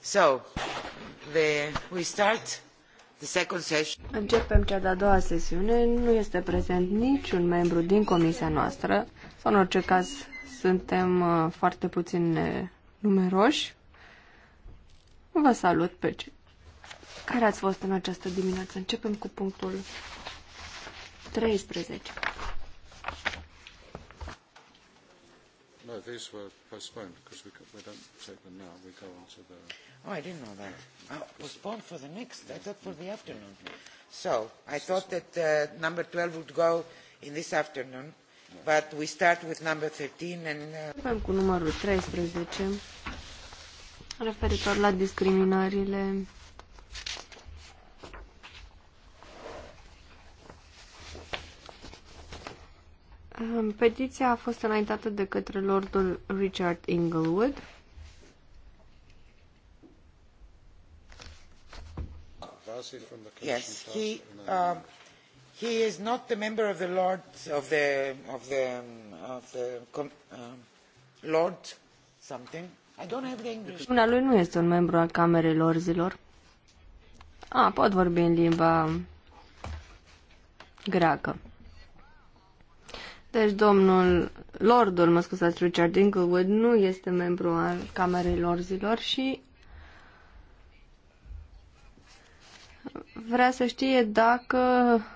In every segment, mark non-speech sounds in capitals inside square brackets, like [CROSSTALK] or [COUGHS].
So, we start the second session. Începem cea de-a doua sesiune. Nu este prezent niciun membru din comisia noastră, sau în orice caz suntem uh, foarte puțin uh, numeroși. Vă salut pe cei care ați fost în această dimineață. Începem cu punctul 13. these were postponed because we, we don't take them now. We go on to the... Oh, I didn't know that. Yeah. Oh, postponed for the next. Yeah. I thought for the afternoon. Yeah. So I thought that uh, number 12 would go in this afternoon. Yeah. But we start with number 13 and... Uh... cu numărul 13 referitor la discriminările Petiția a fost înaintată de către Lordul Richard Inglewood. Yes, he, uh, he is not the member of the Lord of the of the um, of the um, Lord something. I don't have the English. Una lui nu este un membru al Camerei Lorzilor. ah, pot vorbi în limba greacă. Deci domnul Lordul, mă scuzați, Richard Inglewood nu este membru al Camerei Lorzilor și vrea să știe dacă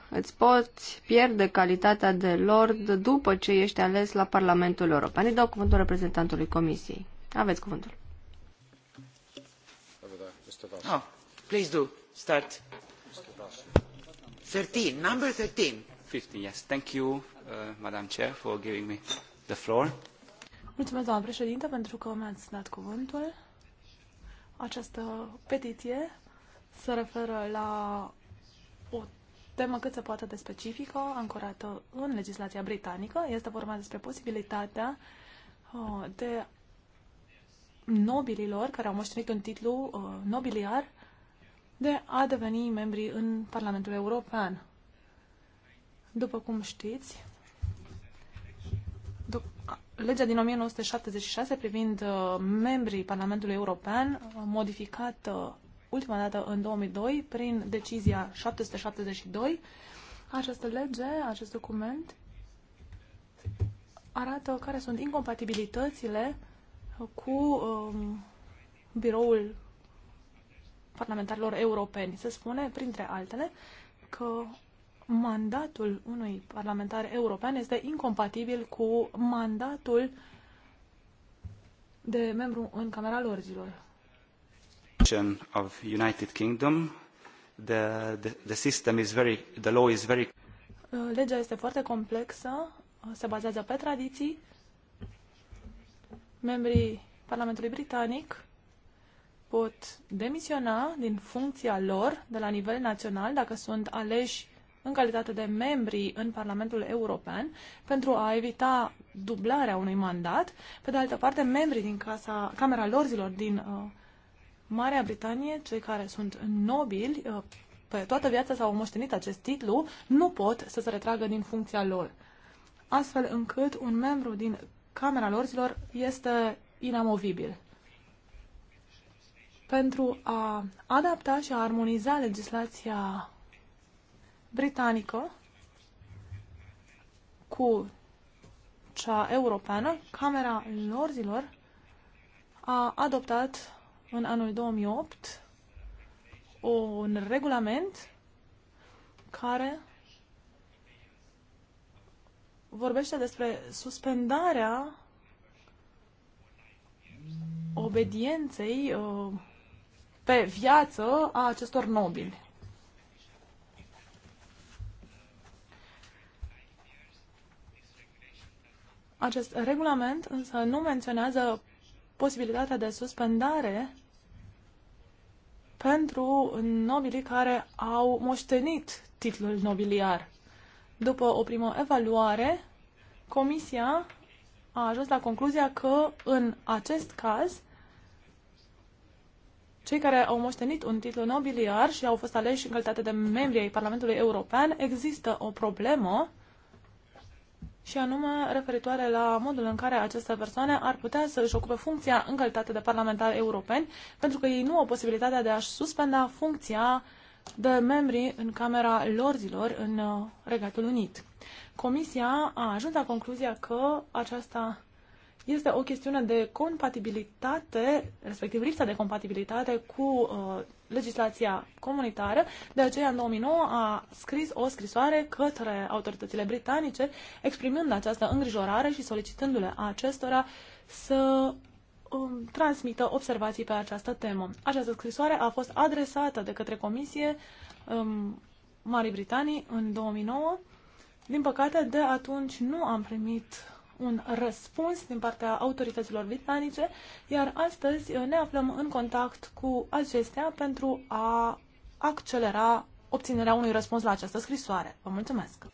îți poți pierde calitatea de lord după ce ești ales la Parlamentul European. Îi dau cuvântul reprezentantului Comisiei. Aveți cuvântul. Oh, please do. Start. 13, number 13. 15, yes. Thank you, uh, Madam Chair, for giving me the floor. Mulțumesc, președinte, pentru că mi-ați dat cuvântul. Această petiție se referă la o temă cât se poate de specifică, ancorată în legislația britanică. Este vorba despre posibilitatea uh, de nobililor care au moștenit un titlu uh, nobiliar de a deveni membri în Parlamentul European. După cum știți, legea din 1976 privind uh, membrii Parlamentului European, modificată uh, ultima dată în 2002 prin decizia 772, această lege, acest document arată care sunt incompatibilitățile cu um, biroul parlamentarilor europeni. Se spune, printre altele, că mandatul unui parlamentar european este incompatibil cu mandatul de membru în Camera Lorzilor. Of United Kingdom, the, the, the system is very, the law is very... Uh, legea este foarte complexă, uh, se bazează pe tradiții. Membrii Parlamentului Britanic pot demisiona din funcția lor de la nivel național dacă sunt aleși în calitate de membri în Parlamentul European pentru a evita dublarea unui mandat. Pe de altă parte, membrii din casa, Camera Lorzilor din uh, Marea Britanie, cei care sunt nobili, uh, pe toată viața s-au moștenit acest titlu, nu pot să se retragă din funcția lor. Astfel încât un membru din Camera Lorzilor este inamovibil pentru a adapta și a armoniza legislația britanică cu cea europeană, Camera Lorzilor a adoptat în anul 2008 un regulament care vorbește despre suspendarea obedienței uh, pe viață a acestor nobili. Acest regulament însă nu menționează posibilitatea de suspendare pentru nobilii care au moștenit titlul nobiliar. După o primă evaluare, comisia a ajuns la concluzia că în acest caz cei care au moștenit un titlu nobiliar și au fost aleși în calitate de membri ai Parlamentului European, există o problemă și anume referitoare la modul în care aceste persoane ar putea să își ocupe funcția în calitate de parlamentari europeni, pentru că ei nu au posibilitatea de a-și suspenda funcția de membri în Camera Lorzilor în uh, Regatul Unit. Comisia a ajuns la concluzia că aceasta este o chestiune de compatibilitate, respectiv lipsa de compatibilitate cu uh, legislația comunitară, de aceea în 2009 a scris o scrisoare către autoritățile britanice exprimând această îngrijorare și solicitându-le acestora să um, transmită observații pe această temă. Această scrisoare a fost adresată de către Comisie um, Marii Britanii în 2009. Din păcate, de atunci nu am primit un răspuns din partea autorităților britanice, iar astăzi eh, ne aflăm în contact cu acestea pentru a accelera obținerea unui răspuns la această scrisoare. Vă mulțumesc!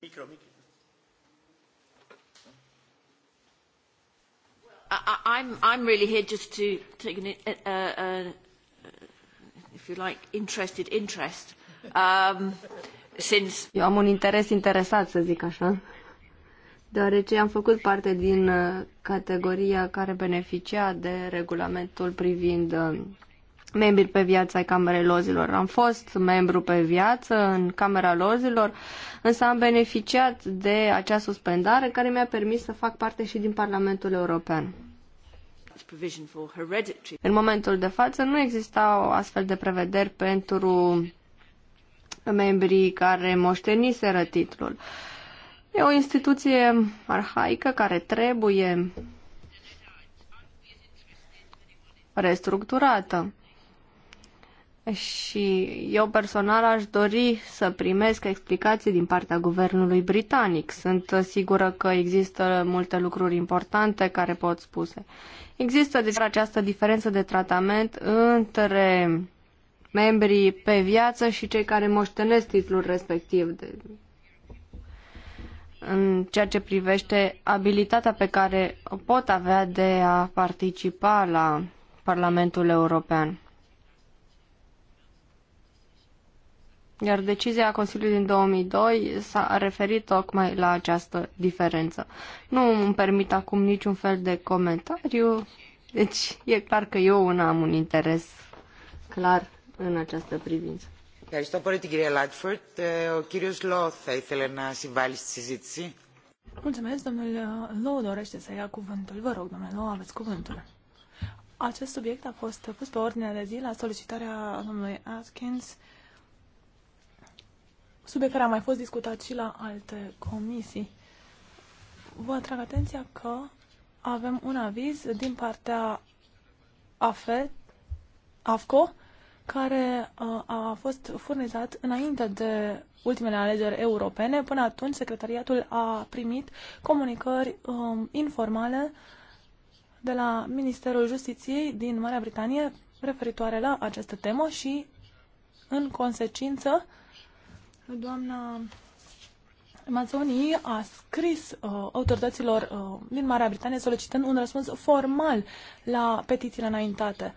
Micro, micro. I'm, I'm really here just to take an, uh, uh, if you like, interested interest. Um, since... Eu am un interes interesat, să zic așa, deoarece am făcut parte din uh, categoria care beneficia de regulamentul privind uh, membrii pe viața ai Camerei Lozilor. Am fost membru pe viață în Camera Lozilor, însă am beneficiat de acea suspendare care mi-a permis să fac parte și din Parlamentul European. În momentul de față nu existau astfel de prevederi pentru membrii care moșteniseră titlul. E o instituție arhaică care trebuie restructurată și eu personal aș dori să primesc explicații din partea guvernului britanic. Sunt sigură că există multe lucruri importante care pot spuse. Există deci această diferență de tratament între membrii pe viață și cei care moștenesc titlul respectiv. De... În ceea ce privește abilitatea pe care o pot avea de a participa la Parlamentul European. Iar decizia Consiliului din 2002 s-a referit tocmai la această diferență. Nu îmi permit acum niciun fel de comentariu, deci e clar că eu nu am un interes clar în această privință. Ευχαριστώ πολύ την κυρία Λάτφορτ. Ο κύριος Λό θα ήθελε να συμβάλλει στη συζήτηση. Mulțumesc, domnul Lou dorește să ia cuvântul. Vă rog, domnule Lou, aveți cuvântul. Acest subiect a fost pus pe ordinea de zi la solicitarea domnului Atkins subiect care a mai fost discutat și la alte comisii. Vă atrag atenția că avem un aviz din partea AFE, AFCO, care uh, a fost furnizat înainte de ultimele alegeri europene. Până atunci, secretariatul a primit comunicări um, informale de la Ministerul Justiției din Marea Britanie referitoare la această temă și, în consecință, Doamna Mazzoni a scris uh, autorităților uh, din Marea Britanie solicitând un răspuns formal la petițiile înaintate.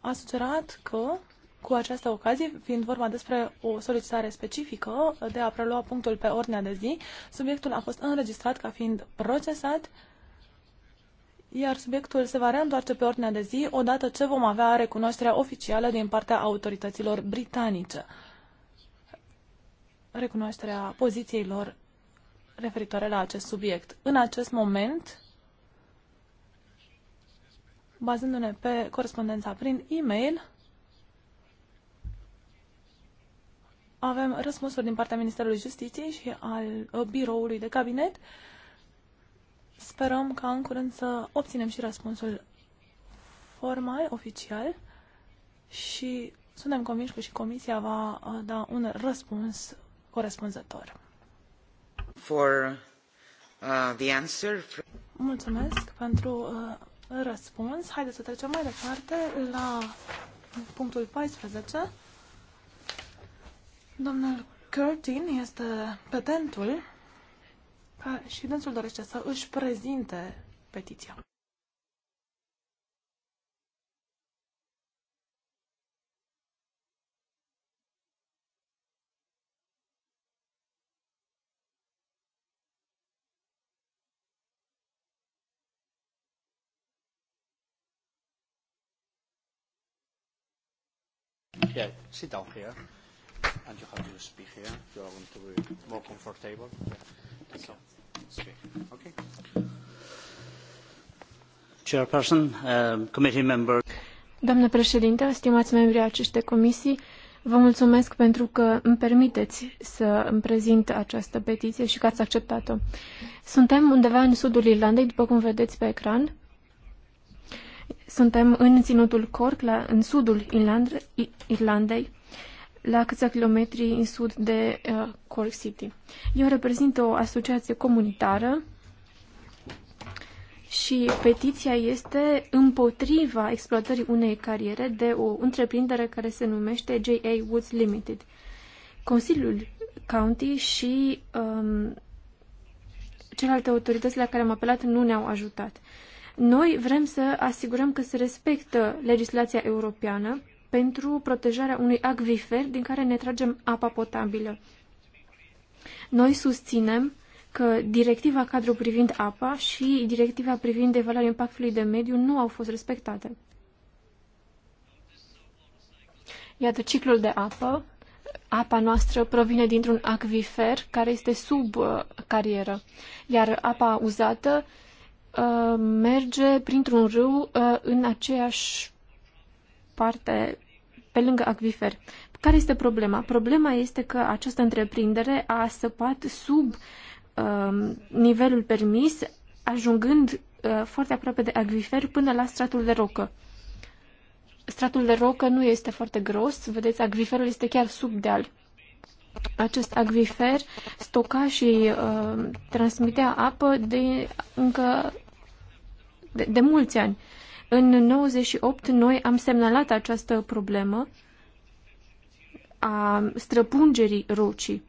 A sugerat că cu această ocazie, fiind vorba despre o solicitare specifică de a prelua punctul pe ordinea de zi, subiectul a fost înregistrat ca fiind procesat, iar subiectul se va reîntoarce pe ordinea de zi odată ce vom avea recunoașterea oficială din partea autorităților britanice recunoașterea poziției lor referitoare la acest subiect. În acest moment, bazându-ne pe corespondența prin e-mail, avem răspunsuri din partea Ministerului Justiției și al uh, biroului de cabinet. Sperăm ca în curând să obținem și răspunsul formal, oficial și suntem convinși că și Comisia va uh, da un răspuns corespunzător. For, uh, the answer. Mulțumesc pentru uh, răspuns. Haideți să trecem mai departe la punctul 14. Domnul Curtin este petentul și dânsul dorește să își prezinte petiția. Yeah, sit down here. And you have to speak here. You are going to be more comfortable. Thank you. Speak. Okay. Chairperson, um, committee member. Doamnă președintă, stimați acestei comisii, vă mulțumesc pentru că îmi permiteți să îmi prezint această petiție și că ați acceptat-o. Suntem undeva în sudul Irlandei, după cum vedeți pe ecran. Suntem în ținutul Cork, la, în sudul Irland, Irlandei, la câțiva kilometri în sud de uh, Cork City. Eu reprezint o asociație comunitară și petiția este împotriva exploatării unei cariere de o întreprindere care se numește J.A. Woods Limited. Consiliul County și um, celelalte autorități la care am apelat nu ne-au ajutat. Noi vrem să asigurăm că se respectă legislația europeană pentru protejarea unui acvifer din care ne tragem apa potabilă. Noi susținem că directiva cadru privind apa și directiva privind evaluarea impactului de mediu nu au fost respectate. Iată, ciclul de apă. Apa noastră provine dintr-un acvifer care este sub uh, carieră, iar apa uzată Uh, merge printr-un râu uh, în aceeași parte, pe lângă acvifer. Care este problema? Problema este că această întreprindere a săpat sub uh, nivelul permis, ajungând foarte aproape de acvifer până la stratul de rocă. Stratul de rocă nu este foarte gros, vedeți, acviferul este chiar sub deal. Acest acvifer stoca și uh, transmitea apă de încă de, de mulți ani. În 98 noi am semnalat această problemă a străpungerii rocii.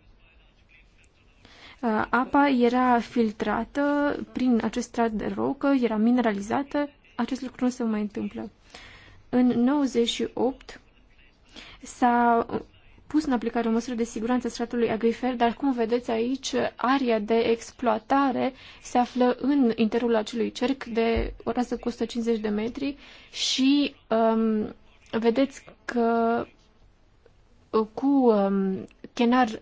Uh, apa era filtrată prin acest strat de rocă, era mineralizată, acest lucru nu se mai întâmplă. În 98 s-a pus în aplicare o măsură de siguranță stratului agrifer, dar cum vedeți aici, aria de exploatare se află în interiorul acelui cerc de o rază cu 150 de metri și um, vedeți că uh, cu um, chenar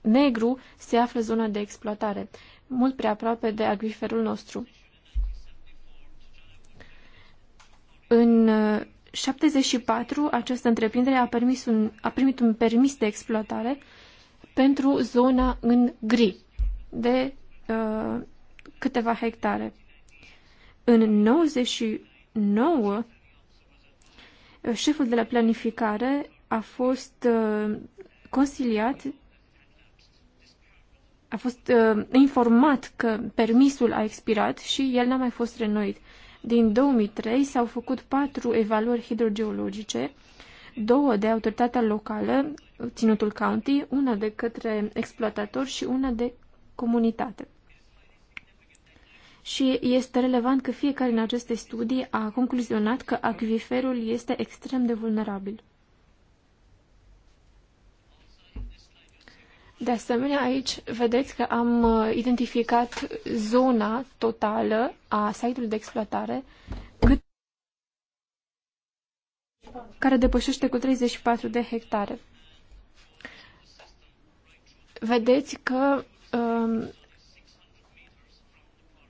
negru se află zona de exploatare, mult prea aproape de agriferul nostru. În uh, 74, această întreprindere a, permis un, a primit un permis de exploatare pentru zona în gri de uh, câteva hectare. În 99, șeful de la planificare a fost uh, consiliat, a fost uh, informat că permisul a expirat și el n-a mai fost renoit. Uh, din 2003 s-au făcut patru evaluări hidrogeologice, două de autoritatea locală, Ținutul County, una de către exploatator și una de comunitate. Și este relevant că fiecare în aceste studii a concluzionat că acviferul este extrem de vulnerabil. De asemenea, aici vedeți că am uh, identificat zona totală a site-ului de exploatare cât care depășește cu 34 de hectare. Vedeți că um,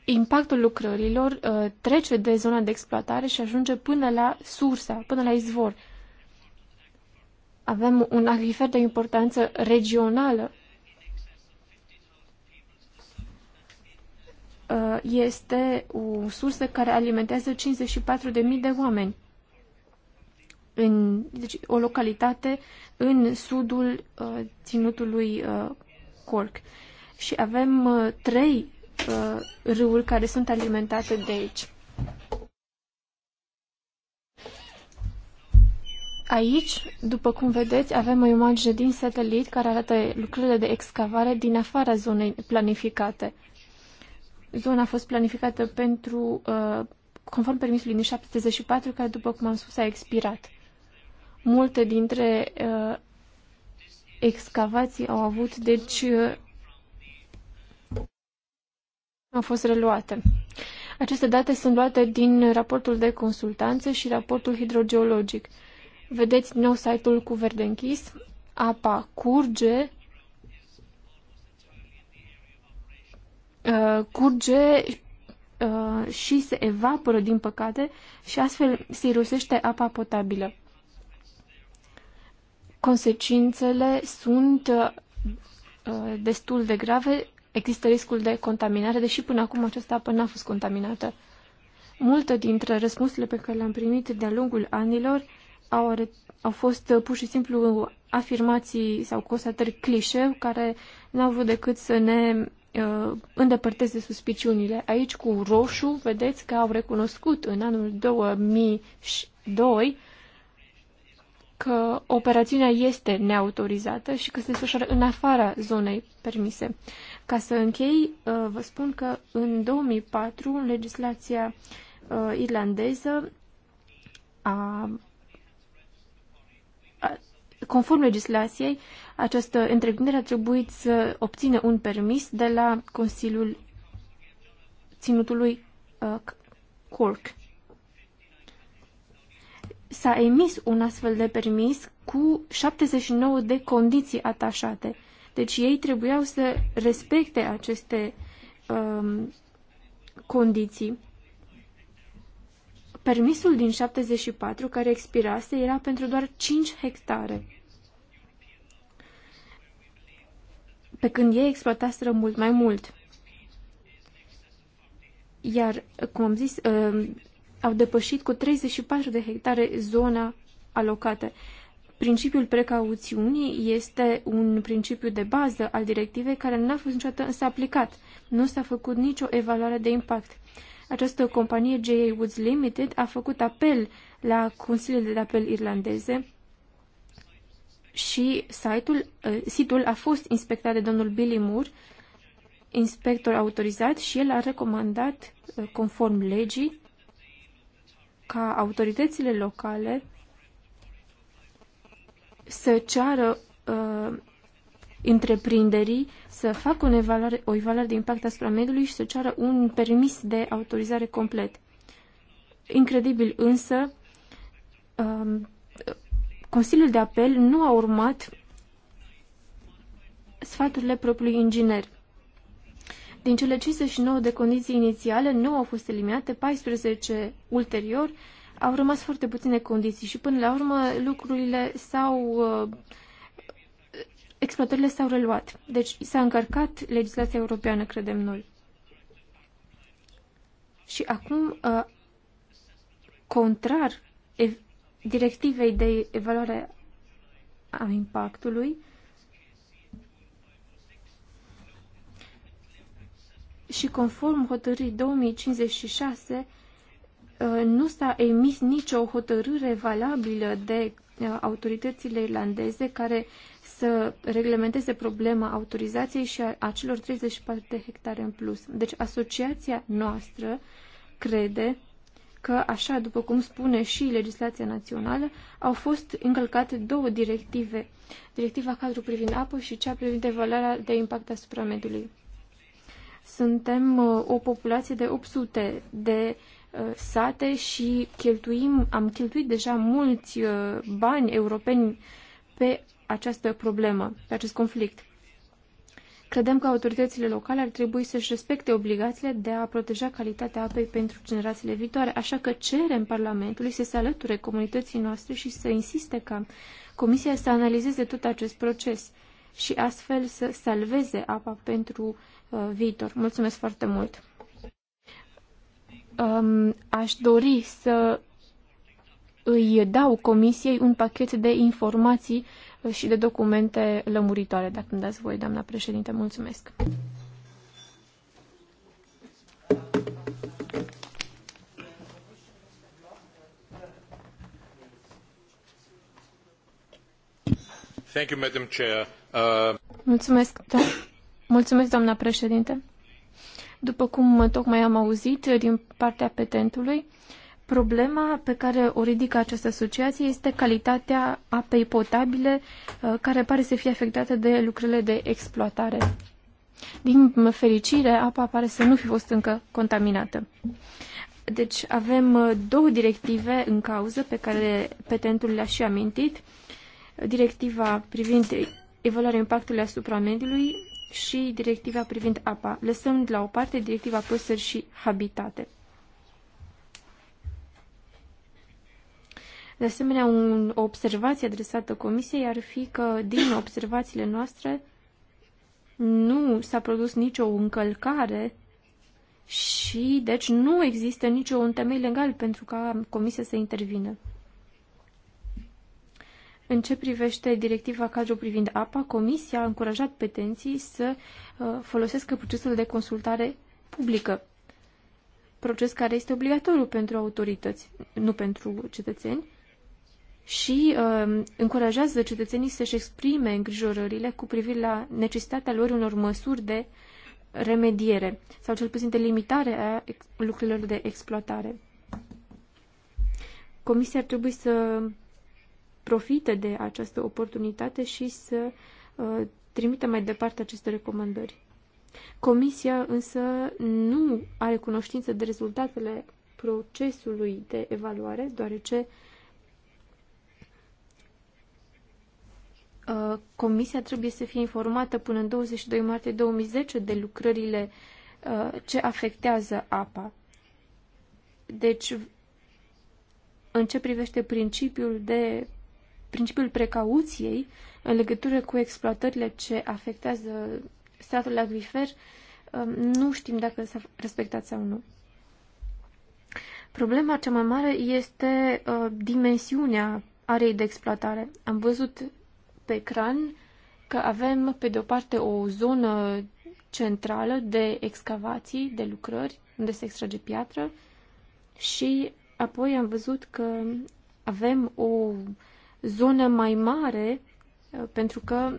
impactul lucrărilor uh, trece de zona de exploatare și ajunge până la sursa, până la izvor. Uh, avem un acvifer de importanță regională. Uh, este o sursă care alimentează 54.000 de oameni. În, deci, o localitate în sudul uh, ținutului uh, Cork. Și avem uh, trei uh, râuri care sunt alimentate de aici. Aici, după cum vedeți, avem o imagine din satelit care arată lucrurile de excavare din afara zonei planificate. Zona a fost planificată pentru, uh, conform permisului din 74, care, după cum am spus, a expirat. Multe dintre uh, excavații au avut, deci uh, au fost reluate. Aceste date sunt luate din raportul de consultanță și raportul hidrogeologic. Vedeți din nou site-ul cu verde închis. Apa curge. Uh, curge uh, și se evaporă, din păcate, și astfel se irosește apa potabilă. Consecințele sunt uh, destul de grave. Există riscul de contaminare, deși până acum această apă n-a fost contaminată. Multe dintre răspunsurile pe care le-am primit de-a lungul anilor au, au fost uh, pur și simplu afirmații sau constatări clișeu care n-au vrut decât să ne uh, îndepărteze suspiciunile. Aici cu roșu, vedeți că au recunoscut în anul 2002 că operațiunea este neautorizată și că se desfășoară în afara zonei permise. Ca să închei, uh, vă spun că în 2004 legislația uh, irlandeză a conform legislației, această întreprindere a trebuit să obțină un permis de la Consiliul Ținutului uh, Cork. S-a emis un astfel de permis cu 79 de condiții atașate. Deci ei trebuiau să respecte aceste um, condiții. Permisul din 74, care expirase, era pentru doar 5 hectare. Pe când ei exploataseră mult mai mult. Iar, cum am zis, uh, au depășit cu 34 de hectare zona alocată. Principiul precauțiunii este un principiu de bază al directivei care n-a fost niciodată însă aplicat. Nu s-a făcut nicio evaluare de impact. Această companie, J.A. Woods Limited, a făcut apel la Consiliul de Apel Irlandeze și site-ul, uh, site a fost inspectat de domnul Billy Moore, inspector autorizat, și el a recomandat, uh, conform legii, ca autoritățile locale să ceară uh, întreprinderii să facă o evaluare, o evaluare de impact asupra mediului și să ceară un permis de autorizare complet. Incredibil însă, um, Consiliul de Apel nu a urmat sfaturile propriului inginer. Din cele 59 de condiții inițiale, nu au fost eliminate, 14 ulterior, au rămas foarte puține condiții și până la urmă lucrurile s-au uh, exploatările s-au reluat. Deci s-a încărcat legislația europeană, credem noi. Și acum, uh, contrar directivei de evaluare a impactului, și conform hotărârii 2056, uh, nu s-a emis nicio hotărâre valabilă de uh, autoritățile irlandeze care să reglementeze problema autorizației și a acelor 34 de hectare în plus. Deci asociația noastră crede că, așa după cum spune și legislația națională, au fost încălcate două directive, directiva cadru privind apă și cea privind evaluarea de impact asupra mediului. Suntem uh, o populație de 800 de uh, sate și cheltuim, am cheltuit deja mulți uh, bani europeni pe această problemă, pe acest conflict. Credem că autoritățile locale ar trebui să-și respecte obligațiile de a proteja calitatea apei pentru generațiile viitoare, așa că cerem Parlamentului să se alăture comunității noastre și să insiste ca Comisia să analizeze tot acest proces și astfel să salveze apa pentru uh, viitor. Mulțumesc foarte mult! Um, aș dori să îi dau Comisiei un pachet de informații și de documente lămuritoare, dacă îmi dați voi, doamna președinte. Mulțumesc! Thank you, Madam Chair. Uh... Mulțumesc, da. Mulțumesc, doamna președinte. După cum tocmai am auzit din partea petentului, Problema pe care o ridică această asociație este calitatea apei potabile uh, care pare să fie afectată de lucrurile de exploatare. Din fericire, apa pare să nu fi fost încă contaminată. Deci avem uh, două directive în cauză pe care petentul le-a și amintit. Directiva privind evaluarea impactului asupra mediului și directiva privind apa. Lăsăm la o parte directiva păsări și habitate. De asemenea, un, o observație adresată Comisiei ar fi că, din observațiile noastre, nu s-a produs nicio încălcare și, deci, nu există nicio temei legal pentru ca Comisia să intervină. În ce privește directiva cadru privind apa, Comisia a încurajat petenții să uh, folosească procesul de consultare publică, proces care este obligatoriu pentru autorități, nu pentru cetățeni, și uh, încurajează cetățenii să-și exprime îngrijorările cu privire la necesitatea lor unor măsuri de remediere sau cel puțin de limitare a lucrurilor de exploatare. Comisia ar trebui să profite de această oportunitate și să uh, trimită mai departe aceste recomandări. Comisia însă nu are cunoștință de rezultatele procesului de evaluare, deoarece uh, Uh, comisia trebuie să fie informată până în 22 martie 2010 de lucrările uh, ce afectează apa. Deci, în ce privește principiul de principiul precauției în legătură cu exploatările ce afectează stratul acvifer, um, nu știm dacă s-a respectat sau nu. Problema cea mai mare este uh, dimensiunea arei de exploatare. Am văzut pe ecran că avem, pe de o parte, o zonă centrală de excavații, de lucrări, unde se extrage piatră și apoi am văzut că avem o zonă mai mare uh, pentru că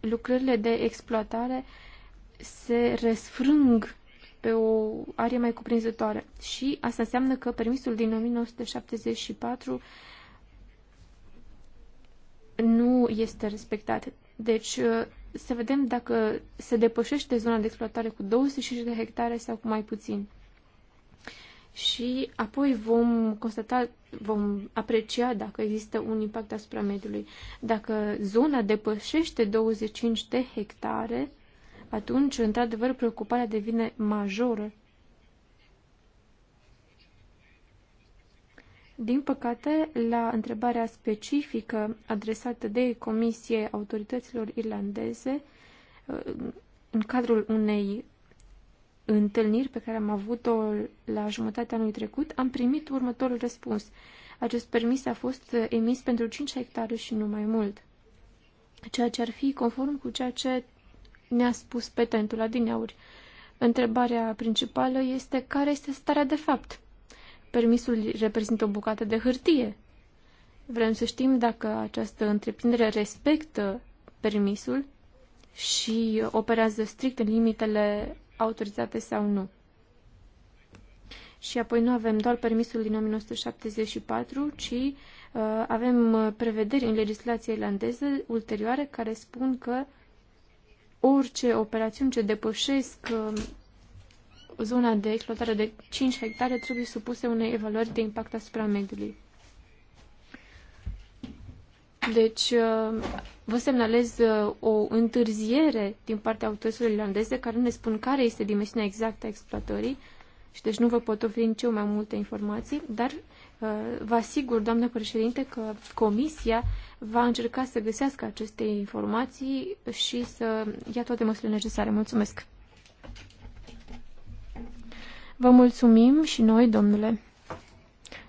lucrările de exploatare se resfrâng pe o arie mai cuprinzătoare. Și asta înseamnă că permisul din 1974 nu este respectat. Deci uh, să vedem dacă se depășește zona de exploatare cu 25 de hectare sau cu mai puțin. Și apoi vom constata, vom aprecia dacă există un impact asupra mediului. Dacă zona depășește 25 de hectare, atunci, într-adevăr, preocuparea devine majoră Din păcate, la întrebarea specifică adresată de Comisie autorităților irlandeze, uh, în cadrul unei întâlniri pe care am avut-o la jumătatea anului trecut, am primit următorul răspuns. Acest permis a fost uh, emis pentru 5 hectare și nu mai mult, ceea ce ar fi conform cu ceea ce ne-a spus petentul adineauri. Întrebarea principală este care este starea de fapt permisul reprezintă o bucată de hârtie. Vrem să știm dacă această întreprindere respectă permisul și operează strict în limitele autorizate sau nu. Și apoi nu avem doar permisul din 1974, ci uh, avem prevederi în legislația irlandeză ulterioare care spun că orice operațiuni ce depășesc uh, zona de exploatare de 5 hectare trebuie supuse unei evaluări de impact asupra mediului. Deci, uh, vă semnalez uh, o întârziere din partea autorităților irlandeze care nu ne spun care este dimensiunea exactă a exploatării și deci nu vă pot oferi nici eu mai multe informații, dar uh, vă asigur, doamnă președinte, că Comisia va încerca să găsească aceste informații și să ia toate măsurile necesare. Mulțumesc! Vă mulțumim și noi, domnule.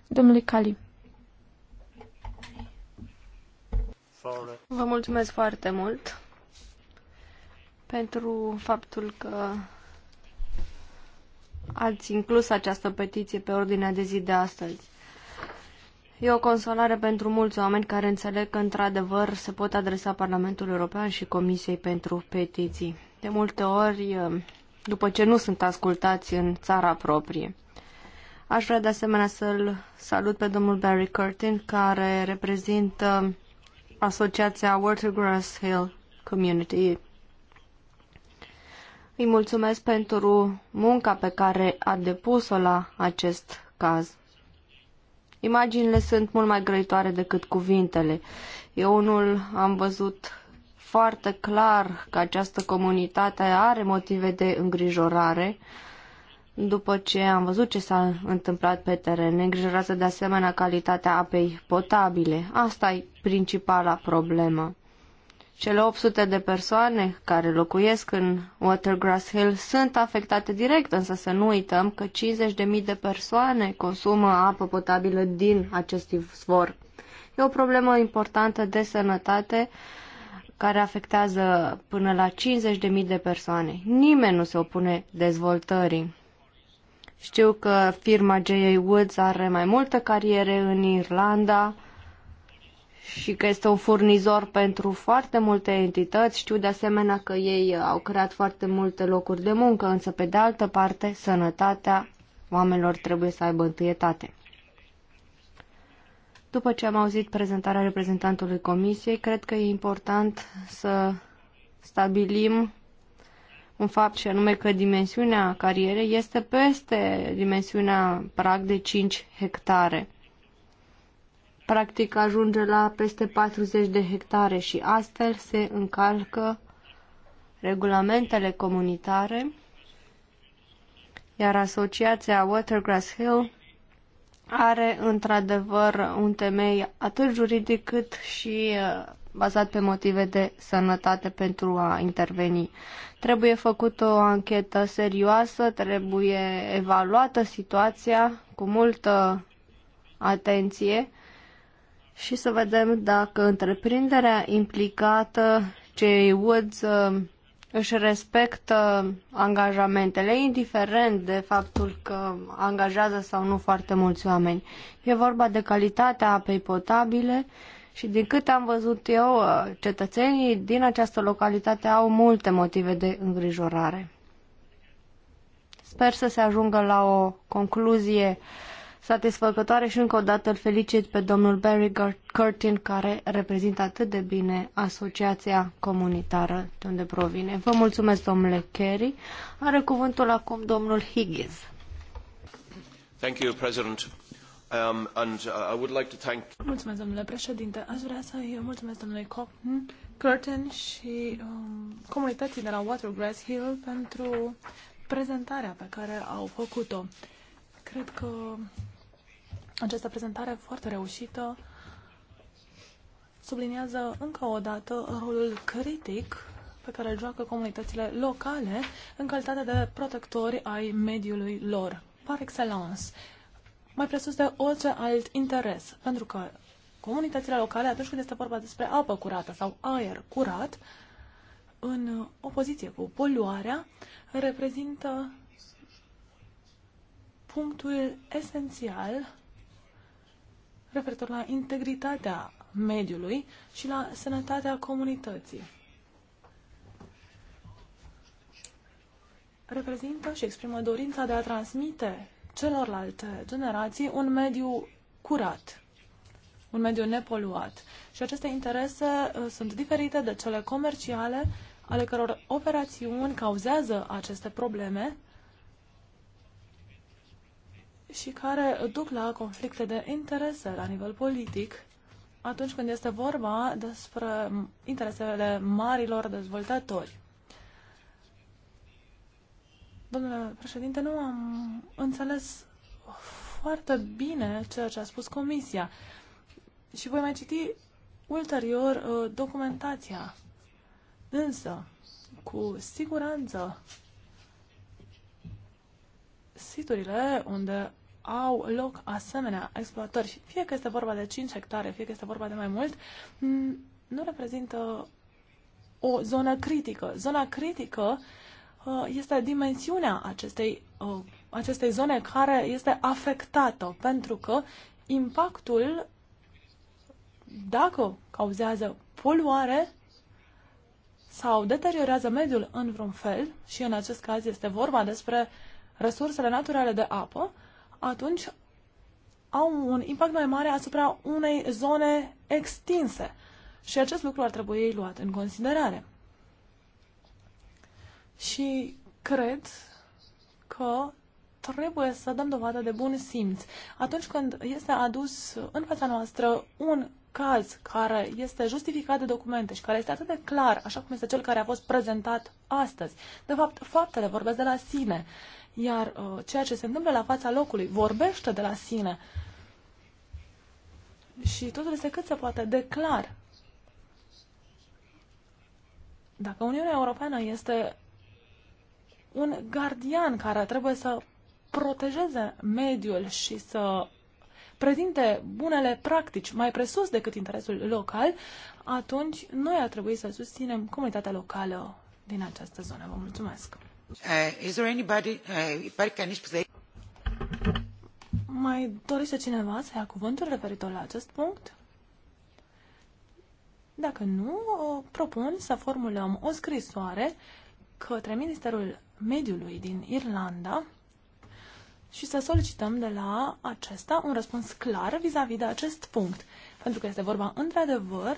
Domnule Cali. Vă mulțumesc foarte mult pentru faptul că ați inclus această petiție pe ordinea de zi de astăzi. E o consolare pentru mulți oameni care înțeleg că, într-adevăr, se pot adresa Parlamentul European și Comisiei pentru Petiții. De multe ori, după ce nu sunt ascultați în țara proprie. Aș vrea de asemenea să-l salut pe domnul Barry Curtin, care reprezintă asociația Watergrass Hill Community. Îi mulțumesc pentru munca pe care a depus-o la acest caz. Imaginile sunt mult mai grăitoare decât cuvintele. Eu unul am văzut foarte clar că această comunitate are motive de îngrijorare după ce am văzut ce s-a întâmplat pe teren. Ne îngrijorează de asemenea calitatea apei potabile. Asta e principala problemă. Cele 800 de persoane care locuiesc în Watergrass Hill sunt afectate direct, însă să nu uităm că 50.000 de persoane consumă apă potabilă din acest izvor. E o problemă importantă de sănătate care afectează până la 50.000 de persoane. Nimeni nu se opune dezvoltării. Știu că firma J.A. Woods are mai multe cariere în Irlanda și că este un furnizor pentru foarte multe entități. Știu de asemenea că ei au creat foarte multe locuri de muncă, însă pe de altă parte sănătatea oamenilor trebuie să aibă întâietate. După ce am auzit prezentarea reprezentantului Comisiei, cred că e important să stabilim un fapt și anume că dimensiunea carierei este peste dimensiunea prag de 5 hectare. Practic ajunge la peste 40 de hectare și astfel se încalcă regulamentele comunitare, iar asociația Watergrass Hill are într-adevăr un temei atât juridic cât și uh, bazat pe motive de sănătate pentru a interveni. Trebuie făcută o anchetă serioasă, trebuie evaluată situația cu multă atenție și să vedem dacă întreprinderea implicată, cei Woods, uh, își respectă angajamentele, indiferent de faptul că angajează sau nu foarte mulți oameni. E vorba de calitatea apei potabile și din câte am văzut eu, cetățenii din această localitate au multe motive de îngrijorare. Sper să se ajungă la o concluzie uh, satisfăcătoare și încă o dată îl felicit pe domnul Barry Curtin, care reprezintă atât de bine asociația comunitară de unde provine. Vă mulțumesc, domnule Kerry. Are cuvântul acum domnul Higgins. Thank you, President. Um, and uh, I would like to thank... Mulțumesc, domnule președinte. Aș vrea să-i mulțumesc domnului Curtin și um, comunității de la Watergrass Hill pentru prezentarea pe care au făcut-o. Cred că această prezentare foarte reușită subliniază încă o dată rolul critic pe care îl joacă comunitățile locale în calitate de protectori ai mediului lor, par excellence, mai presus de orice alt interes, pentru că comunitățile locale, atunci când este vorba despre apă curată sau aer curat, în opoziție cu poluarea, reprezintă punctul esențial referitor la integritatea mediului și la sănătatea comunității. Reprezintă și exprimă dorința de a transmite celorlalte generații un mediu curat, un mediu nepoluat. Și aceste interese uh, sunt diferite de cele comerciale, ale căror operațiuni cauzează aceste probleme și care duc la conflicte de interese la nivel politic atunci când este vorba despre interesele marilor dezvoltatori. Domnule președinte, nu am înțeles foarte bine ceea ce a spus comisia și voi mai citi ulterior uh, documentația. Însă, cu siguranță, siturile unde au loc asemenea exploatări, fie că este vorba de 5 hectare, fie că este vorba de mai mult, nu reprezintă o zonă critică. Zona critică uh, este dimensiunea acestei, uh, acestei zone care este afectată, pentru că impactul, dacă cauzează poluare sau deteriorează mediul în vreun fel, și în acest caz este vorba despre resursele naturale de apă, atunci au un impact mai mare asupra unei zone extinse. Și acest lucru ar trebui luat în considerare. Și cred că trebuie să dăm dovadă de bun simț. Atunci când este adus în fața noastră un caz care este justificat de documente și care este atât de clar, așa cum este cel care a fost prezentat astăzi. De fapt, faptele vorbesc de la sine. Uh, iar uh, ceea ce se întâmplă la fața locului vorbește de la sine. Și totul este cât se poate de clar. Dacă Uniunea Europeană este un gardian care trebuie să protejeze mediul și să prezinte bunele practici mai presus decât interesul local, atunci noi ar trebui să susținem comunitatea locală din această zonă. Vă mulțumesc! Uh, is there eh, Mai dorește cineva să ia cuvântul referitor la acest punct? Dacă nu, propun să formulăm o scrisoare către Ministerul Mediului din Irlanda și să solicităm de la acesta un răspuns clar vis-a-vis -vis de acest punct. Pentru că este vorba, într-adevăr,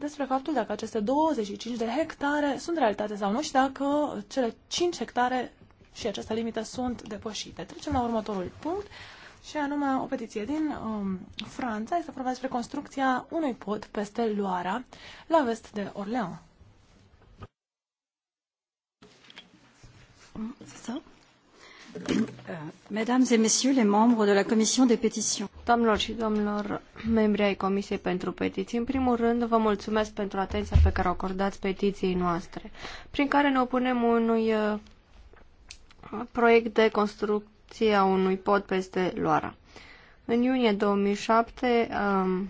despre faptul dacă aceste 25 de hectare sunt realitate sau nu și dacă cele 5 hectare și această limită sunt depășite. Trecem la următorul punct și anume o petiție din um, Franța. Este vorba despre construcția unui pod peste Loara, la vest de Orleans. Euh, mesdames et messieurs les membres de la commission des pétitions. Doamnelor și domnilor membri ai Comisiei pentru Petiții, în primul rând vă mulțumesc pentru atenția pe care o acordați petiției noastre, prin care ne opunem unui uh, proiect de construcție a unui pod peste Loara. În iunie 2007, um,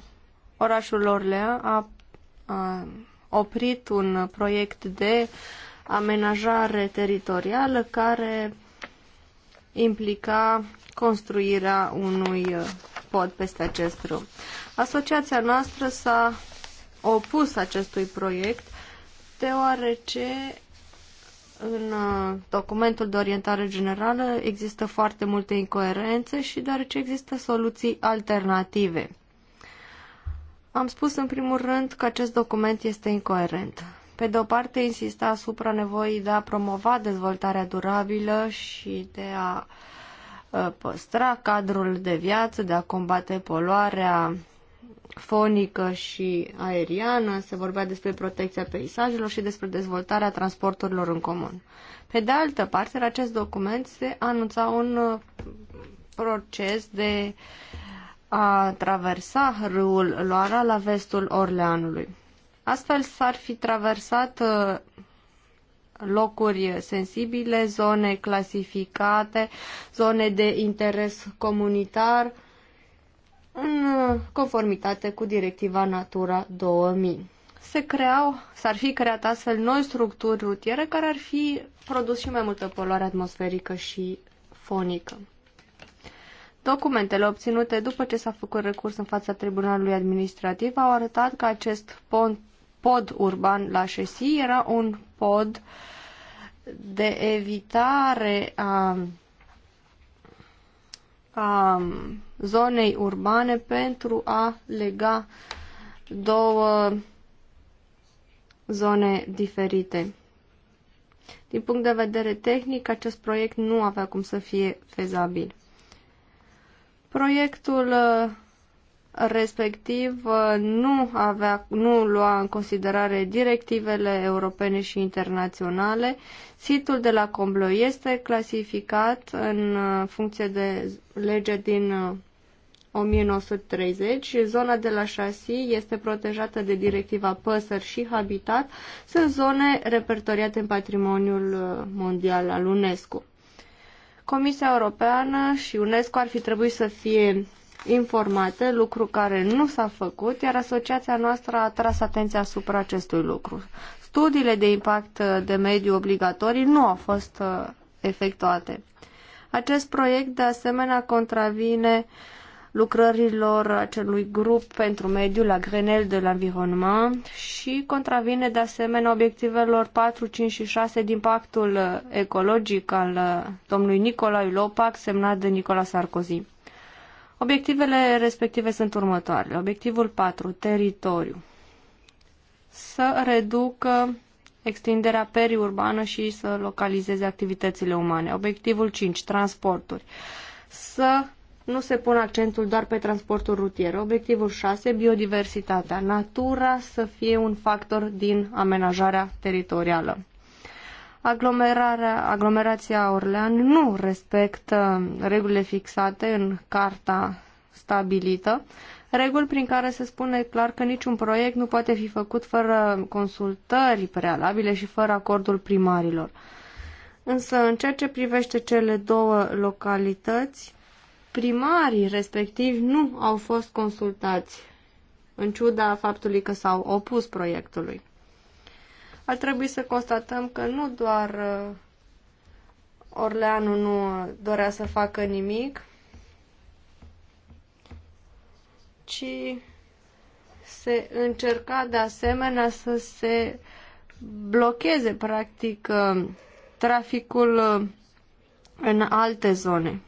orașul Orlea a oprit un proiect de amenajare teritorială care implica construirea unui uh, pod peste acest râu. Asociația noastră s-a opus acestui proiect deoarece în uh, documentul de orientare generală există foarte multe incoerențe și deoarece există soluții alternative. Am spus în primul rând că acest document este incoerent. Pe de o parte insista asupra nevoii de a promova dezvoltarea durabilă și de a uh, Uh, păstra cadrul de viață, de a combate poluarea fonică și aeriană, se vorbea despre protecția peisajelor și despre dezvoltarea transporturilor în comun. Pe de altă parte, în acest document se anunța un uh, proces de a traversa râul Loara la vestul Orleanului. Astfel s-ar fi traversat uh, locuri sensibile, zone clasificate, zone de interes comunitar, în conformitate cu directiva Natura 2000. Se creau, s-ar fi creat astfel noi structuri rutiere care ar fi produs și mai multă poluare atmosferică și fonică. Documentele obținute după ce s-a făcut recurs în fața Tribunalului Administrativ au arătat că acest pont pod urban la șesi, era un pod de evitare a, a zonei urbane pentru a lega două zone diferite. Din punct de vedere tehnic, acest proiect nu avea cum să fie fezabil. Proiectul uh, respectiv uh, nu, avea, nu lua în considerare directivele europene și internaționale. Situl de la Comblo este clasificat în uh, funcție de lege din 1930. Uh, Zona de la șasi este protejată de directiva păsări și habitat. Sunt zone repertoriate în patrimoniul mondial al UNESCO. Comisia Europeană și UNESCO ar fi trebuit să fie informate, lucru care nu s-a făcut, iar asociația noastră a tras atenția asupra acestui lucru. Studiile de impact uh, de mediu obligatorii nu au fost uh, efectuate. Acest proiect, de asemenea, contravine lucrărilor acelui grup pentru mediu la Grenelle de l'Environnement și contravine de asemenea obiectivelor 4, 5 și 6 din pactul uh, ecologic al domnului Nicolae Lopac semnat de Nicola Sarkozy. Obiectivele respective sunt următoarele. Obiectivul 4, teritoriu. Să reducă extinderea periurbană și să localizeze activitățile umane. Obiectivul 5, transporturi. Să nu se pună accentul doar pe transportul rutier. Obiectivul 6, biodiversitatea. Natura să fie un factor din amenajarea teritorială aglomerarea, aglomerația Orlean nu respectă uh, regulile fixate în carta stabilită, reguli prin care se spune clar că niciun proiect nu poate fi făcut fără consultări prealabile și fără acordul primarilor. Însă, în ceea ce privește cele două localități, primarii respectiv, nu au fost consultați, în ciuda faptului că s-au opus proiectului ar trebui să constatăm că nu doar uh, Orleanu nu dorea să facă nimic, ci se încerca de asemenea să se blocheze practic uh, traficul uh, în alte zone.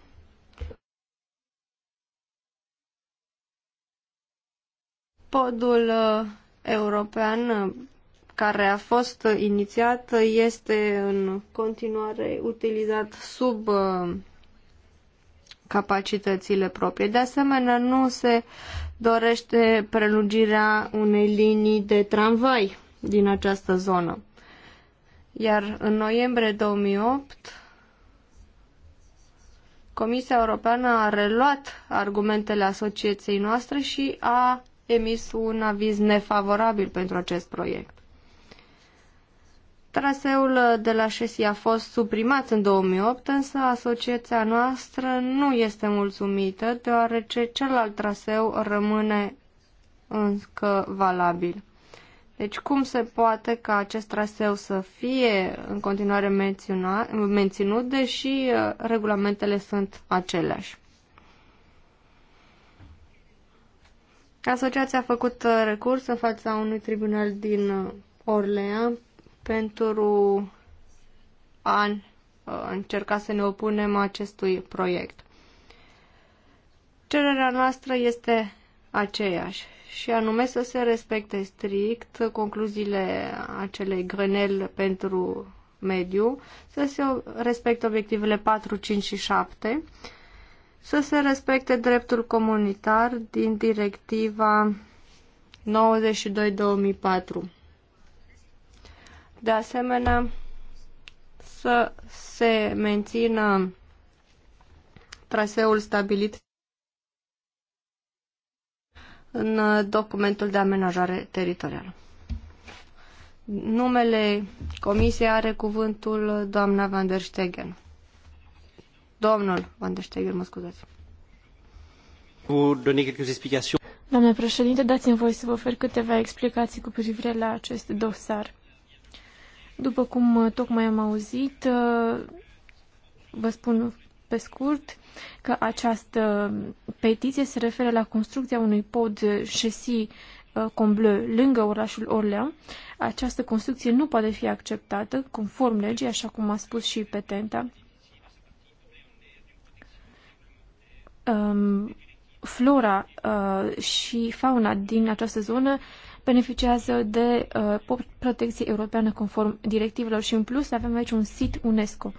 Podul european care a fost inițiat este în continuare utilizat sub uh, capacitățile proprii. De asemenea, nu se dorește prelungirea unei linii de tramvai din această zonă. Iar în noiembrie 2008, Comisia Europeană a reluat argumentele asociației noastre și a emis un aviz nefavorabil pentru acest proiect. Traseul de la Șesi a fost suprimat în 2008, însă asociația noastră nu este mulțumită, deoarece celălalt traseu rămâne încă valabil. Deci cum se poate ca acest traseu să fie în continuare menținut, deși uh, regulamentele sunt aceleași? Asociația a făcut uh, recurs în fața unui tribunal din uh, Orlean pentru a uh, încerca să ne opunem acestui proiect. Cererea noastră este aceeași și anume să se respecte strict concluziile acelei grenel pentru mediu, să se respecte obiectivele 4, 5 și 7, să se respecte dreptul comunitar din directiva 92-2004 de asemenea să se mențină traseul stabilit în documentul de amenajare teritorială. Numele comisiei are cuvântul doamna Van der Stegen. Domnul Van der Stegen, mă scuzați. Doamne președinte, dați-mi voi să vă ofer câteva explicații cu privire la acest dosar. După cum uh, tocmai am auzit, uh, vă spun pe scurt că această petiție se referă la construcția unui pod șesii uh, Combleu, lângă orașul Orlean. Această construcție nu poate fi acceptată conform legii, așa cum a spus și petenta. Um, flora și fauna din această zonă beneficiază de uh, protecție europeană conform directivelor și în plus avem aici un sit UNESCO.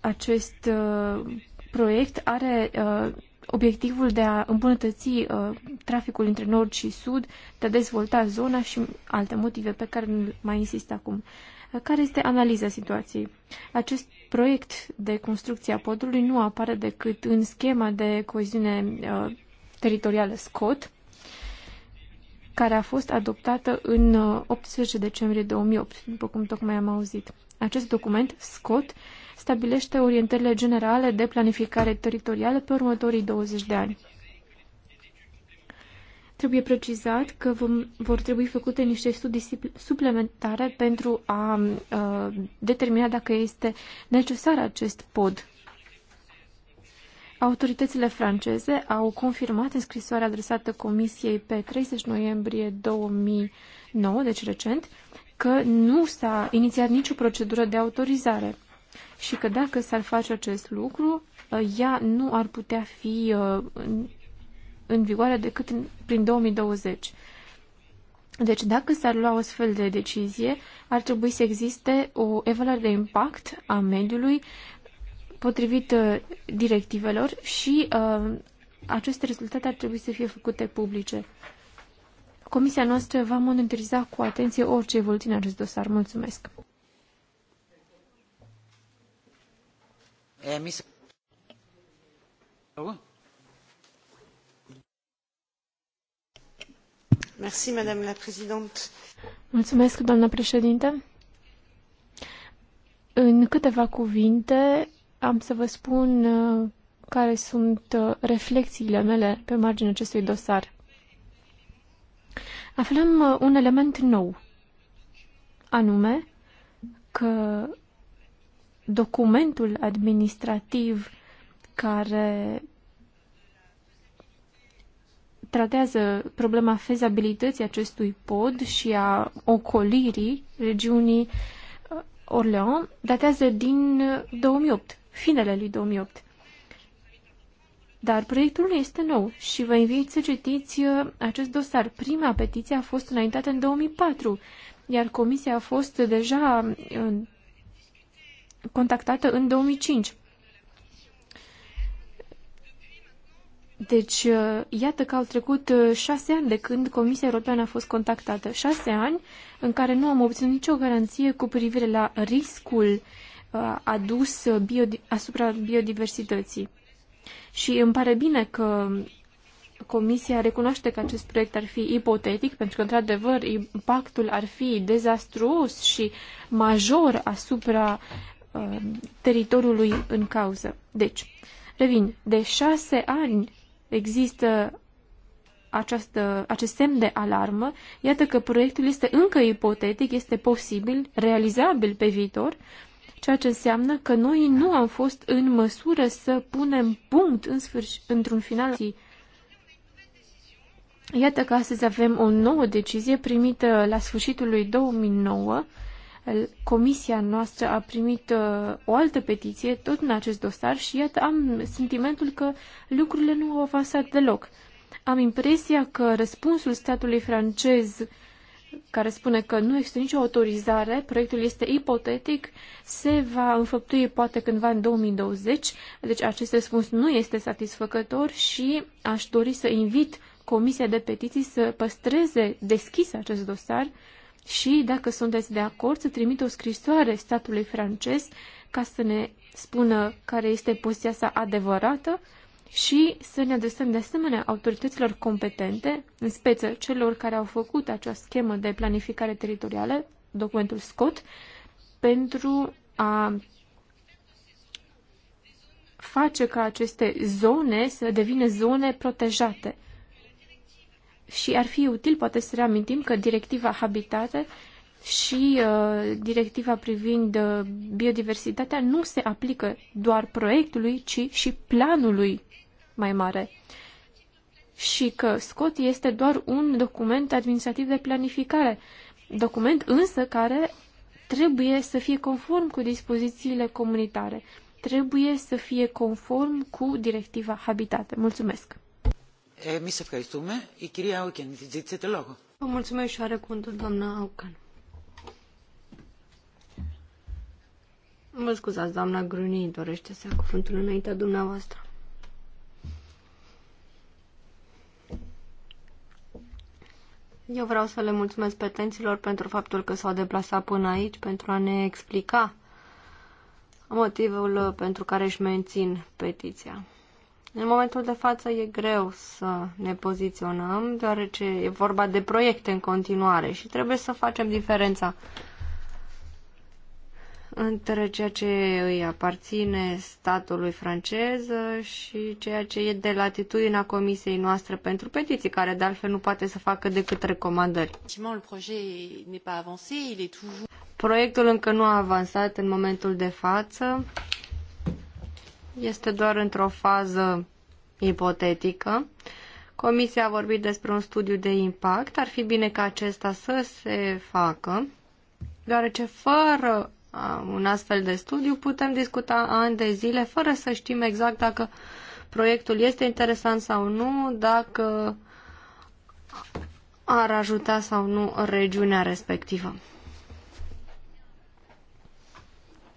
Acest uh, proiect are uh, obiectivul de a îmbunătăți uh, traficul între nord și sud, de a dezvolta zona și alte motive pe care nu mai insist acum. Uh, care este analiza situației? Acest proiect de construcție a podului nu apare decât în schema de coeziune uh, teritorială SCOT, care a fost adoptată în 18 uh, decembrie 2008, după cum tocmai am auzit. Acest document, SCOT, stabilește orientările generale de planificare teritorială pe următorii 20 de ani. Trebuie precizat că vom, vor trebui făcute niște studii suplimentare pentru a, a uh, determina dacă este necesar acest pod Autoritățile franceze au confirmat în scrisoarea adresată Comisiei pe 30 noiembrie 2009, deci recent, că nu s-a inițiat nicio procedură de autorizare și că dacă s-ar face acest lucru, uh, ea nu ar putea fi uh, în vigoare decât prin 2020. Deci dacă s-ar lua o astfel de decizie, ar trebui să existe o evaluare de impact a mediului potrivit uh, directivelor și uh, aceste rezultate ar trebui să fie făcute publice. Comisia noastră va monitoriza cu atenție orice evoluție în acest dosar. Mulțumesc! Eh, Merci, Madame la Présidente. Mulțumesc, doamnă președinte. În câteva cuvinte, am să vă spun uh, care sunt uh, reflexiile mele pe marginea acestui dosar. Aflăm uh, un element nou, anume că documentul administrativ care tratează problema fezabilității acestui pod și a ocolirii regiunii Orleans, datează din 2008 finele lui 2008. Dar proiectul nu este nou și vă invit să citiți uh, acest dosar. Prima petiție a fost înaintată în 2004, iar comisia a fost deja uh, contactată în 2005. Deci, uh, iată că au trecut șase ani de când Comisia Europeană a fost contactată. Șase ani în care nu am obținut nicio garanție cu privire la riscul uh, Uh, adus uh, bio, asupra biodiversității. Și îmi pare bine că Comisia recunoaște că acest proiect ar fi ipotetic, pentru că, într-adevăr, impactul ar fi dezastruos și major asupra uh, teritoriului în cauză. Deci, revin, de șase ani există această, acest semn de alarmă, iată că proiectul este încă ipotetic, este posibil, realizabil pe viitor, uh, ceea ce înseamnă că noi nu am fost în măsură să punem punct în sfârșit, într-un final. Iată că astăzi avem o nouă decizie primită la sfârșitul lui 2009. Comisia noastră a primit uh, o altă petiție tot în acest dosar și iată am sentimentul că lucrurile nu au avansat deloc. Am impresia că răspunsul statului francez uh, care spune că nu există nicio autorizare, proiectul este ipotetic, se va înfăptui poate cândva în 2020, deci acest răspuns nu este satisfăcător și aș dori să invit Comisia de Petiții să păstreze deschis acest dosar și, dacă sunteți de acord, să trimit o scrisoare statului francez ca să ne spună care este poziția sa adevărată și să ne adresăm de asemenea autorităților competente, în speță celor care au făcut această schemă de planificare teritorială, documentul SCOT, pentru a face ca aceste zone să devină zone protejate. Și ar fi util, poate, să reamintim că directiva Habitate și uh, directiva privind uh, biodiversitatea nu se aplică doar proiectului, ci și planului mai mare și că SCOT este doar un document administrativ de planificare, document însă care trebuie să fie conform cu dispozițiile comunitare, trebuie să fie conform cu directiva Habitate. Mulțumesc! Εμείς ευχαριστούμε. Η κυρία Όκεν ζήτησε το λόγο. Vă mulțumesc și are cuvântul doamna Aucan. Mă scuzați, doamna Grunii dorește să ia cuvântul înaintea dumneavoastră. Eu vreau să le mulțumesc petenților pentru faptul că s-au deplasat până aici pentru a ne explica motivul pentru care își mențin petiția. În momentul de față e greu să ne poziționăm, deoarece e vorba de proiecte în continuare și trebuie să facem diferența între ceea ce îi aparține statului francez și ceea ce e de latitudinea comisiei noastre pentru petiții, care de altfel nu poate să facă decât recomandări. Proiectul încă nu a avansat în momentul de față. Este doar într-o fază ipotetică. Comisia a vorbit despre un studiu de impact. Ar fi bine ca acesta să se facă, deoarece fără un astfel de studiu, putem discuta ani de zile fără să știm exact dacă proiectul este interesant sau nu, dacă ar ajuta sau nu regiunea respectivă.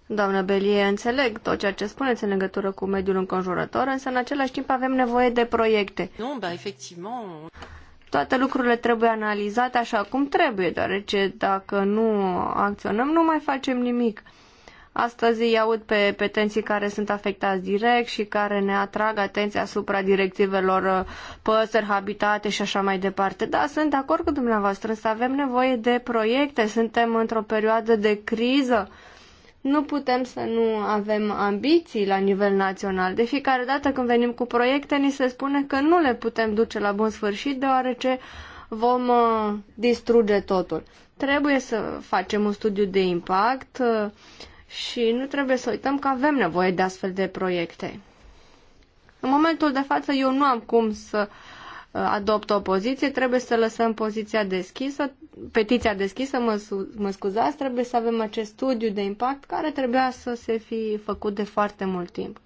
Doamnă Belie, înțeleg tot ceea ce spuneți în legătură cu mediul înconjurător, însă în același timp avem nevoie de proiecte. Non, ba, effectivement toate lucrurile trebuie analizate așa cum trebuie, deoarece dacă nu acționăm, nu mai facem nimic. Astăzi îi aud pe petenții care sunt afectați direct și care ne atrag atenția asupra directivelor uh, păsări, habitate și așa mai departe. Da, sunt de acord cu dumneavoastră, să avem nevoie de proiecte, suntem într-o perioadă de criză nu putem să nu avem ambiții la nivel național. De fiecare dată când venim cu proiecte, ni se spune că nu le putem duce la bun sfârșit, deoarece vom uh, distruge totul. Trebuie să facem un studiu de impact uh, și nu trebuie să uităm că avem nevoie de astfel de proiecte. În momentul de față eu nu am cum să uh, adoptă o poziție, trebuie să lăsăm poziția deschisă, petiția deschisă, mă, mă scuzați, trebuie să avem acest studiu de impact care trebuia să se fi făcut de foarte mult timp.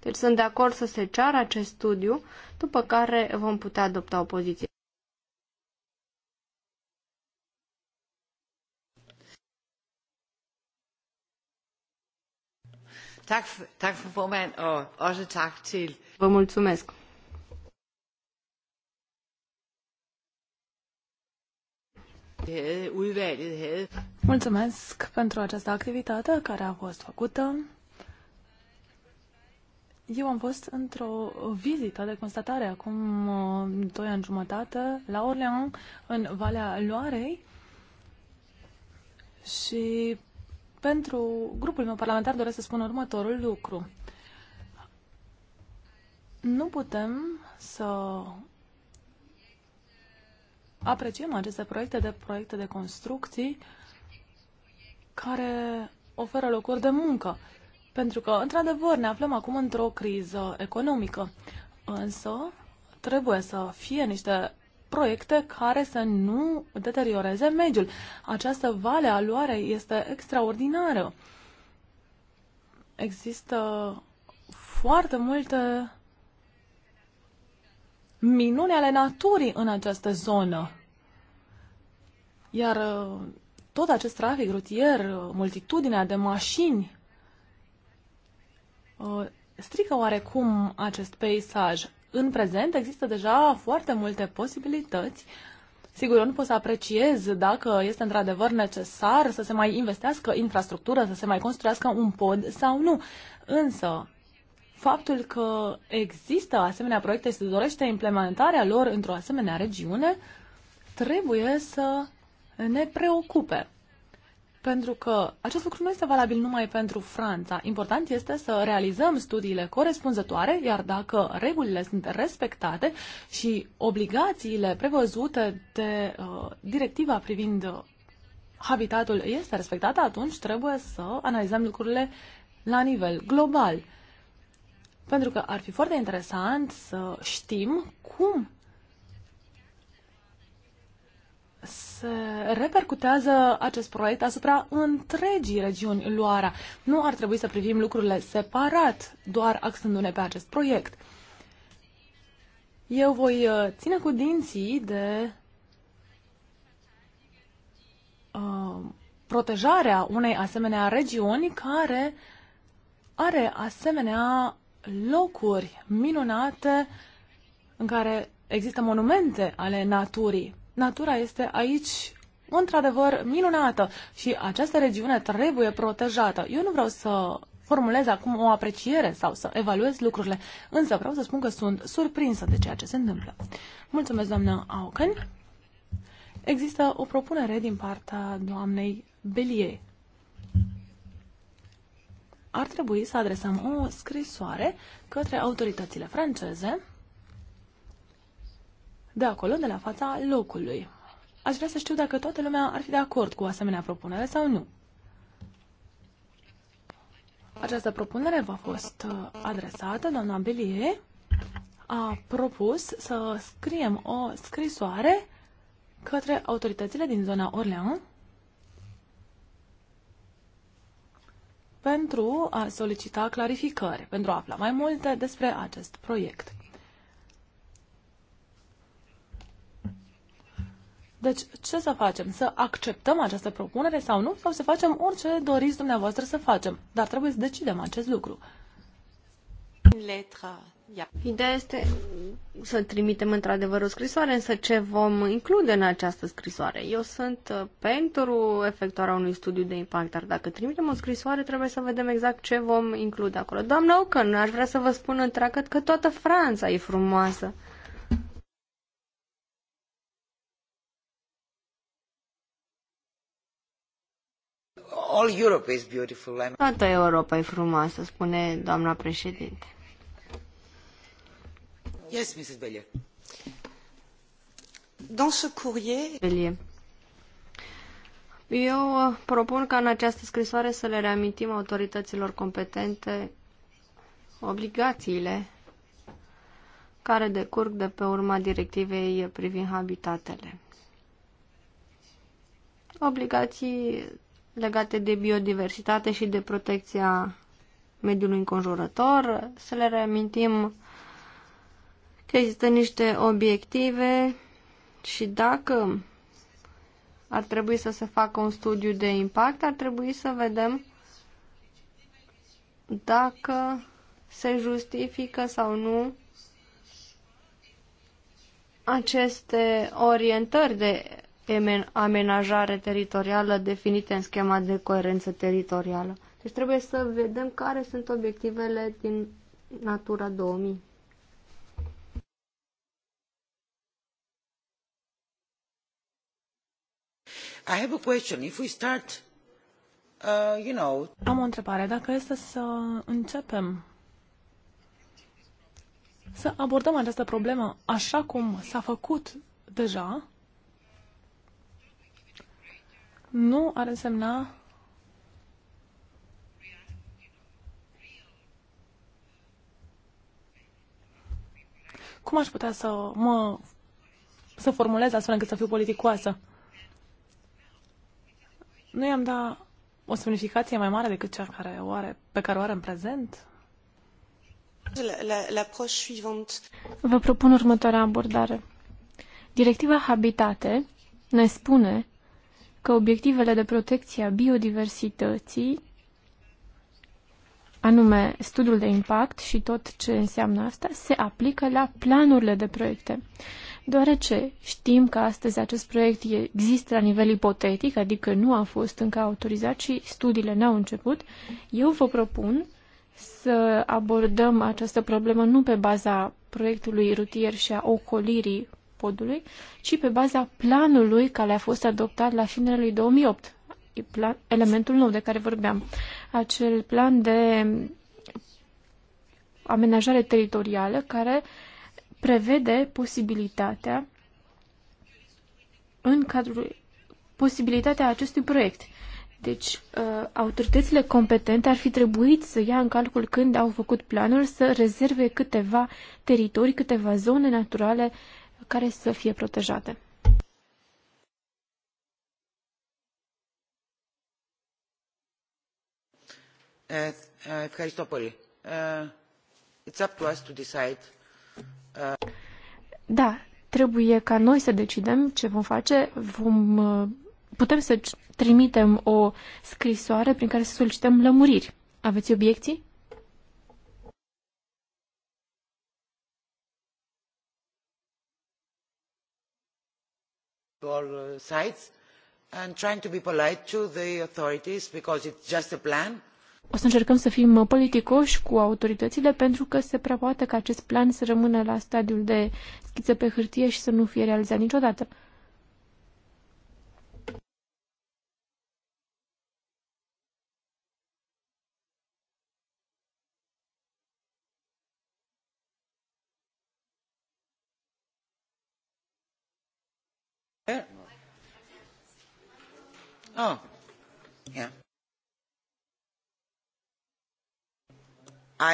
Deci sunt de acord să se ceară acest studiu, după care vom putea adopta o poziție. Vă mulțumesc. Mulțumesc pentru această activitate care a fost făcută. Eu am fost într-o vizită de constatare acum uh, doi ani jumătate la Orleans, în Valea Loarei și pentru grupul meu parlamentar doresc să spun următorul lucru. Nu putem să apreciem aceste proiecte de proiecte de construcții care oferă locuri de muncă. Pentru că, într-adevăr, ne aflăm acum într-o criză economică. Însă, trebuie să fie niște proiecte care să nu deterioreze mediul. Această vale a luarei este extraordinară. Există foarte multe minune ale naturii în această zonă. Iar uh, tot acest trafic rutier, uh, multitudinea de mașini, uh, strică oarecum acest peisaj. În prezent există deja foarte multe posibilități. Sigur, eu nu pot să apreciez dacă este într-adevăr necesar să se mai investească infrastructură, să se mai construiască un pod sau nu. Însă, faptul că există asemenea proiecte și se dorește implementarea lor într-o asemenea regiune, trebuie să ne preocupe. Pentru că acest lucru nu este valabil numai pentru Franța. Important este să realizăm studiile corespunzătoare, iar dacă regulile sunt respectate și obligațiile prevăzute de uh, directiva privind uh, habitatul este respectată, atunci trebuie să analizăm lucrurile la nivel global. Pentru că ar fi foarte interesant să știm cum se repercutează acest proiect asupra întregii regiuni Luara. Nu ar trebui să privim lucrurile separat, doar axându-ne pe acest proiect. Eu voi uh, ține cu dinții de uh, protejarea unei asemenea regiuni care are asemenea locuri minunate în care există monumente ale naturii. Natura este aici într-adevăr minunată și această regiune trebuie protejată. Eu nu vreau să formulez acum o apreciere sau să evaluez lucrurile, însă vreau să spun că sunt surprinsă de ceea ce se întâmplă. Mulțumesc, doamna Auken. Există o propunere din partea doamnei Belier ar trebui să adresăm o scrisoare către autoritățile franceze de acolo, de la fața locului. Aș vrea să știu dacă toată lumea ar fi de acord cu asemenea propunere sau nu. Această propunere v-a fost uh, adresată, doamna Belie a propus să scriem o scrisoare către autoritățile din zona Orleans pentru a solicita clarificări, pentru a afla mai multe despre acest proiect. Deci, ce să facem? Să acceptăm această propunere sau nu? Sau să facem orice doriți dumneavoastră să facem? Dar trebuie să decidem acest lucru. Letra Ideea este să trimitem într-adevăr o scrisoare, însă ce vom include în această scrisoare? Eu sunt uh, pentru efectuarea unui studiu de impact, dar dacă trimitem o scrisoare, trebuie să vedem exact ce vom include acolo. Doamna Ocan, aș vrea să vă spun întreagăt că toată Franța e frumoasă. All Europe is beautiful. Toată Europa e frumoasă, spune doamna președinte. Dans ce courrier... Eu uh, propun ca în această scrisoare să le reamintim autorităților competente obligațiile care decurg de pe urma directivei privind habitatele. Obligații legate de biodiversitate și de protecția mediului înconjurător, să le reamintim că există niște obiective și dacă ar trebui să se facă un studiu de impact, ar trebui să vedem dacă se justifică sau nu aceste orientări de amenajare teritorială definite în schema de coerență teritorială. Deci trebuie să vedem care sunt obiectivele din Natura 2000. Am o întrebare. Dacă este să începem să abordăm această problemă așa cum s-a făcut deja, nu ar însemna cum aș putea să mă să formulez astfel încât să fiu politicoasă? Nu i am dat o semnificație mai mare decât cea care o are, pe care o are în prezent? Vă propun următoarea abordare. Directiva Habitate ne spune că obiectivele de protecție a biodiversității, anume studiul de impact și tot ce înseamnă asta, se aplică la planurile de proiecte deoarece știm că astăzi acest proiect există la nivel ipotetic, adică nu a fost încă autorizat și studiile n-au început, eu vă propun să abordăm această problemă nu pe baza proiectului rutier și a ocolirii podului, ci pe baza planului care a fost adoptat la finele lui 2008, plan, elementul nou de care vorbeam, acel plan de amenajare teritorială care uh, prevede posibilitatea în cadrul posibilitatea acestui proiect. Deci, uh, autoritățile competente ar fi trebuit să ia în calcul când au făcut planul să rezerve câteva teritorii, câteva zone naturale care să fie protejate. uh, uh, uh It's up to us to decide da, trebuie ca noi să decidem ce vom face. Vom, uh, putem să trimitem o scrisoare prin care să solicităm lămuriri. Aveți obiecții? your uh, sides and trying to be polite to the authorities because it's just a plan o să încercăm să fim politicoși cu autoritățile pentru că se prea poate ca acest plan să rămână la stadiul de schiță pe hârtie și să nu fie realizat niciodată.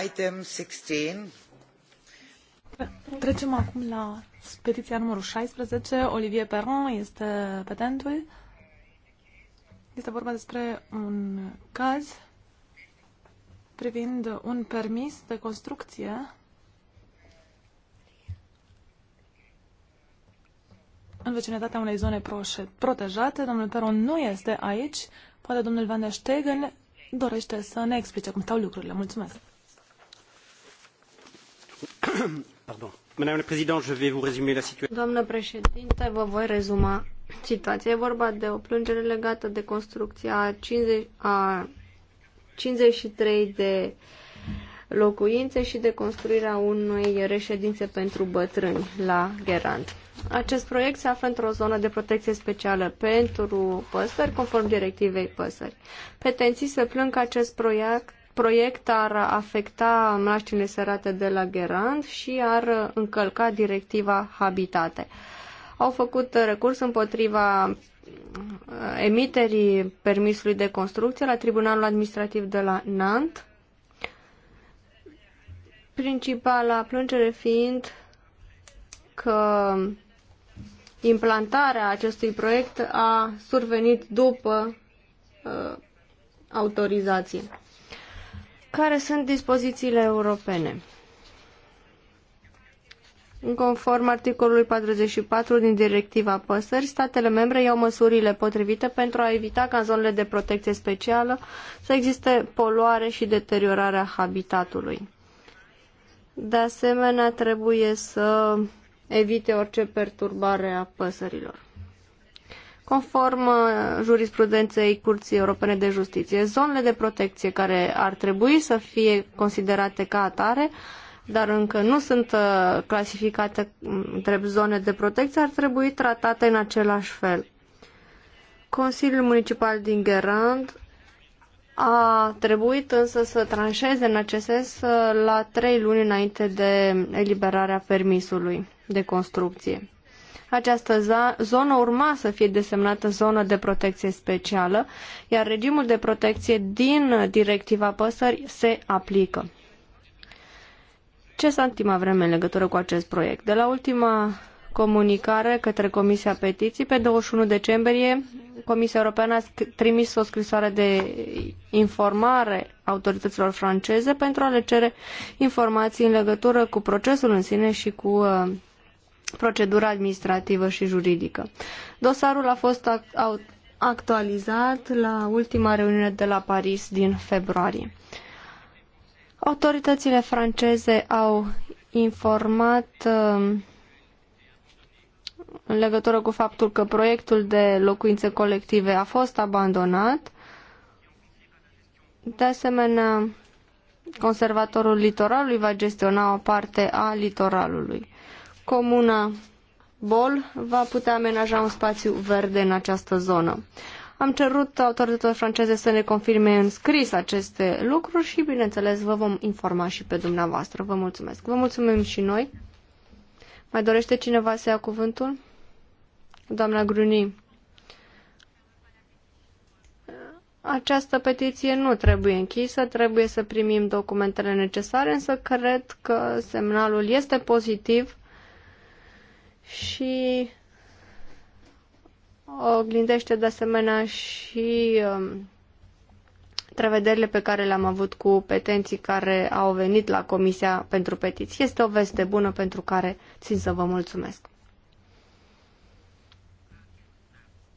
Item 16. Trecem acum la petiția numărul 16. Olivier Perron este petentul. Este vorba despre un caz privind un permis de construcție în vecinătatea unei zone protejate. Domnul Peron nu este aici. Poate domnul Van der Stegen dorește să ne explice cum stau lucrurile. Mulțumesc! [COUGHS] Doamnă președinte, vă voi rezuma situația. E vorba de o plângere legată de construcția 50, a 53 de locuințe și de construirea unei reședințe pentru bătrâni la Gerant. Acest proiect se află într-o zonă de protecție specială pentru păsări, conform directivei păsări. Petenții se plâng că acest proiect proiect ar afecta mlaștinile sărate de la Gerand și ar încălca directiva Habitate. Au făcut recurs împotriva uh, emiterii permisului de construcție la Tribunalul Administrativ de la Nant, principala plângere fiind că implantarea acestui proiect a survenit după uh, autorizație. Care sunt dispozițiile europene? În conform articolului 44 din directiva păsări, statele membre iau măsurile potrivite pentru a evita ca în zonele de protecție specială să existe poluare și deteriorarea habitatului. De asemenea, trebuie să evite orice perturbare a păsărilor conform uh, jurisprudenței Curții Europene de Justiție. Zonele de protecție care ar trebui să fie considerate ca atare, dar încă nu sunt uh, clasificate mm, drept zone de protecție, ar trebui tratate în același fel. Consiliul Municipal din Gerand a trebuit însă să tranșeze în acest sens uh, la trei luni înainte de eliberarea permisului de construcție această zonă urma să fie desemnată zonă de protecție specială, iar regimul de protecție din directiva păsări se aplică. Ce s-a în ultima vreme în legătură cu acest proiect? De la ultima comunicare către Comisia Petiții, pe 21 decembrie, Comisia Europeană a trimis o scrisoare de informare autorităților franceze pentru a le cere informații în legătură cu procesul în sine și cu uh, procedură administrativă și juridică. Dosarul a fost actualizat la ultima reuniune de la Paris din februarie. Autoritățile franceze au informat um, în legătură cu faptul că proiectul de locuințe colective a fost abandonat. De asemenea, conservatorul litoralului va gestiona o parte a litoralului. Comuna Bol va putea amenaja un spațiu verde în această zonă. Am cerut autorităților franceze să ne confirme în scris aceste lucruri și, bineînțeles, vă vom informa și pe dumneavoastră. Vă mulțumesc. Vă mulțumim și noi. Mai dorește cineva să ia cuvântul? Doamna Gruni. Această petiție nu trebuie închisă, trebuie să primim documentele necesare, însă cred că semnalul este pozitiv și oglindește de asemenea și um, prevederile pe care le-am avut cu petenții care au venit la Comisia pentru Petiții. Este o veste bună pentru care țin să vă mulțumesc.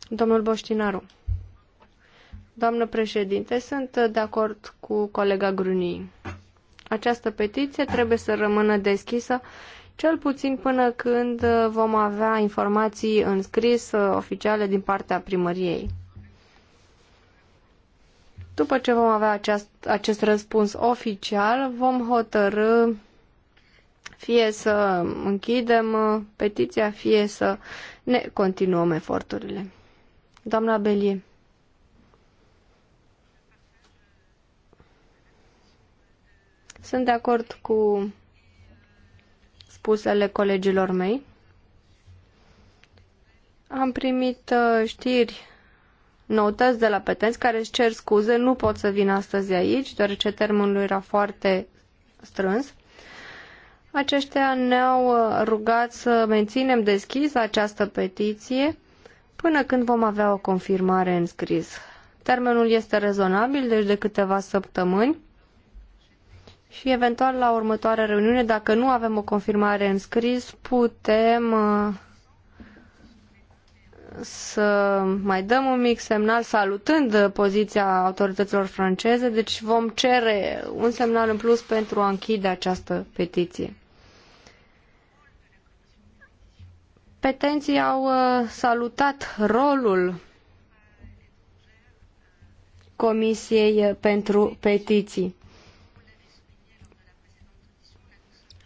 Domnul Boștinaru. Doamnă președinte, sunt de acord cu colega Grunii. Această petiție trebuie să rămână deschisă cel puțin până când uh, vom avea informații în scris uh, oficiale din partea primăriei. După ce vom avea aceast, acest răspuns oficial, vom hotărâ fie să închidem uh, petiția, fie să ne continuăm eforturile. Doamna Belie. Sunt de acord cu spusele colegilor mei. Am primit uh, știri, noutăți de la petenți care își cer scuze, nu pot să vin astăzi aici, deoarece termenul era foarte strâns. Aceștia ne-au uh, rugat să menținem deschis această petiție până când vom avea o confirmare în scris. Termenul este rezonabil, deci de câteva săptămâni și eventual la următoarea reuniune, dacă nu avem o confirmare în scris, putem uh, să mai dăm un mic semnal salutând poziția autorităților franceze, deci vom cere un semnal în plus pentru a închide această petiție. Petenții au uh, salutat rolul Comisiei pentru Petiții.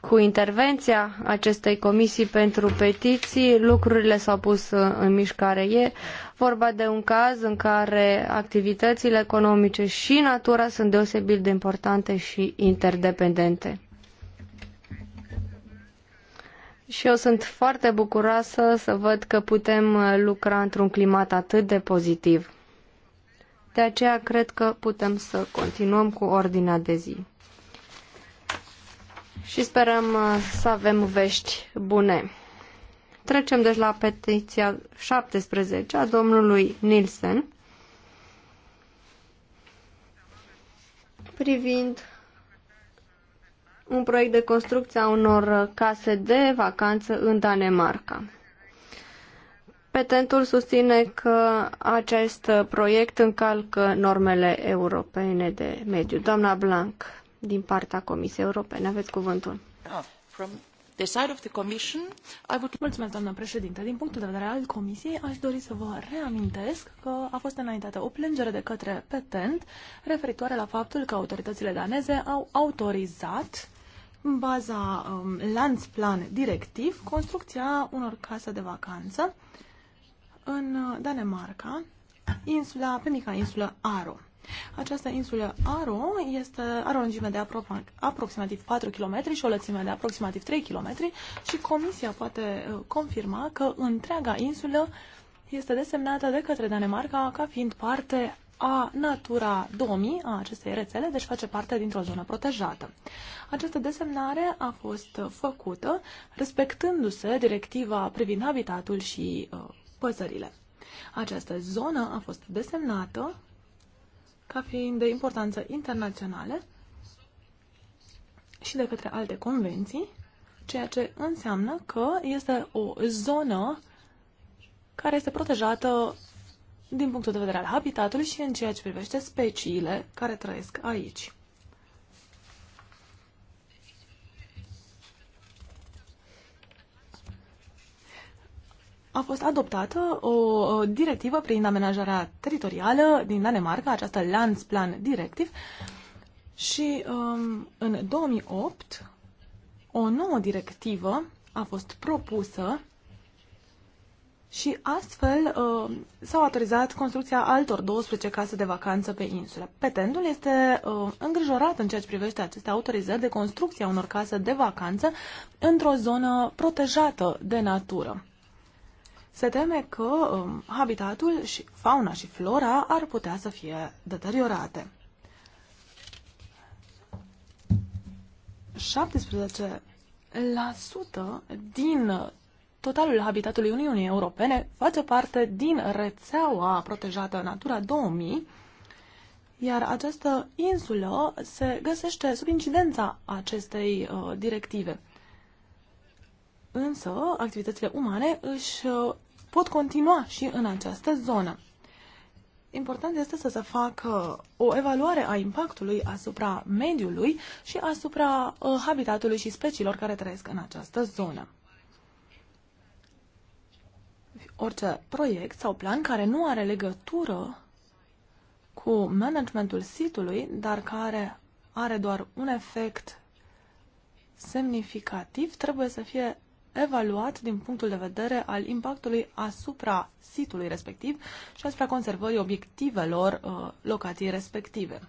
cu intervenția acestei comisii pentru petiții, lucrurile s-au pus în mișcare. E vorba de un caz în care activitățile economice și natura sunt deosebit de importante și interdependente. Și eu sunt foarte bucuroasă să văd că putem lucra într-un climat atât de pozitiv. De aceea cred că putem să continuăm cu ordinea de zi și sperăm uh, să avem vești bune. Trecem deci la petiția 17 a domnului Nielsen privind un proiect de construcție a unor case de vacanță în Danemarca. Petentul susține că acest proiect încalcă normele europene de mediu. Doamna Blanc din partea Comisiei Europene. Aveți cuvântul. Ah, Mulțumesc, doamnă președinte. Din punctul de vedere al Comisiei, aș dori să vă reamintesc că a fost înaintată o plângere de către petent referitoare la faptul că autoritățile daneze au autorizat în baza um, lanțplan directiv construcția unor case de vacanță în uh, Danemarca, insula, pe mica insulă Aro. Această insulă Aro este, are o lungime de apro- aproximativ 4 km și o lățime de aproximativ 3 km și Comisia poate uh, confirma că întreaga insulă este desemnată de către Danemarca ca fiind parte a Natura 2000, a acestei rețele, deci face parte dintr-o zonă protejată. Această desemnare a fost făcută respectându-se directiva privind habitatul și uh, păsările. Această zonă a fost desemnată ca fiind de importanță internațională și de către alte convenții, ceea ce înseamnă că este o zonă care este protejată din punctul de vedere al habitatului și în ceea ce privește speciile care trăiesc aici. a fost adoptată o directivă prin amenajarea teritorială din Danemarca, această Landsplan Directive, și um, în 2008 o nouă directivă a fost propusă și astfel uh, s-au autorizat construcția altor 12 case de vacanță pe insulă. Petentul este uh, îngrijorat în ceea ce privește aceste autorizări de construcție a unor case de vacanță într-o zonă protejată de natură se teme că um, habitatul și fauna și flora ar putea să fie deteriorate. 17% din totalul habitatului Uniunii Europene face parte din rețeaua protejată Natura 2000, iar această insulă se găsește sub incidența acestei uh, directive. Însă, activitățile umane își uh, pot continua și în această zonă. Important este să se facă o evaluare a impactului asupra mediului și asupra uh, habitatului și speciilor care trăiesc în această zonă. Orice proiect sau plan care nu are legătură cu managementul sitului, dar care are doar un efect semnificativ, trebuie să fie evaluat din punctul de vedere al impactului asupra sitului respectiv și asupra conservării obiectivelor uh, locației respective.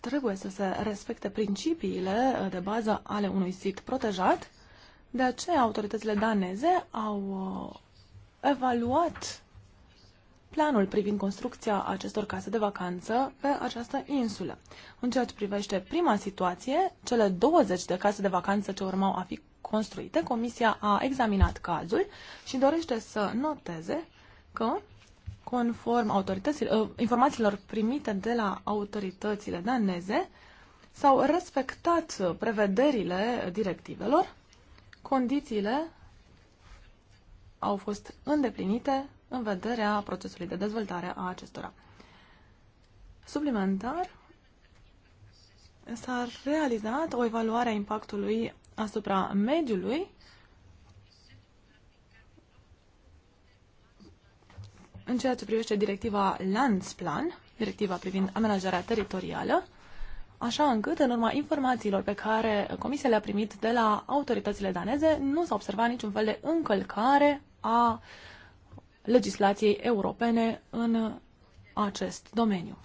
Trebuie să se respecte principiile uh, de bază ale unui sit protejat, de aceea autoritățile daneze au uh, evaluat planul privind construcția acestor case de vacanță pe această insulă. În ceea ce privește prima situație, cele 20 de case de vacanță ce urmau a fi construite, Comisia a examinat cazul și dorește să noteze că, conform uh, informațiilor primite de la autoritățile daneze, s-au respectat prevederile directivelor, condițiile au fost îndeplinite în vederea procesului de dezvoltare a acestora. Suplimentar, s-a realizat o evaluare a impactului asupra mediului în ceea ce privește directiva Landsplan, directiva privind amenajarea teritorială, așa încât, în urma informațiilor pe care Comisia le-a primit de la autoritățile daneze, nu s-a observat niciun fel de încălcare a uh, legislației europene în acest domeniu.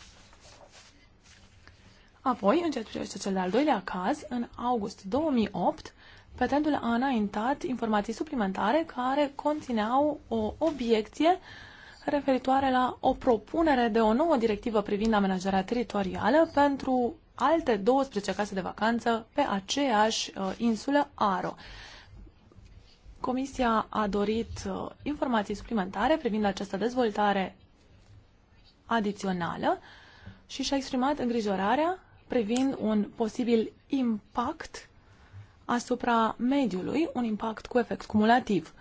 Apoi, în ceea ce privește cel de-al doilea caz, în august 2008, petentul a înaintat informații suplimentare care conțineau o obiecție referitoare la o propunere de o nouă directivă privind amenajarea teritorială pentru alte 12 case de vacanță pe aceeași uh, insulă Aro. Comisia a dorit uh, informații suplimentare privind această dezvoltare adițională și și-a exprimat îngrijorarea privind un posibil impact asupra mediului, un impact cu efect cumulativ.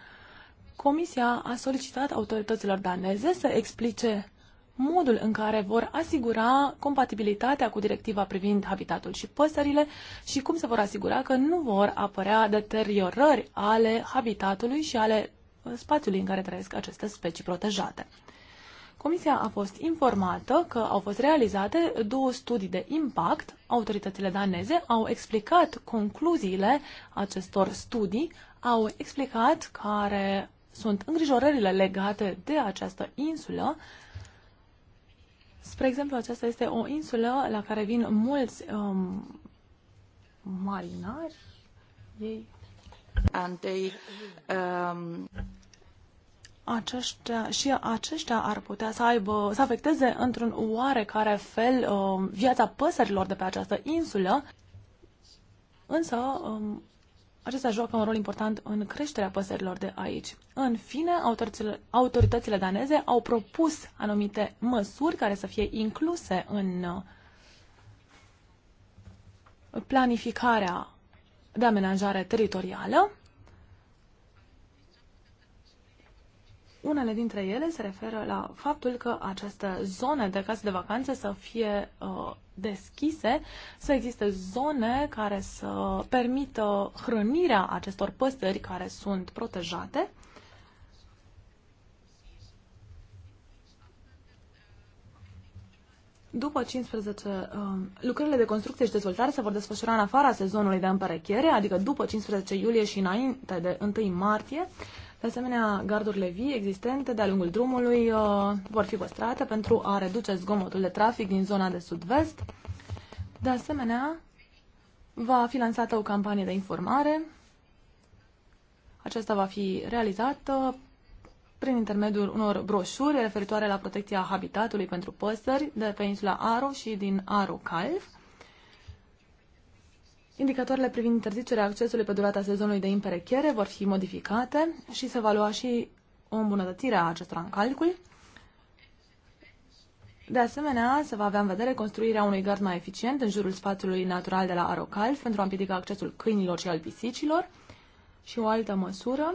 Comisia a solicitat autorităților daneze să explice modul în care vor asigura compatibilitatea cu directiva privind habitatul și păsările și cum se vor asigura că nu vor apărea deteriorări ale habitatului și ale uh, spațiului în care trăiesc aceste specii protejate. Comisia a fost informată că au fost realizate două studii de impact. Autoritățile daneze au explicat concluziile acestor studii, au explicat care sunt îngrijorările legate de această insulă Spre exemplu, aceasta este o insulă la care vin mulți um, marinari. Ei... And they, um... aceștia, și aceștia ar putea să aibă, să afecteze într-un oarecare fel um, viața păsărilor de pe această insulă. Însă, um, acesta joacă un rol important în creșterea păsărilor de aici. În fine, autoritățile, autoritățile daneze au propus anumite măsuri care să fie incluse în uh, planificarea de amenajare teritorială. Unele dintre ele se referă la faptul că aceste zone de case de vacanță să fie uh, deschise, să existe zone care să permită hrănirea acestor păsări care sunt protejate. După 15, um, lucrările de construcție și dezvoltare se vor desfășura în afara sezonului de împerechiere, adică după 15 iulie și înainte de 1 martie, de asemenea, gardurile vii existente de-a lungul drumului uh, vor fi păstrate pentru a reduce zgomotul de trafic din zona de sud-vest. De asemenea, va fi lansată o campanie de informare. Aceasta va fi realizată prin intermediul unor broșuri referitoare la protecția habitatului pentru păsări de pe insula Aro și din Aro Calv. Indicatoarele privind interzicerea accesului pe durata sezonului de imperechiere vor fi modificate și se va lua și o îmbunătățire a acestora în calcul. De asemenea, se va avea în vedere construirea unui gard mai eficient în jurul spațiului natural de la Arocal pentru a împiedica accesul câinilor și al pisicilor. Și o altă măsură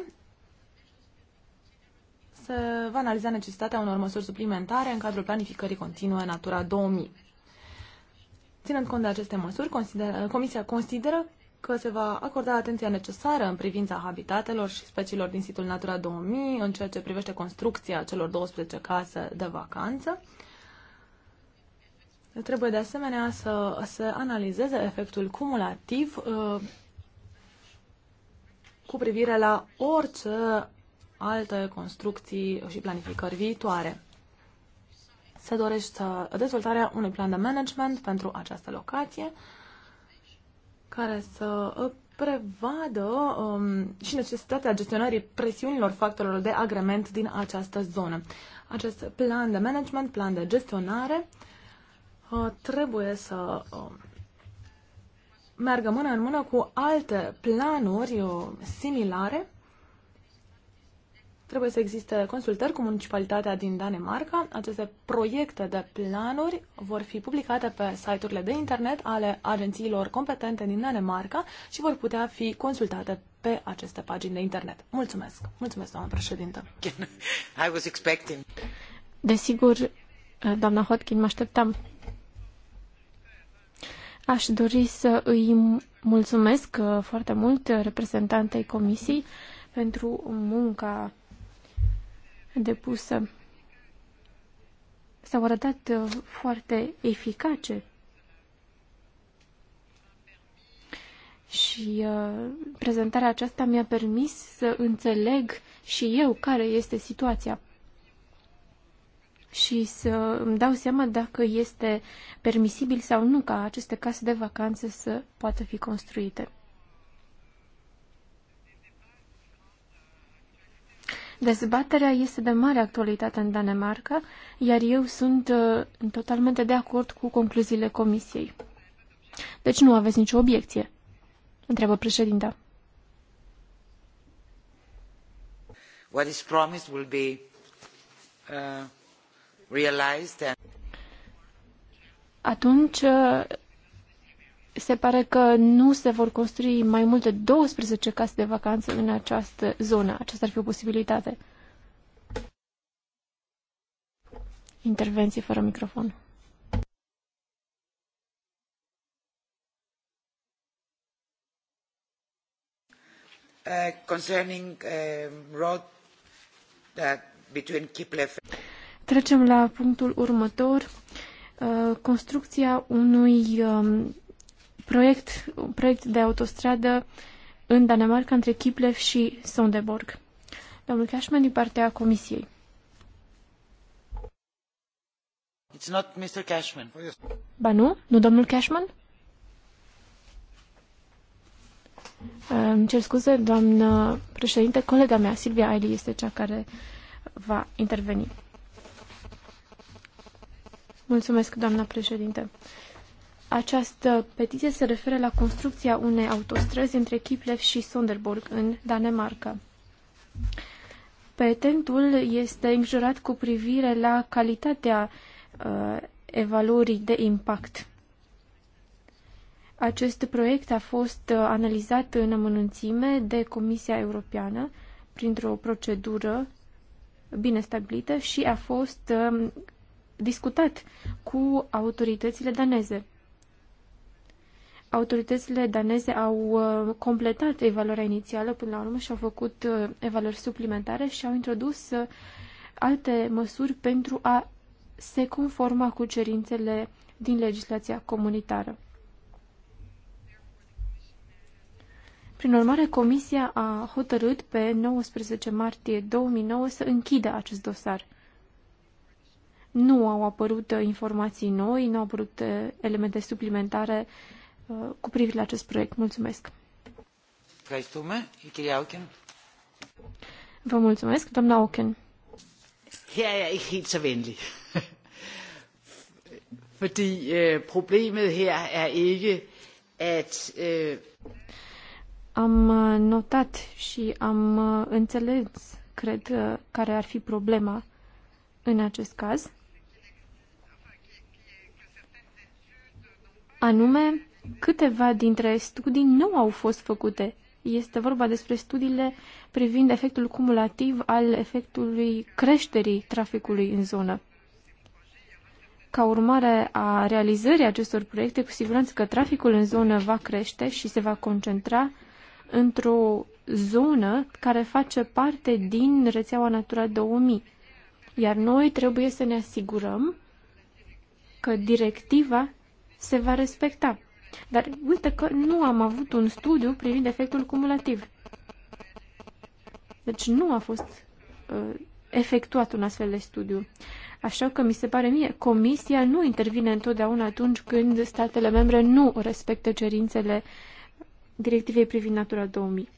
se va analiza necesitatea unor măsuri suplimentare în cadrul planificării continue Natura 2000. Ținând cont de aceste măsuri, consider, Comisia consideră că se va acorda atenția necesară în privința habitatelor și speciilor din situl Natura 2000 în ceea ce privește construcția celor 12 case de vacanță. Trebuie de asemenea să se analizeze efectul cumulativ uh, cu privire la orice alte construcții și planificări viitoare se dorește dezvoltarea unui plan de management pentru această locație care să uh, prevadă um, și necesitatea gestionării presiunilor factorilor de agrement din această zonă. Acest plan de management, plan de gestionare uh, trebuie să uh, meargă mână în mână cu alte planuri uh, similare Trebuie să existe consultări cu municipalitatea din Danemarca. Aceste proiecte de planuri vor fi publicate pe site-urile de internet ale agențiilor competente din Danemarca și vor putea fi consultate pe aceste pagini de internet. Mulțumesc! Mulțumesc, doamnă președintă! I was expecting. Desigur, doamna Hotkin, mă așteptam. Aș dori să îi mulțumesc foarte mult reprezentantei comisiei pentru munca depusă s-au arătat uh, foarte eficace și uh, prezentarea aceasta mi-a permis să înțeleg și eu care este situația și să îmi dau seama dacă este permisibil sau nu ca aceste case de vacanță să poată fi construite. Dezbaterea este de mare actualitate în Danemarca, iar eu sunt uh, totalmente de acord cu concluziile comisiei. Deci nu aveți nicio obiecție? Întreabă președinta. What is promised will be uh, realized and... Atunci uh, se pare că nu se vor construi mai mult de 12 case de vacanță în această zonă. Aceasta ar fi o posibilitate. Intervenții fără microfon. Uh, concerning uh, road that between Kiplev. Trecem la punctul următor uh, construcția unui um, proiect, un proiect de autostradă în Danemarca între Kiplev și Sondeborg. Domnul Cashman din partea Comisiei. It's not Mr. Cashman. Ba nu? Nu domnul Cashman? Îmi cer scuze, doamnă președinte, colega mea, Silvia Aili, este cea care va interveni. Mulțumesc, doamna președinte. Această petiție se referă la construcția unei autostrăzi între Kiplev și Sonderburg, în Danemarca. Petentul este îngrijorat cu privire la calitatea uh, evaluării de impact. Acest proiect a fost uh, analizat în amănunțime de Comisia Europeană printr-o procedură bine stabilită și a fost uh, discutat cu autoritățile daneze autoritățile daneze au uh, completat evaluarea inițială până la urmă și au făcut uh, evaluări suplimentare și au introdus uh, alte măsuri pentru a se conforma cu cerințele din legislația comunitară. Prin urmare, Comisia a hotărât pe 19 martie 2009 să închidă acest dosar. Nu au apărut informații noi, nu au apărut elemente suplimentare uh, Uh, cu privire la acest proiect. Mulțumesc! Vă mulțumesc, doamna Auken. Her er jeg ikke helt så venlig. [LAUGHS] Fordi øh, problemet her er ikke, at... Øh... Am uh, notat și am uh, înțeles, cred, care ar fi problema în acest caz. Anume, Câteva dintre studii nu au fost făcute. Este vorba despre studiile privind efectul cumulativ al efectului creșterii traficului în zonă. Ca urmare a realizării acestor proiecte, cu siguranță că traficul în zonă va crește și se va concentra într-o zonă care face parte din rețeaua Natura 2000. Iar noi trebuie să ne asigurăm că directiva se va respecta. Dar uite că nu am avut un studiu privind efectul cumulativ. Deci nu a fost uh, efectuat un astfel de studiu. Așa că mi se pare mie, Comisia nu intervine întotdeauna atunci când statele membre nu respectă cerințele directivei privind Natura 2000.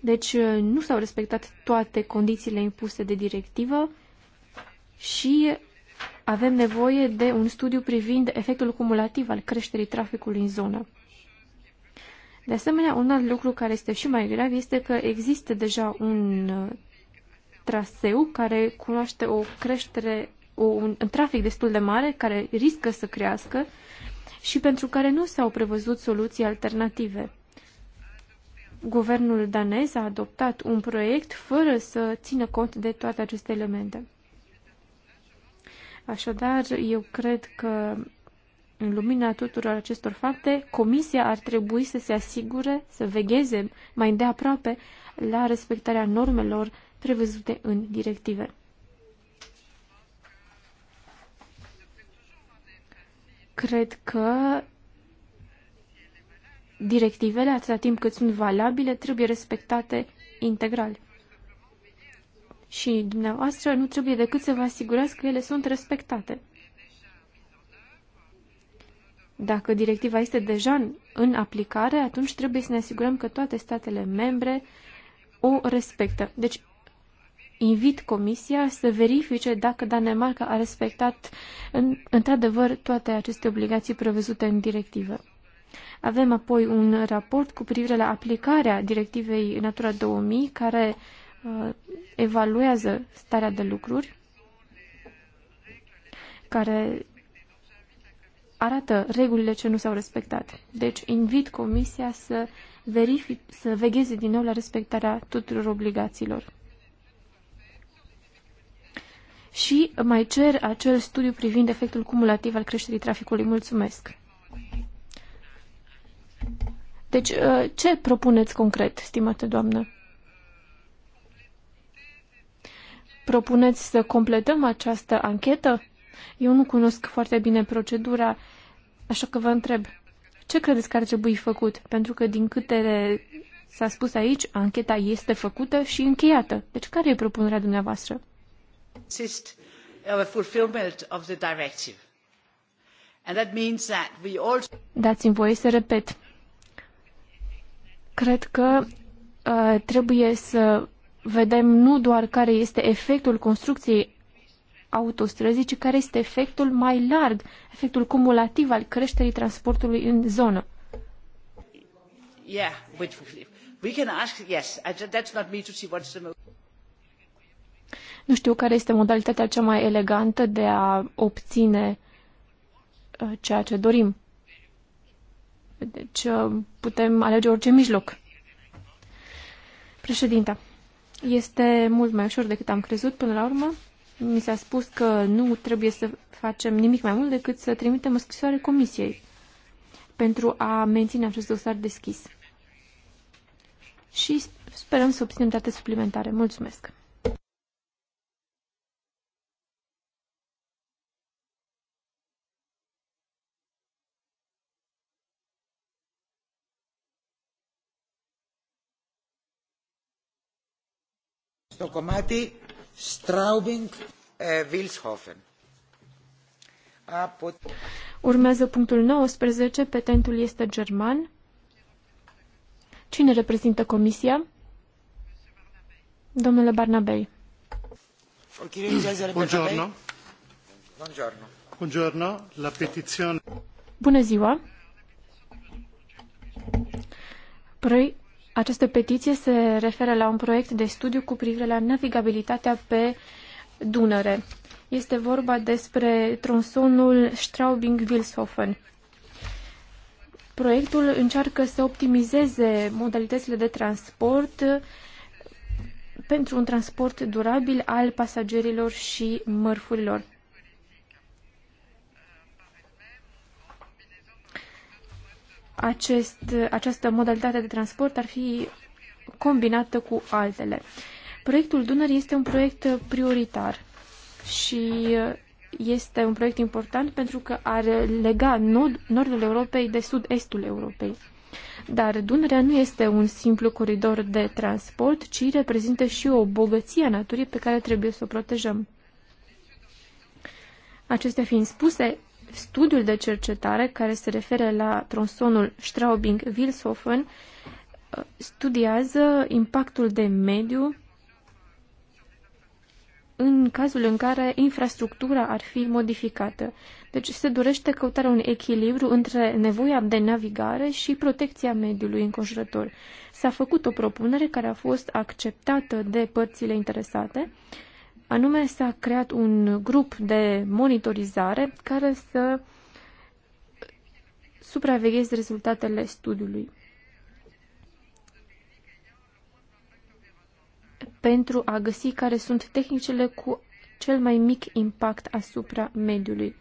Deci uh, nu s-au respectat toate condițiile impuse de directivă și avem nevoie de un studiu privind efectul cumulativ al creșterii traficului în zonă. De asemenea, un alt lucru care este și mai grav este că există deja un uh, traseu care cunoaște o creștere, un trafic destul de mare, care riscă să crească și pentru care nu s-au prevăzut soluții alternative. Guvernul danez a adoptat un proiect fără să țină cont de toate aceste elemente. Așadar, eu cred că în lumina tuturor acestor fapte, Comisia ar trebui să se asigure, să vegheze mai îndeaproape la respectarea normelor prevăzute în directive. Cred că directivele, atâta timp cât sunt valabile, trebuie respectate integral și dumneavoastră nu trebuie decât să vă asigurați că ele sunt respectate. Dacă directiva este deja în aplicare, atunci trebuie să ne asigurăm că toate statele membre o respectă. Deci, invit Comisia să verifice dacă Danemarca a respectat în, într-adevăr toate aceste obligații prevăzute în directivă. Avem apoi un raport cu privire la aplicarea directivei Natura 2000, care Uh, evaluează starea de lucruri, care arată regulile ce nu s-au respectat. Deci invit Comisia să, verific, să vegheze din nou la respectarea tuturor obligațiilor. Și mai cer acel studiu privind efectul cumulativ al creșterii traficului. Mulțumesc! Deci, uh, ce propuneți concret, stimată doamnă? Propuneți să completăm această anchetă? Eu nu cunosc foarte bine procedura, așa că vă întreb, ce credeți că ar trebui făcut? Pentru că, din câte s-a spus aici, ancheta este făcută și încheiată. Deci, care e propunerea dumneavoastră? Insist on the fulfillment of the directive. And that means that we also... Dați-mi voie să repet. Cred că uh, trebuie să vedem nu doar care este efectul construcției autostrăzii, ci care este efectul mai larg, efectul cumulativ al creșterii transportului în zonă. Nu știu care este modalitatea cea mai elegantă de a obține uh, ceea ce dorim. Deci uh, putem alege orice mijloc. Președinta, este mult mai ușor decât am crezut până la urmă. Mi s-a spus că nu trebuie să facem nimic mai mult decât să trimitem o scrisoare comisiei pentru a menține acest dosar deschis. Și sperăm să obținem date suplimentare. Mulțumesc! στο κομμάτι Straubing-Wilshofen. Urmează punctul 19, petentul este german. Cine reprezintă comisia? Domnule Barnabei. Buongiorno. Buongiorno. Buongiorno. La petizione... Bună ziua. Această petiție se referă la un proiect de studiu cu privire la navigabilitatea pe Dunăre. Este vorba despre tronsonul Straubing-Wilshofen. Proiectul încearcă să optimizeze modalitățile de transport pentru un transport durabil al pasagerilor și mărfurilor. acest, această modalitate de transport ar fi combinată cu altele. Proiectul Dunării este un proiect prioritar și este un proiect important pentru că ar lega nord, nordul Europei de sud-estul Europei. Dar Dunărea nu este un simplu coridor de transport, ci reprezintă și o bogăție a naturii pe care trebuie să o protejăm. Acestea fiind spuse, Studiul de cercetare care se referă la tronsonul Straubing-Wilshofen uh, studiază impactul de mediu în cazul în care infrastructura ar fi modificată. Deci se dorește căutarea unui echilibru între nevoia de navigare și protecția mediului înconjurător. S-a făcut o propunere care a fost acceptată de părțile interesate Anume, s-a creat un grup de monitorizare care să supravegheze rezultatele studiului. pentru a găsi care sunt tehnicile cu cel mai mic impact asupra mediului.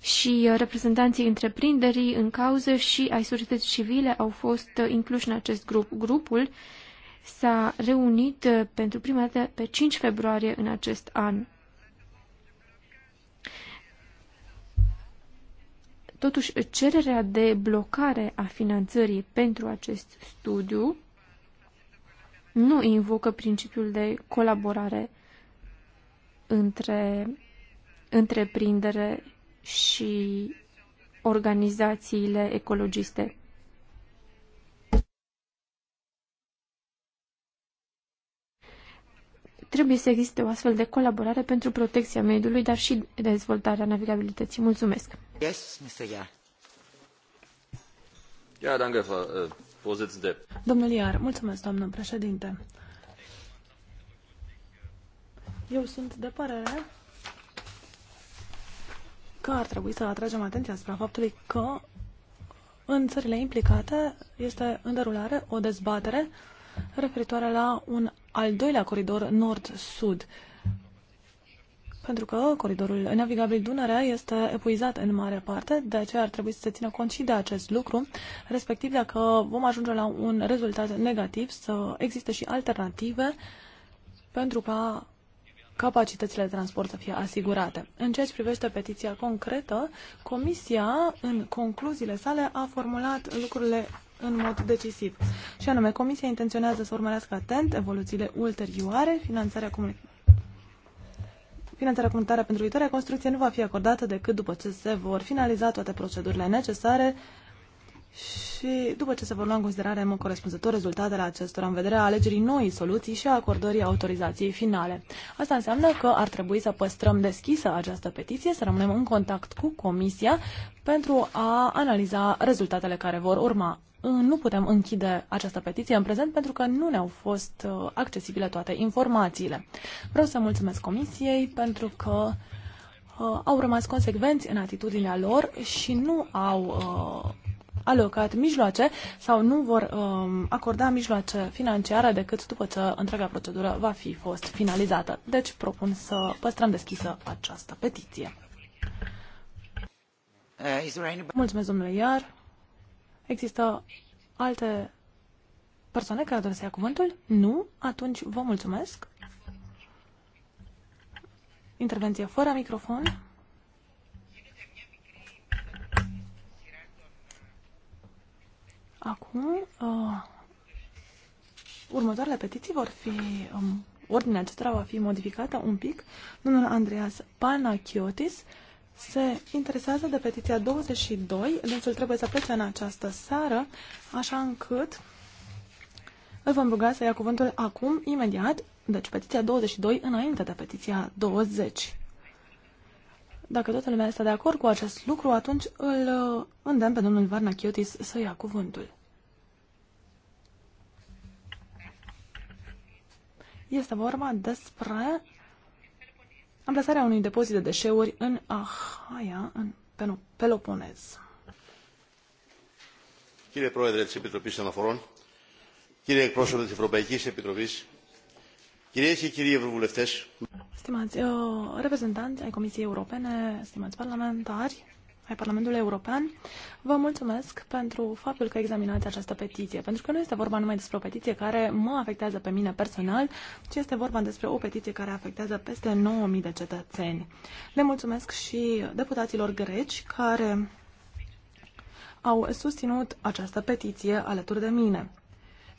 și uh, reprezentanții întreprinderii în cauză și ai societății civile au fost uh, incluși în acest grup. Grupul s-a reunit uh, pentru prima dată pe 5 februarie în acest an. Totuși, cererea de blocare a finanțării pentru acest studiu nu invocă principiul de colaborare între întreprindere și organizațiile ecologiste. Trebuie să existe o astfel de colaborare pentru protecția mediului, dar și dezvoltarea navigabilității. Mulțumesc! Yes, Mr. Yeah. Ja, danke, Frau äh, Vorsitzende. Domnul Iar, mulțumesc, doamnă președinte. Eu sunt de părere că ar trebui să atragem atenția asupra faptului că în țările implicate este în derulare o dezbatere referitoare la un al doilea coridor nord-sud. Pentru că coridorul navigabil Dunărea este epuizat în mare parte, de aceea ar trebui să se țină cont și de acest lucru, respectiv dacă vom ajunge la un rezultat negativ, să existe și alternative pentru ca capacitățile de transport să fie asigurate. În ceea ce privește petiția concretă, Comisia, în concluziile sale, a formulat lucrurile în mod decisiv. Și anume, Comisia intenționează să urmărească atent evoluțiile ulterioare, finanțarea comunității Finanțarea comunitară pentru viitoarea construcție nu va fi acordată decât după ce se vor finaliza toate procedurile necesare și după ce se vor lua în considerare în corespunzător rezultatele acestora în vederea alegerii noii soluții și a acordării autorizației finale. Asta înseamnă că ar trebui să păstrăm deschisă această petiție, să rămânem în contact cu Comisia pentru a analiza rezultatele care vor urma. Nu putem închide această petiție în prezent pentru că nu ne-au fost uh, accesibile toate informațiile. Vreau să mulțumesc Comisiei pentru că uh, au rămas consecvenți în atitudinea lor și nu au uh, alocat mijloace sau nu vor um, acorda mijloace financiare decât după ce întreaga procedură va fi fost finalizată. Deci propun să păstrăm deschisă această petiție. Uh, mulțumesc, domnule Iar. Există alte persoane care doresc să ia cuvântul? Nu? Atunci vă mulțumesc. Intervenție fără microfon. Acum, uh, următoarele petiții vor fi, um, ordinea acestora va fi modificată un pic. Domnul Andreas Panachiotis se interesează de petiția 22, îl trebuie să plece în această seară, așa încât îl vom ruga să ia cuvântul acum, imediat, deci petiția 22 înainte de petiția 20. Dacă toată lumea este de acord cu acest lucru, atunci îl uh, îndemn pe domnul Varna Chiotis să ia cuvântul. Este vorba despre amplasarea unui depozit de deșeuri în Ahaia, în Peloponez. Κύριε Πρόεδρε της Επιτροπής Αναφορών, κύριε εκπρόσωπε της Ευρωπαϊκής Επιτροπής, Stimați uh, reprezentanți ai Comisiei Europene, stimați parlamentari, ai Parlamentului European, vă mulțumesc pentru faptul că examinați această petiție, pentru că nu este vorba numai despre o petiție care mă afectează pe mine personal, ci este vorba despre o petiție care afectează peste 9.000 de cetățeni. Le mulțumesc și deputaților greci care au susținut această petiție alături de mine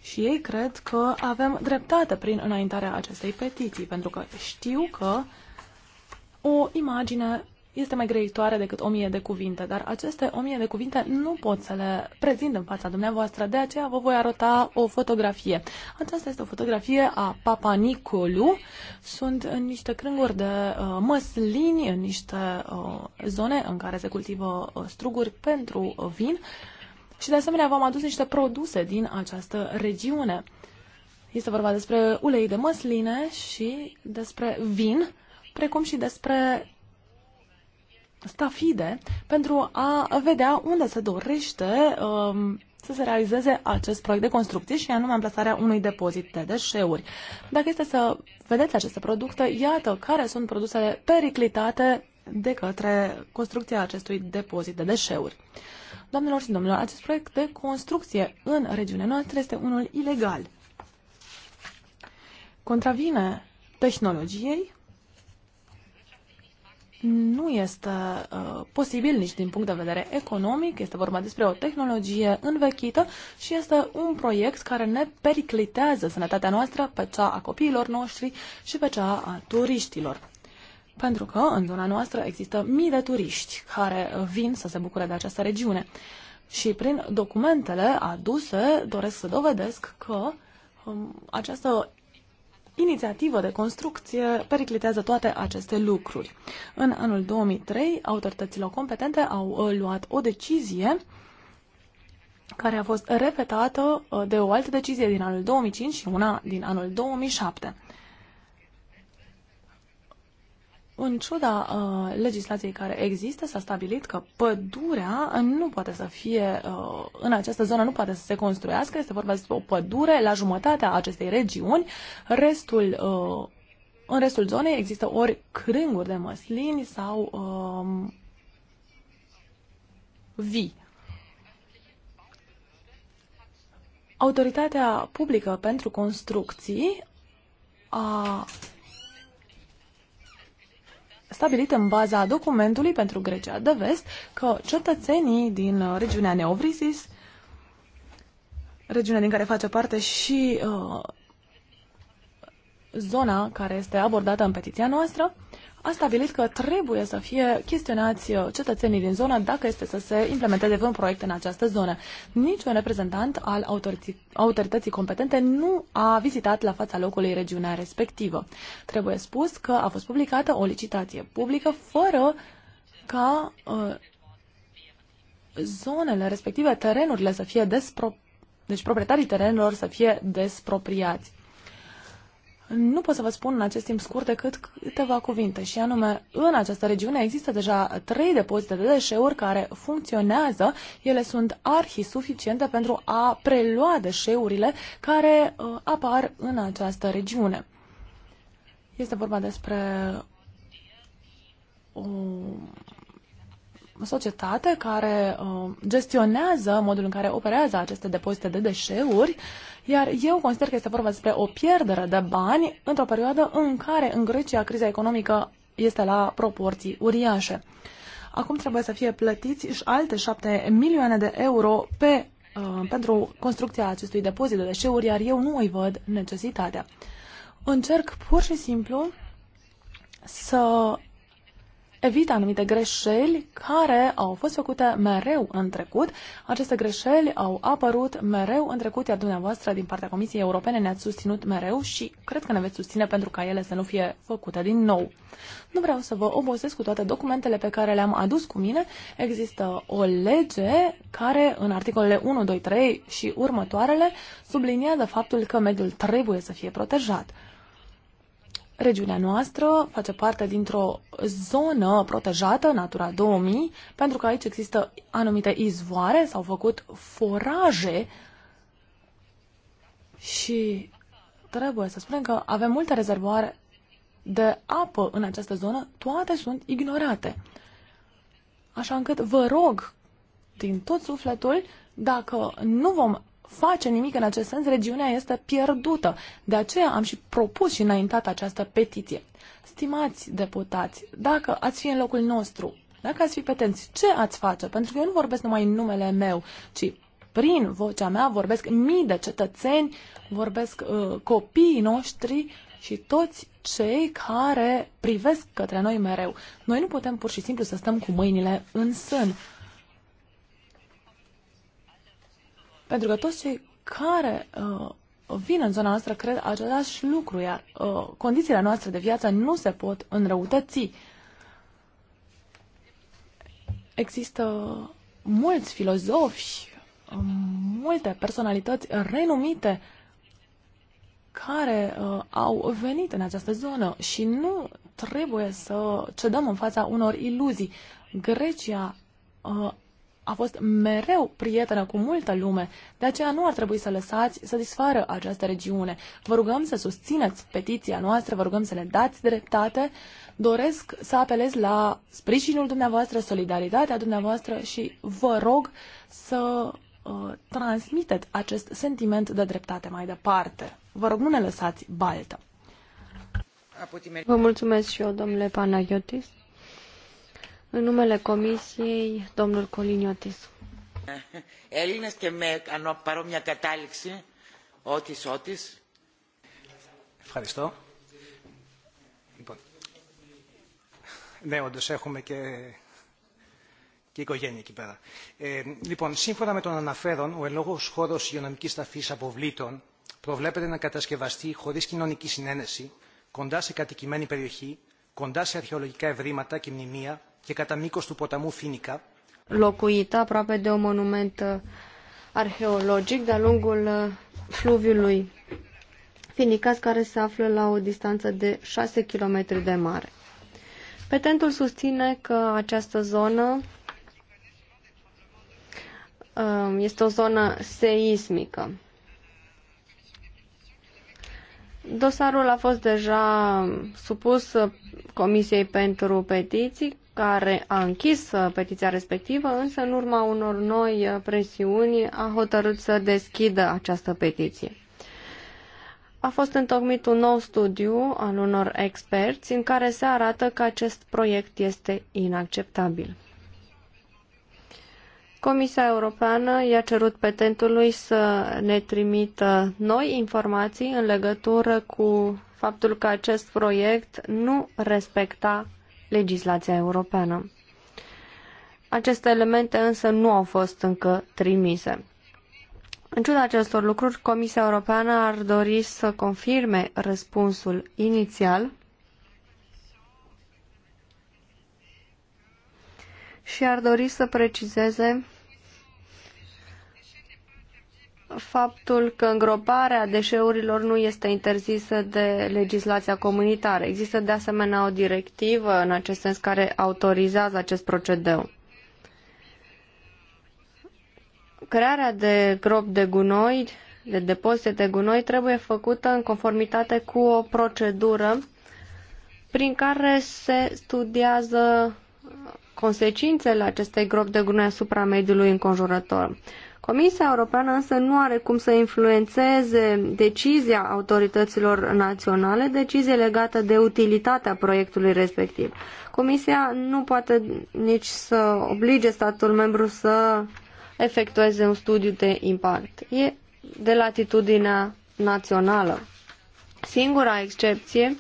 și ei cred că avem dreptate prin înaintarea acestei petiții, pentru că știu că o imagine este mai greitoare decât o mie de cuvinte, dar aceste o mie de cuvinte nu pot să le prezint în fața dumneavoastră, de aceea vă voi arăta o fotografie. Aceasta este o fotografie a Papa Nicolu. Sunt în niște crânguri de uh, măslini, în niște uh, zone în care se cultivă uh, struguri pentru uh, vin. Uh, și de asemenea v-am adus niște produse din această regiune. Este vorba despre ulei de măsline și despre vin, precum și despre stafide, pentru a vedea unde se dorește um, să se realizeze acest proiect de construcție și anume amplasarea unui depozit de deșeuri. Dacă este să vedeți aceste produse, iată care sunt produsele periclitate de către construcția acestui depozit de deșeuri. Doamnelor și domnilor, acest proiect de construcție în regiunea noastră este unul ilegal. Contravine tehnologiei, nu este uh, posibil nici din punct de vedere economic, este vorba despre o tehnologie învechită și este un proiect care ne periclitează sănătatea noastră pe cea a copiilor noștri și pe cea a turiștilor pentru că în zona noastră există mii de turiști care uh, vin să se bucure de această regiune. Și prin documentele aduse doresc să dovedesc că um, această inițiativă de construcție periclitează toate aceste lucruri. În anul 2003, autoritățile competente au uh, luat o decizie care a fost repetată uh, de o altă decizie din anul 2005 și una din anul 2007. În ciuda uh, legislației care există, s-a stabilit că pădurea nu poate să fie, uh, în această zonă nu poate să se construiască, este vorba despre o pădure la jumătatea acestei regiuni, restul, uh, în restul zonei există ori crânguri de măslini sau uh, vii. Autoritatea publică pentru construcții a stabilit în baza documentului pentru Grecia de Vest că cetățenii din uh, regiunea Neovrisis, regiunea din care face parte și uh, zona care este abordată în petiția noastră, a stabilit că trebuie să fie chestionați uh, cetățenii din zonă dacă este să se implementeze vreun proiect în această zonă. Niciun reprezentant al autorității, autorității competente nu a vizitat la fața locului regiunea respectivă. Trebuie spus că a fost publicată o licitație publică fără ca uh, zonele respective, terenurile să fie despro... deci proprietarii terenurilor să fie despropriați. Nu pot să vă spun în acest timp scurt decât câteva cuvinte și anume, în această regiune există deja trei depozite de deșeuri care funcționează. Ele sunt arhi suficiente pentru a prelua deșeurile care uh, apar în această regiune. Este vorba despre o societate care uh, gestionează modul în care operează aceste depozite de deșeuri, iar eu consider că este vorba despre o pierdere de bani într-o perioadă în care în Grecia criza economică este la proporții uriașe. Acum trebuie să fie plătiți și alte 7 milioane de euro pe, uh, pentru construcția acestui depozit de deșeuri, iar eu nu îi văd necesitatea. Încerc pur și simplu să evită anumite greșeli care au fost făcute mereu în trecut. Aceste greșeli au apărut mereu în trecut, iar dumneavoastră din partea Comisiei Europene ne-ați susținut mereu și cred că ne veți susține pentru ca ele să nu fie făcute din nou. Nu vreau să vă obosesc cu toate documentele pe care le-am adus cu mine. Există o lege care în articolele 1, 2, 3 și următoarele subliniază faptul că mediul trebuie să fie protejat regiunea noastră face parte dintr-o zonă protejată, Natura 2000, pentru că aici există anumite izvoare, s-au făcut foraje și trebuie să spunem că avem multe rezervoare de apă în această zonă, toate sunt ignorate. Așa încât vă rog din tot sufletul, dacă nu vom face nimic în acest sens, regiunea este pierdută. De aceea am și propus și înaintat această petiție. Stimați deputați, dacă ați fi în locul nostru, dacă ați fi petenți, ce ați face? Pentru că eu nu vorbesc numai în numele meu, ci prin vocea mea vorbesc mii de cetățeni, vorbesc uh, copiii noștri și toți cei care privesc către noi mereu. Noi nu putem pur și simplu să stăm cu mâinile în sân. Pentru că toți cei care uh, vin în zona noastră cred același lucru, iar uh, condițiile noastre de viață nu se pot înrăutăți. Există mulți filozofi, uh, multe personalități renumite care uh, au venit în această zonă și nu trebuie să cedăm în fața unor iluzii. Grecia uh, a fost mereu prietenă cu multă lume, de aceea nu ar trebui să lăsați să disfară această regiune. Vă rugăm să susțineți petiția noastră, vă rugăm să ne dați dreptate. Doresc să apelez la sprijinul dumneavoastră, solidaritatea dumneavoastră și vă rog să uh, transmiteți acest sentiment de dreptate mai departe. Vă rog, nu ne lăsați baltă. Vă mulțumesc și eu, domnule Panagiotis. În numele Comisiei, domnul Coliniotis. Έλληνες και με παρόμοια κατάληξη, ότις ότις. Ευχαριστώ. Λοιπόν, ναι, όντως έχουμε και και οικογένεια εκεί πέρα. Ε, λοιπόν, σύμφωνα με τον αναφέρον, ο ελόγο χώρο υγειονομική ταφή αποβλήτων προβλέπεται να κατασκευαστεί χωρί κοινωνική συνένεση, κοντά σε κατοικημένη περιοχή, κοντά σε αρχαιολογικά ευρήματα και μνημεία, και κατά μήκος του ποταμού Φίνικα, locuită aproape de un monument uh, arheologic de-a lungul uh, fluviului Finicas, care se află la o distanță de 6 km de mare. Petentul susține că această zonă uh, este o zonă seismică. Dosarul a fost deja supus Comisiei pentru Petiții, care a închis uh, petiția respectivă, însă în urma unor noi uh, presiuni a hotărât să deschidă această petiție. A fost întocmit un nou studiu al unor experți în care se arată că acest proiect este inacceptabil. Comisia Europeană i-a cerut petentului să ne trimită noi informații în legătură cu faptul că acest proiect nu respecta legislația europeană. Aceste elemente însă nu au fost încă trimise. În ciuda acestor lucruri, Comisia Europeană ar dori să confirme răspunsul inițial și ar dori să precizeze faptul că îngroparea deșeurilor nu este interzisă de legislația comunitară. Există de asemenea o directivă în acest sens care autorizează acest procedeu. Crearea de gropi de gunoi, de depozite de gunoi, trebuie făcută în conformitate cu o procedură prin care se studiază consecințele acestei gropi de gunoi asupra mediului înconjurător. Comisia Europeană însă nu are cum să influențeze decizia autorităților naționale, decizie legată de utilitatea proiectului respectiv. Comisia nu poate nici să oblige statul membru să efectueze un studiu de impact. E de latitudinea națională. Singura excepție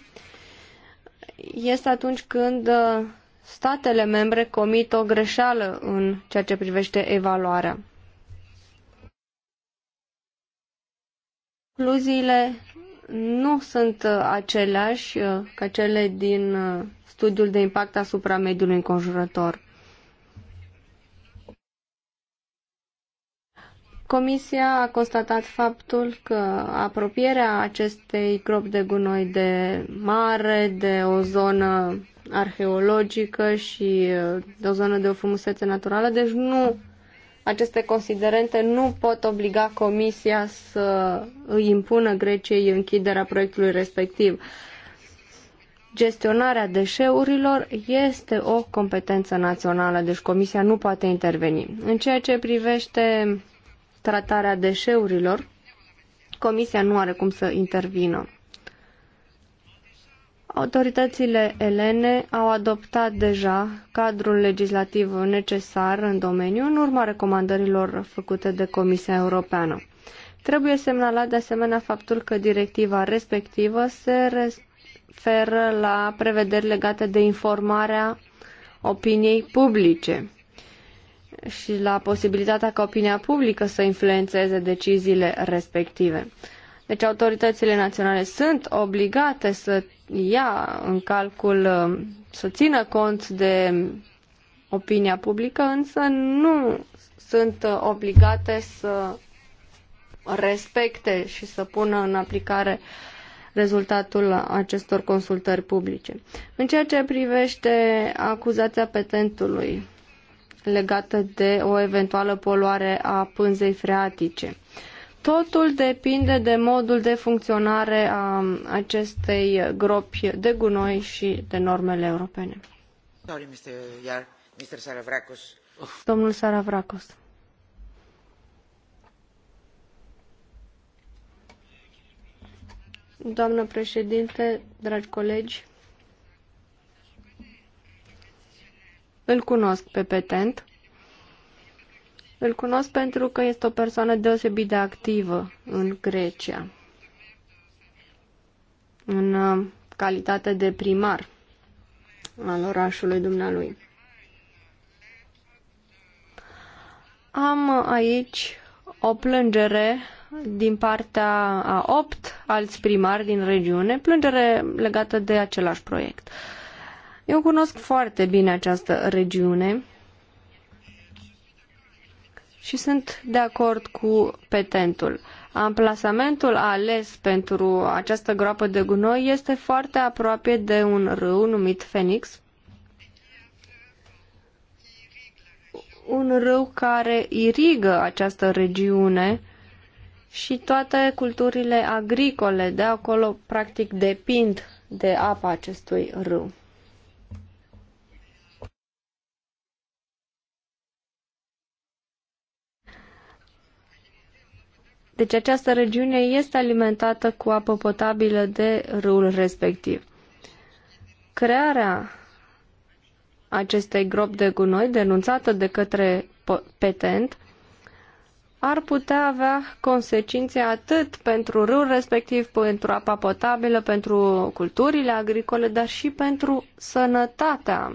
este atunci când uh, statele membre comit o greșeală în ceea ce privește evaluarea. Concluziile nu sunt uh, aceleași uh, ca cele din uh, studiul de impact asupra mediului înconjurător. Comisia a constatat faptul că apropierea acestei gropi de gunoi de mare, de o zonă arheologică și de o zonă de o frumusețe naturală, deci nu aceste considerente nu pot obliga Comisia să îi impună Greciei închiderea proiectului respectiv. Gestionarea deșeurilor este o competență națională, deci Comisia nu poate interveni. În ceea ce privește tratarea deșeurilor, Comisia nu are cum să intervină. Autoritățile elene au adoptat deja cadrul legislativ necesar în domeniu în urma recomandărilor făcute de Comisia Europeană. Trebuie semnalat de asemenea faptul că directiva respectivă se referă la prevederi legate de informarea opiniei publice și la posibilitatea ca opinia publică să influențeze deciziile respective. Deci autoritățile naționale sunt obligate să ia în calcul, uh, să țină cont de opinia publică, însă nu sunt uh, obligate să respecte și să pună în aplicare rezultatul acestor consultări publice. În ceea ce privește acuzația petentului legată de o eventuală poluare a pânzei freatice, uh, Totul depinde de modul de funcționare a acestei gropi de gunoi și de normele europene. Sorry, Mr. Iar, Mr. Saravrakos. Domnul Saravracos. Doamnă președinte, dragi colegi, îl cunosc pe petent. Îl cunosc pentru că este o persoană deosebit de activă în Grecia, în uh, calitate de primar al orașului dumnealui. Am aici o plângere din partea a opt alți primari din regiune, plângere legată de același proiect. Eu cunosc foarte bine această regiune și sunt de acord cu petentul. Amplasamentul ales pentru această groapă de gunoi este foarte aproape de un râu numit Phoenix, un râu care irigă această regiune și toate culturile agricole de acolo practic depind de apa acestui râu. Deci această regiune este alimentată cu apă potabilă de râul respectiv. Crearea acestei gropi de gunoi denunțată de către petent ar putea avea consecințe atât pentru râul respectiv, pentru apa potabilă, pentru culturile agricole, dar și pentru sănătatea,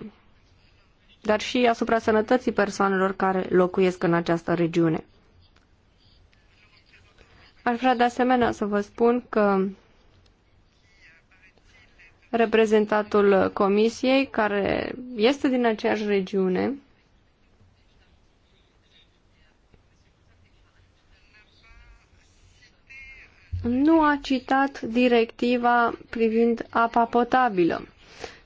dar și asupra sănătății persoanelor care locuiesc în această regiune. Aș vrea de asemenea să vă spun că reprezentatul comisiei, care este din aceeași regiune, nu a citat directiva privind apa potabilă.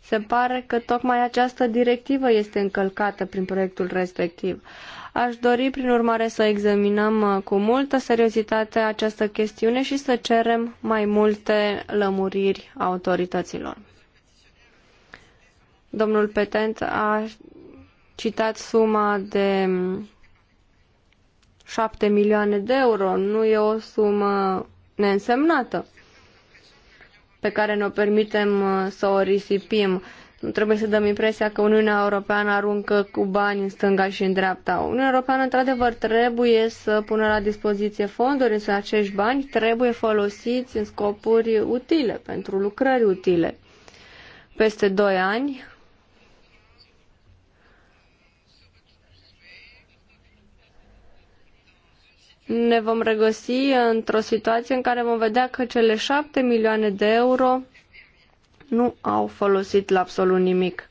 Se pare că tocmai această directivă este încălcată prin proiectul respectiv. Uh, Aș dori, prin urmare, să examinăm uh, cu multă seriozitate această chestiune și să cerem mai multe lămuriri autorităților. Domnul Petent a citat suma de 7 mm, milioane de euro. Nu e o sumă neînsemnată pe care ne-o permitem uh, să o risipim. Nu trebuie să dăm impresia că Uniunea Europeană aruncă cu bani în stânga și în dreapta. Uniunea Europeană, într-adevăr, trebuie să pună la dispoziție fonduri, însă acești bani trebuie folosiți în scopuri utile, pentru lucrări utile. Peste 2 ani, ne vom regăsi într-o situație în care vom vedea că cele șapte milioane de euro nu au folosit la absolut nimic.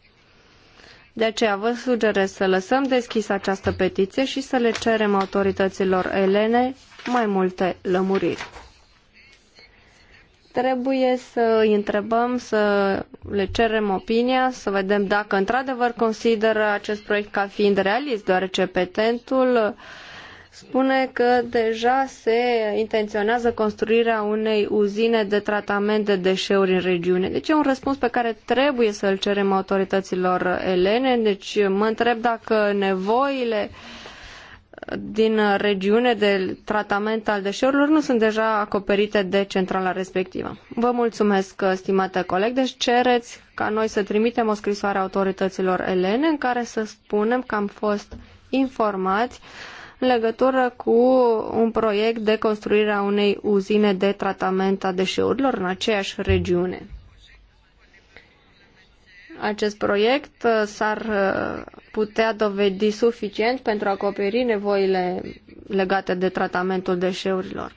De aceea vă sugerez să lăsăm deschisă această petiție și să le cerem autorităților elene mai multe lămuriri. Trebuie să îi întrebăm, să le cerem opinia, să vedem dacă într-adevăr consideră acest proiect ca fiind realist, deoarece petentul uh, spune că deja se intenționează construirea unei uzine de tratament de deșeuri în regiune. Deci e un răspuns pe care trebuie să-l cerem autorităților elene. Deci mă întreb dacă nevoile din regiune de tratament al deșeurilor nu sunt deja acoperite de centrala respectivă. Vă mulțumesc, stimată coleg, deci cereți ca noi să trimitem o scrisoare autorităților elene în care să spunem că am fost informați în legătură cu un proiect de construire a unei uzine de tratament a deșeurilor în aceeași regiune. Acest proiect uh, s-ar uh, putea dovedi suficient pentru a acoperi nevoile legate de tratamentul deșeurilor.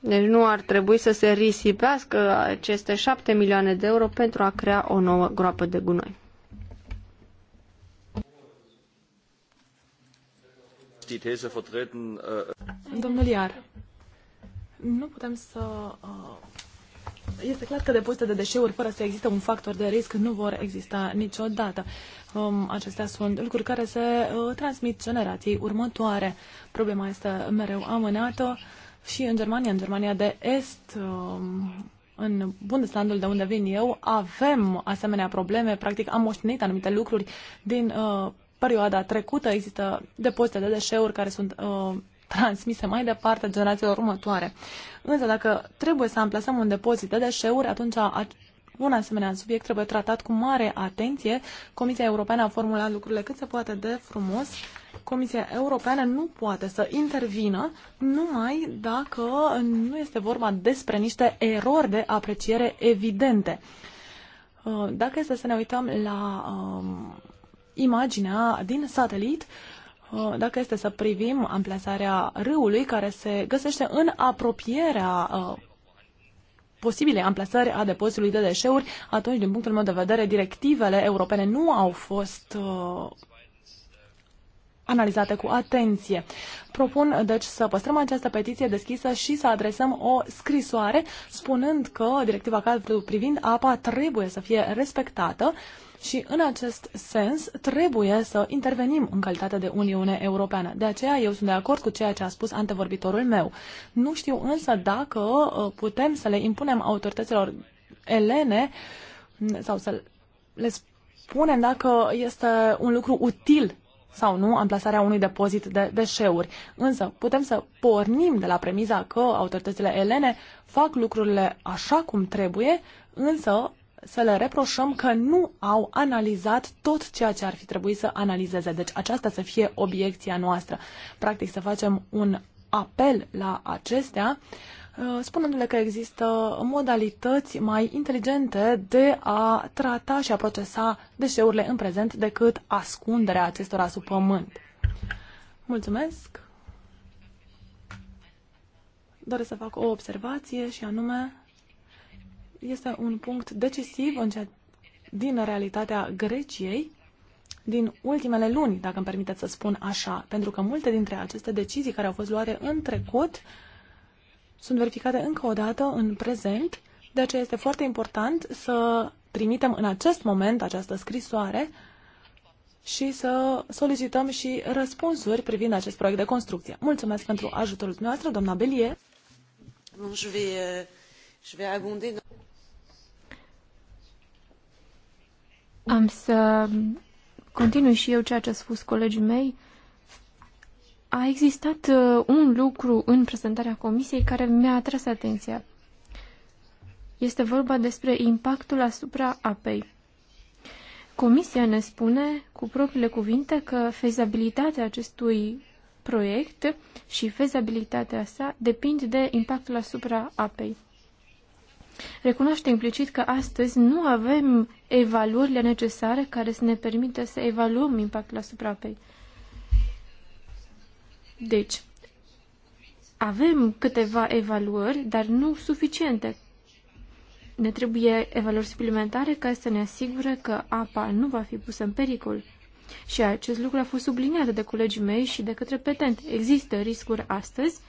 Deci nu ar trebui să se risipească aceste 7 milioane de euro pentru a crea o nouă groapă de gunoi. die These vertreten. Äh, Domnul Iar, nu putem să uh, este clar că depozite de deșeuri, fără să existe un factor de risc, nu vor exista niciodată. Um, acestea sunt lucruri care se uh, transmit generației următoare. Problema este mereu amânată și în Germania, în Germania de Est, um, în Bundeslandul de unde vin eu, avem asemenea probleme. Practic am moștenit anumite lucruri din uh, perioada trecută există depozite de deșeuri care sunt uh, transmise mai departe generațiilor următoare. Însă dacă trebuie să amplasăm un depozit de deșeuri, atunci un asemenea subiect trebuie tratat cu mare atenție. Comisia Europeană a formulat lucrurile cât se poate de frumos. Comisia Europeană nu poate să intervină numai dacă nu este vorba despre niște erori de apreciere evidente. Uh, dacă este să ne uităm la um, imaginea din satelit, uh, dacă este să privim amplasarea râului care se găsește în apropierea uh, posibile amplasări a depozitului de deșeuri, atunci, din punctul meu de vedere, directivele europene nu au fost uh, analizate cu atenție. Propun, deci, să păstrăm această petiție deschisă și să adresăm o scrisoare spunând că directiva cadru privind apa trebuie să fie respectată și, în acest sens, trebuie să intervenim în calitate de Uniune Europeană. De aceea, eu sunt de acord cu ceea ce a spus antevorbitorul meu. Nu știu însă dacă uh, putem să le impunem autorităților elene mm, sau să le spunem dacă este un lucru util sau nu amplasarea unui depozit de deșeuri. Însă putem să pornim de la premiza că autoritățile elene fac lucrurile așa cum trebuie, însă să le reproșăm că nu au analizat tot ceea ce ar fi trebuit să analizeze. Deci aceasta să fie obiecția noastră. Practic să facem un apel la acestea Uh, spunându-le că există modalități mai inteligente de a trata și a procesa deșeurile în prezent decât ascunderea acestora sub pământ. Mulțumesc! Doresc să fac o observație și anume este un punct decisiv în ceea, din realitatea Greciei din ultimele luni, dacă îmi permiteți să spun așa, pentru că multe dintre aceste decizii care au fost luate în trecut uh, sunt verificate încă o dată în prezent, de aceea este foarte important să trimitem în acest moment această scrisoare și să solicităm și răspunsuri privind acest proiect de construcție. Mulțumesc pentru ajutorul dumneavoastră, doamna Belie. Euh, Am să continui și eu ceea ce a spus colegii mei a existat uh, un lucru în prezentarea comisiei care mi-a atras atenția. Este vorba despre impactul asupra apei. Comisia ne spune, cu propriile cuvinte, că fezabilitatea acestui proiect și fezabilitatea sa depind de impactul asupra apei. Recunoaște implicit că astăzi nu avem evaluările necesare care să ne permită să evaluăm impactul asupra apei. Deci, avem câteva evaluări, dar nu suficiente. Ne trebuie evaluări suplimentare ca să ne asigure că apa nu va fi pusă în pericol. Și acest lucru a fost subliniat de colegii mei și de către petent. Există riscuri astăzi,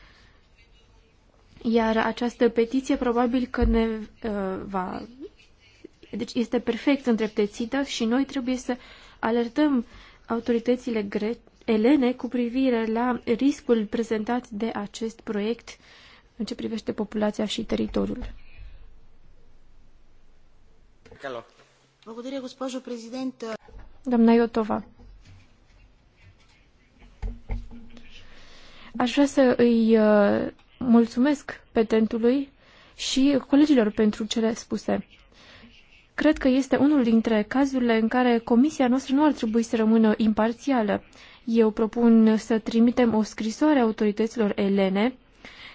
iar această petiție probabil că ne uh, va... Deci este perfect îndreptățită și noi trebuie să alertăm autoritățile grece. Elene cu privire la riscul prezentat de acest proiect în ce privește populația și teritoriul. Doamna Iotova, aș vrea să îi uh, mulțumesc petentului și colegilor pentru cele spuse. Cred că este unul dintre cazurile în care comisia noastră nu ar trebui să rămână imparțială. Eu propun să trimitem o scrisoare autorităților elene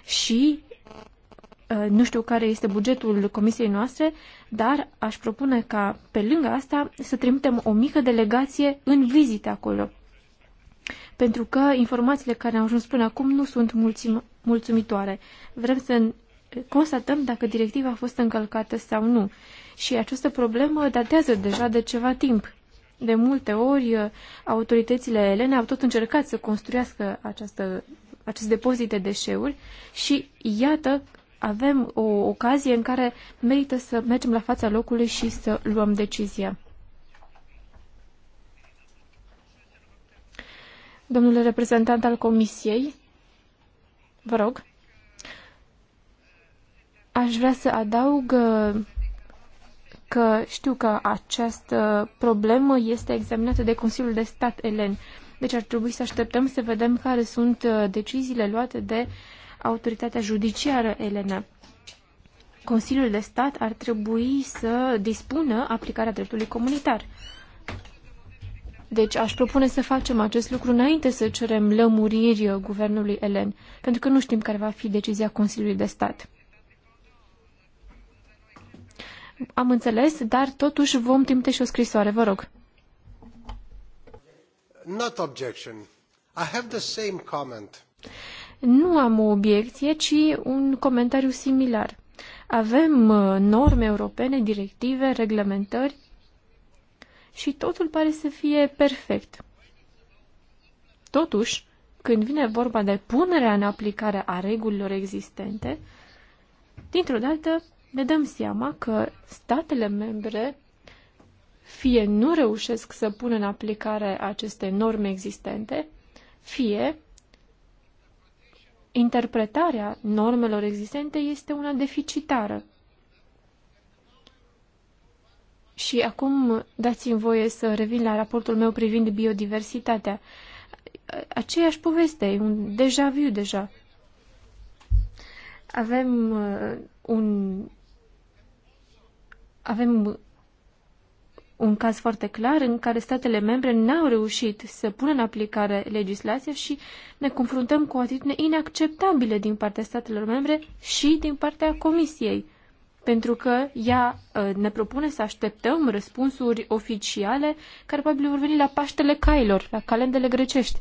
și ă, nu știu care este bugetul comisiei noastre, dar aș propune ca, pe lângă asta, să trimitem o mică delegație în vizită acolo. Pentru că informațiile care au ajuns până acum nu sunt mulțim, mulțumitoare. Vrem să constatăm dacă directiva a fost încălcată sau nu. Și această problemă datează deja de ceva timp. De multe ori, uh, autoritățile elene au tot încercat să construiască această, acest depozit de deșeuri și iată, avem o ocazie în care merită să mergem la fața locului și să luăm decizia. Domnule reprezentant al Comisiei, vă rog, aș vrea să adaug uh, că știu că această problemă este examinată de Consiliul de Stat Elen. Deci ar trebui să așteptăm să vedem care sunt uh, deciziile luate de autoritatea judiciară Elena. Consiliul de Stat ar trebui să dispună aplicarea dreptului comunitar. Deci aș propune să facem acest lucru înainte să cerem lămuriri guvernului elen, pentru că nu știm care va fi decizia Consiliului de Stat. am înțeles, dar totuși vom trimite și o scrisoare, vă rog. Not objection. I have the same comment. Nu am o obiecție, ci un comentariu similar. Avem uh, norme europene, directive, reglementări și totul pare să fie perfect. Totuși, când vine vorba de punerea în aplicare a regulilor existente, dintr-o dată ne dăm seama că statele membre fie nu reușesc să pună în aplicare aceste norme existente, fie interpretarea normelor existente este una deficitară. Și acum dați-mi voie să revin la raportul meu privind biodiversitatea. Aceeași poveste, e un deja vu deja. Avem uh, un avem un caz foarte clar în care statele membre n-au reușit să pună în aplicare legislația și ne confruntăm cu o atitudine inacceptabilă din partea statelor membre și din partea Comisiei, pentru că ea uh, ne propune să așteptăm răspunsuri oficiale care probabil vor veni la Paștele Cailor, la calendele grecești.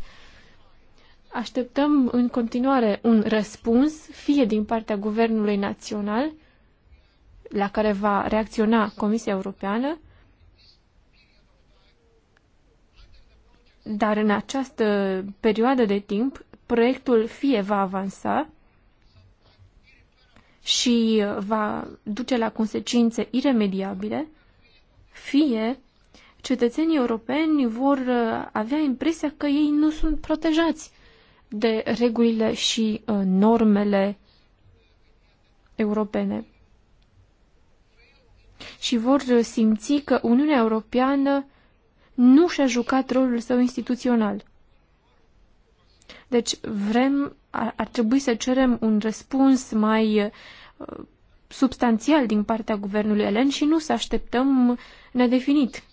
Așteptăm în continuare un răspuns, fie din partea Guvernului Național, la care va reacționa Comisia Europeană, dar în această perioadă de timp, proiectul fie va avansa și va duce la consecințe iremediabile, fie cetățenii europeni vor avea impresia că ei nu sunt protejați de regulile și uh, normele europene și vor simți că Uniunea Europeană nu și-a jucat rolul său instituțional. Deci vrem, ar, ar trebui să cerem un răspuns mai uh, substanțial din partea guvernului elen și nu să așteptăm nedefinit.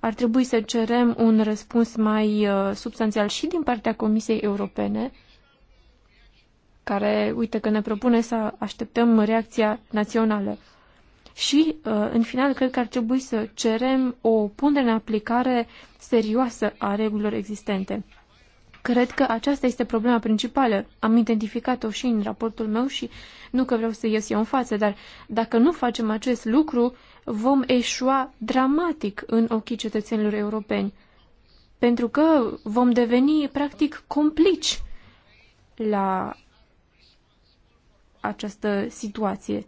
Ar trebui să cerem un răspuns mai uh, substanțial și din partea Comisiei Europene, care, uite că ne propune să așteptăm reacția națională. Și, uh, în final, cred că ar trebui să cerem o punere în aplicare serioasă a regulilor existente. Cred că aceasta este problema principală. Am identificat-o și în raportul meu și nu că vreau să ies eu în față, dar dacă nu facem acest lucru, vom eșua dramatic în ochii cetățenilor europeni. Pentru că vom deveni, practic, complici la această situație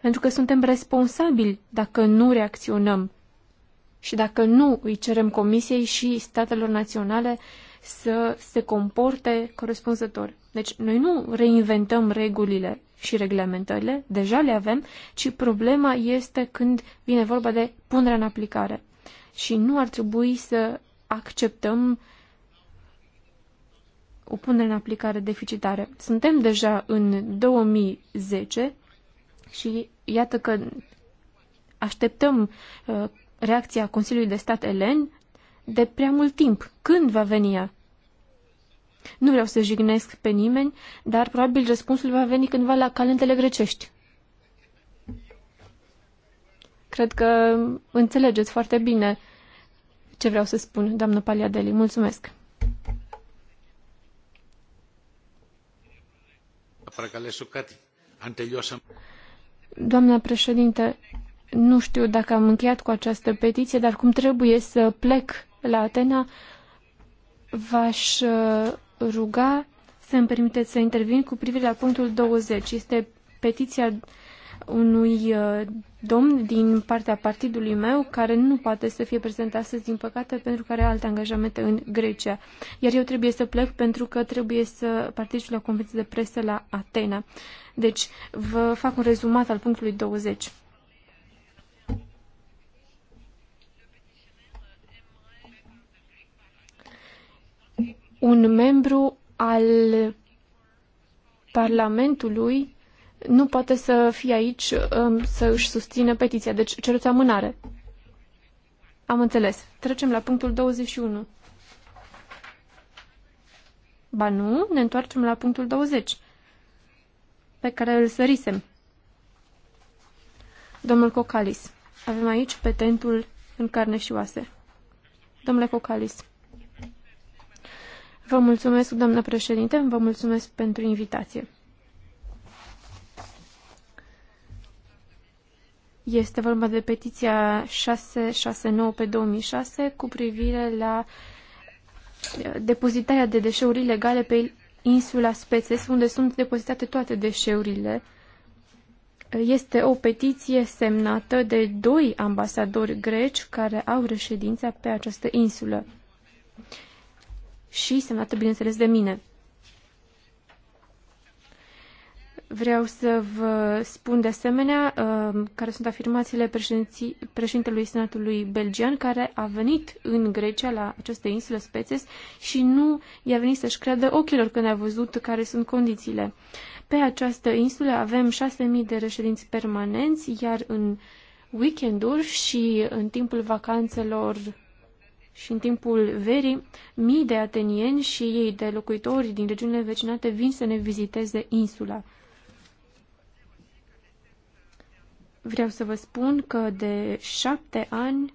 pentru că suntem responsabili dacă nu reacționăm și dacă nu îi cerem Comisiei și statelor naționale să se comporte corespunzător. Deci noi nu reinventăm regulile și reglementările, deja le avem, ci problema este când vine vorba de punerea în aplicare. Și nu ar trebui să acceptăm o punere în aplicare deficitare. Suntem deja în 2010 și iată că așteptăm uh, reacția Consiliului de Stat Elen de prea mult timp. Când va veni ea? Nu vreau să jignesc pe nimeni, dar probabil răspunsul va veni cândva la calendele grecești. Cred că înțelegeți foarte bine ce vreau să spun, doamnă Paliadeli. Mulțumesc! Doamna președinte, nu știu dacă am încheiat cu această petiție, dar cum trebuie să plec la Atena, v-aș uh, ruga să-mi permiteți să intervin cu privire la punctul 20. Este petiția unui uh, domn din partea partidului meu care nu poate să fie prezent astăzi, din păcate, pentru că are alte angajamente în Grecia. Iar eu trebuie să plec pentru că trebuie să particip la o conferință de presă la Atena. Deci, vă fac un rezumat al punctului 20. Un membru al Parlamentului nu poate să fie aici um, să își susțină petiția, deci cereți amânare. Am înțeles. Trecem la punctul 21. Ba nu, ne întoarcem la punctul 20, pe care îl sărisem. Domnul Cocalis. Avem aici petentul în carne și oase. Domnule Cocalis. Vă mulțumesc, doamnă președinte, vă mulțumesc pentru invitație. Este vorba de petiția 669 pe 2006 cu privire la uh, depozitarea de deșeuri legale pe insula Spețes, unde sunt depozitate toate deșeurile. Este o petiție semnată de doi ambasadori greci care au reședința pe această insulă și semnată, bineînțeles, de mine. Vreau să vă spun de asemenea um, care sunt afirmațiile președintelui Senatului belgian care a venit în Grecia la această insulă Spețes și nu i-a venit să-și creadă ochilor când a văzut care sunt condițiile. Pe această insulă avem 6.000 de reședinți permanenți, iar în weekenduri și în timpul vacanțelor și în timpul verii, mii de atenieni și ei de locuitori din regiunile vecinate vin să ne viziteze insula. Vreau să vă spun că de șapte ani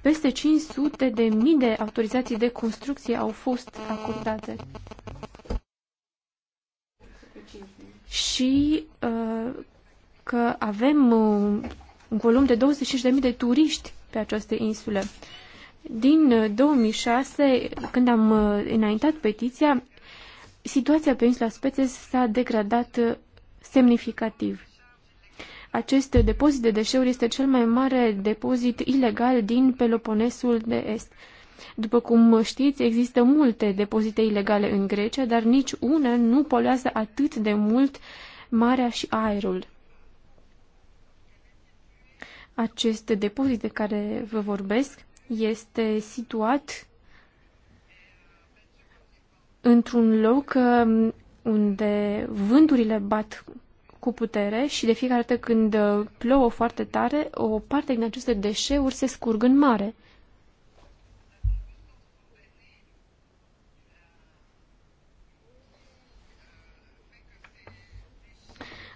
peste 500 de mii de autorizații de construcție au fost acordate. Și uh, că avem uh, un volum de 25.000 de turiști pe această insulă. Din 2006, uh, când am uh, înaintat petiția, situația pe insula Spețe s-a degradat uh, semnificativ. Acest depozit de deșeuri este cel mai mare depozit ilegal din Peloponesul de Est. După cum știți, există multe depozite ilegale în Grecia, dar nici una nu poluează atât de mult marea și aerul. Acest depozit de care vă vorbesc este situat într-un loc um, unde vânturile bat cu putere și de fiecare dată când uh, plouă foarte tare, o parte din aceste deșeuri se scurg în mare.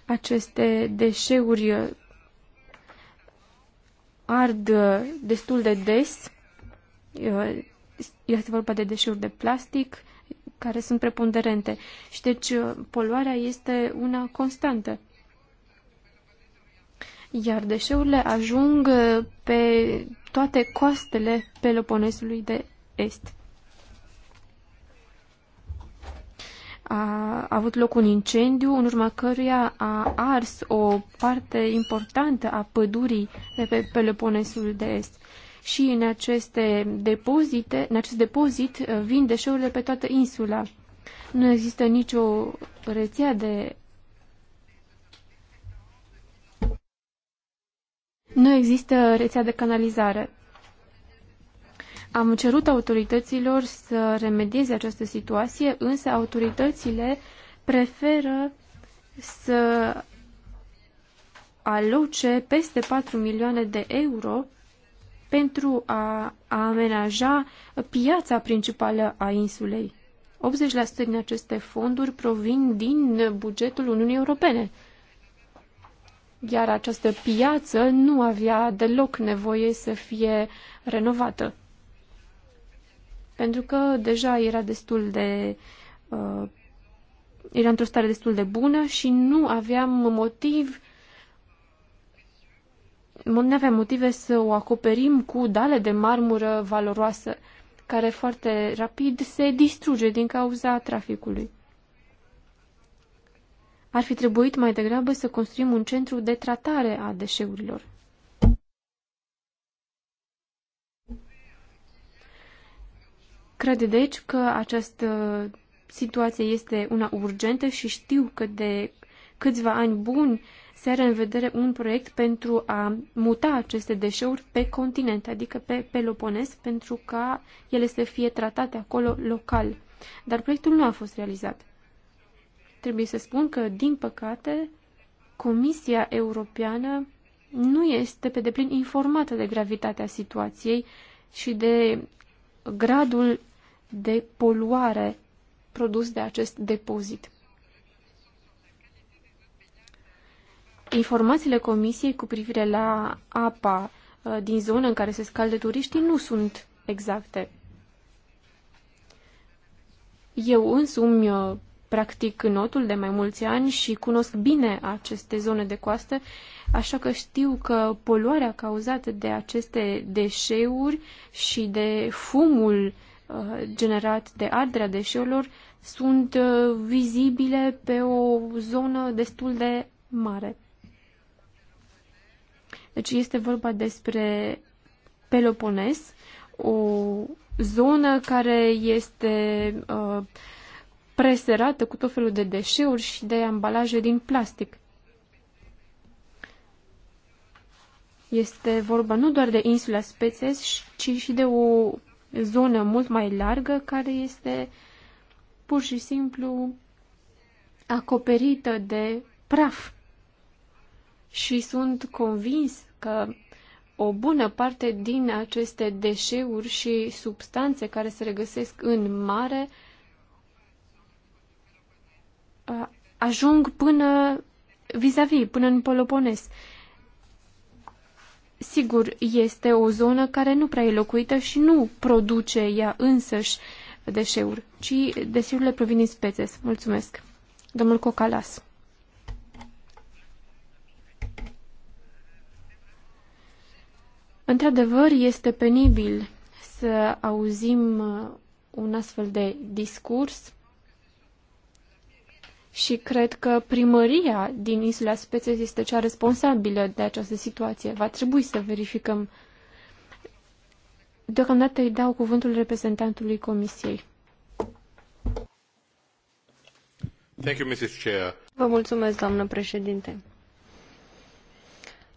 Aceste deșeuri uh, ard uh, destul de des, este vorba de deșeuri de plastic, care sunt preponderente. Și deci uh, poluarea este una constantă. Iar deșeurile ajung uh, pe toate coastele Peloponesului de Est. a avut loc un incendiu, în urma căruia a ars o parte importantă a pădurii de pe Peloponesul de Est și în aceste depozite, în acest depozit uh, vin deșeurile pe toată insula. Nu există nicio rețea de Nu există rețea de canalizare. Am cerut autorităților să remedieze această situație, însă autoritățile preferă să aloce peste 4 milioane de euro pentru a, a amenaja piața principală a insulei. 80% din aceste fonduri provin din bugetul Uniunii Europene. Iar această piață nu avea deloc nevoie să fie renovată. Pentru că deja era destul de. Uh, era într-o stare destul de bună și nu aveam motiv nu avem motive să o acoperim cu dale de marmură valoroasă, care foarte rapid se distruge din cauza traficului. Ar fi trebuit mai degrabă să construim un centru de tratare a deșeurilor. Crede deci că această situație este una urgentă și știu că de câțiva ani buni se are în vedere un proiect pentru a muta aceste deșeuri pe continent, adică pe Peloponez, pentru ca ele să fie tratate acolo local. Dar proiectul nu a fost realizat. Trebuie să spun că, din păcate, Comisia Europeană nu este pe deplin informată de gravitatea situației și de gradul de poluare produs de acest depozit. informațiile comisiei cu privire la apa uh, din zonă în care se scaldă turiștii nu sunt exacte. Eu însumi uh, practic notul de mai mulți ani și cunosc bine aceste zone de coastă, așa că știu că poluarea cauzată de aceste deșeuri și de fumul uh, generat de arderea deșeurilor sunt vizibile pe o zonă destul de mare. Deci este vorba despre Pelopones, o zonă care este uh, preserată cu tot felul de deșeuri și de ambalaje din plastic. Este vorba nu doar de insula Spețes, ci și de o zonă mult mai largă care este pur și simplu acoperită de praf și sunt convins că o bună parte din aceste deșeuri și substanțe care se regăsesc în mare ajung până vis-a-vis, până în Pelopones. Sigur, este o zonă care nu prea e locuită și nu produce ea însăși deșeuri, ci deșeurile provin din spețe. Mulțumesc. Domnul Cocalas. Într-adevăr, este penibil să auzim uh, un astfel de discurs și cred că primăria din insula Speței este cea responsabilă de această situație. Va trebui să verificăm. Deocamdată îi dau cuvântul reprezentantului Comisiei. Thank you, Mrs. Chair. Vă mulțumesc, doamnă președinte.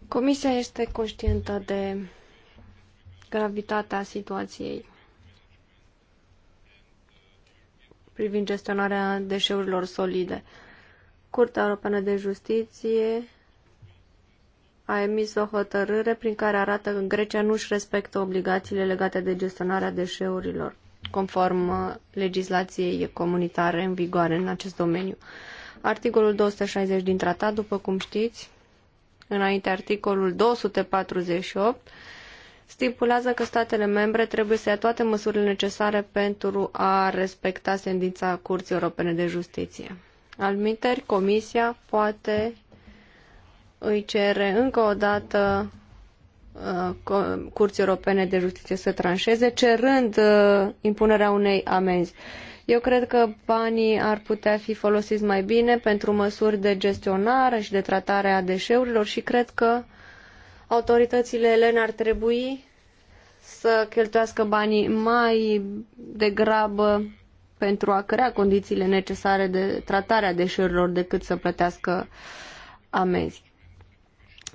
Comisia este conștientă de gravitatea situației privind gestionarea deșeurilor solide. Curtea Europeană de Justiție a emis o hotărâre prin care arată că Grecia nu își respectă obligațiile legate de gestionarea deșeurilor, conform uh, legislației comunitare în vigoare în acest domeniu. Articolul 260 din tratat, după cum știți, înainte articolul 248, stipulează că statele membre trebuie să ia toate măsurile necesare pentru a respecta sentința Curții Europene de Justiție. Alminteri, Comisia poate îi cere încă o dată uh, Curții Europene de Justiție să tranșeze, cerând uh, impunerea unei amenzi. Eu cred că banii ar putea fi folosiți mai bine pentru măsuri de gestionare și de tratare a deșeurilor și cred că autoritățile elene ar trebui să cheltuiască banii mai degrabă pentru a crea condițiile necesare de tratare a deșeurilor decât să plătească amenzi.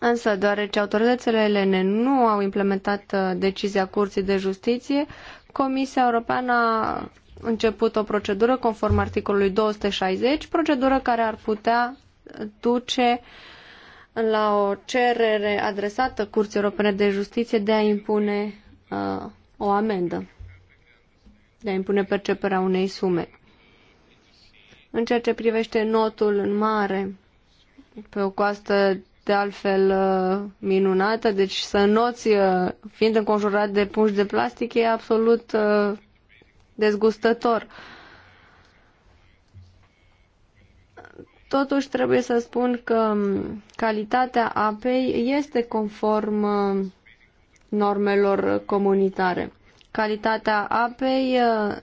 Însă, deoarece autoritățile elene nu au implementat uh, decizia Curții de Justiție, Comisia Europeană a început o procedură conform articolului 260, procedură care ar putea duce la o cerere adresată Curții Europene de Justiție de a impune uh, o amendă, de a impune perceperea unei sume. În ceea ce privește notul în mare, pe o coastă de altfel uh, minunată, deci să noți, uh, fiind înconjurat de pungi de plastic, e absolut uh, dezgustător. Totuși trebuie să spun că calitatea apei este conform normelor comunitare. Calitatea apei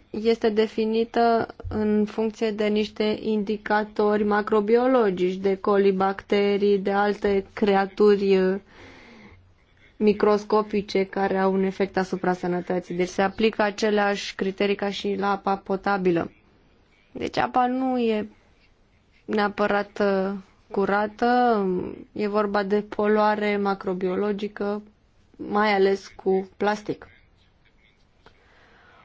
este definită în funcție de niște indicatori macrobiologici, de colibacterii, de alte creaturi microscopice care au un efect asupra sănătății. Deci se aplică aceleași criterii ca și la apa potabilă. Deci apa nu e neapărat uh, curată, e vorba de poluare macrobiologică, mai ales cu plastic.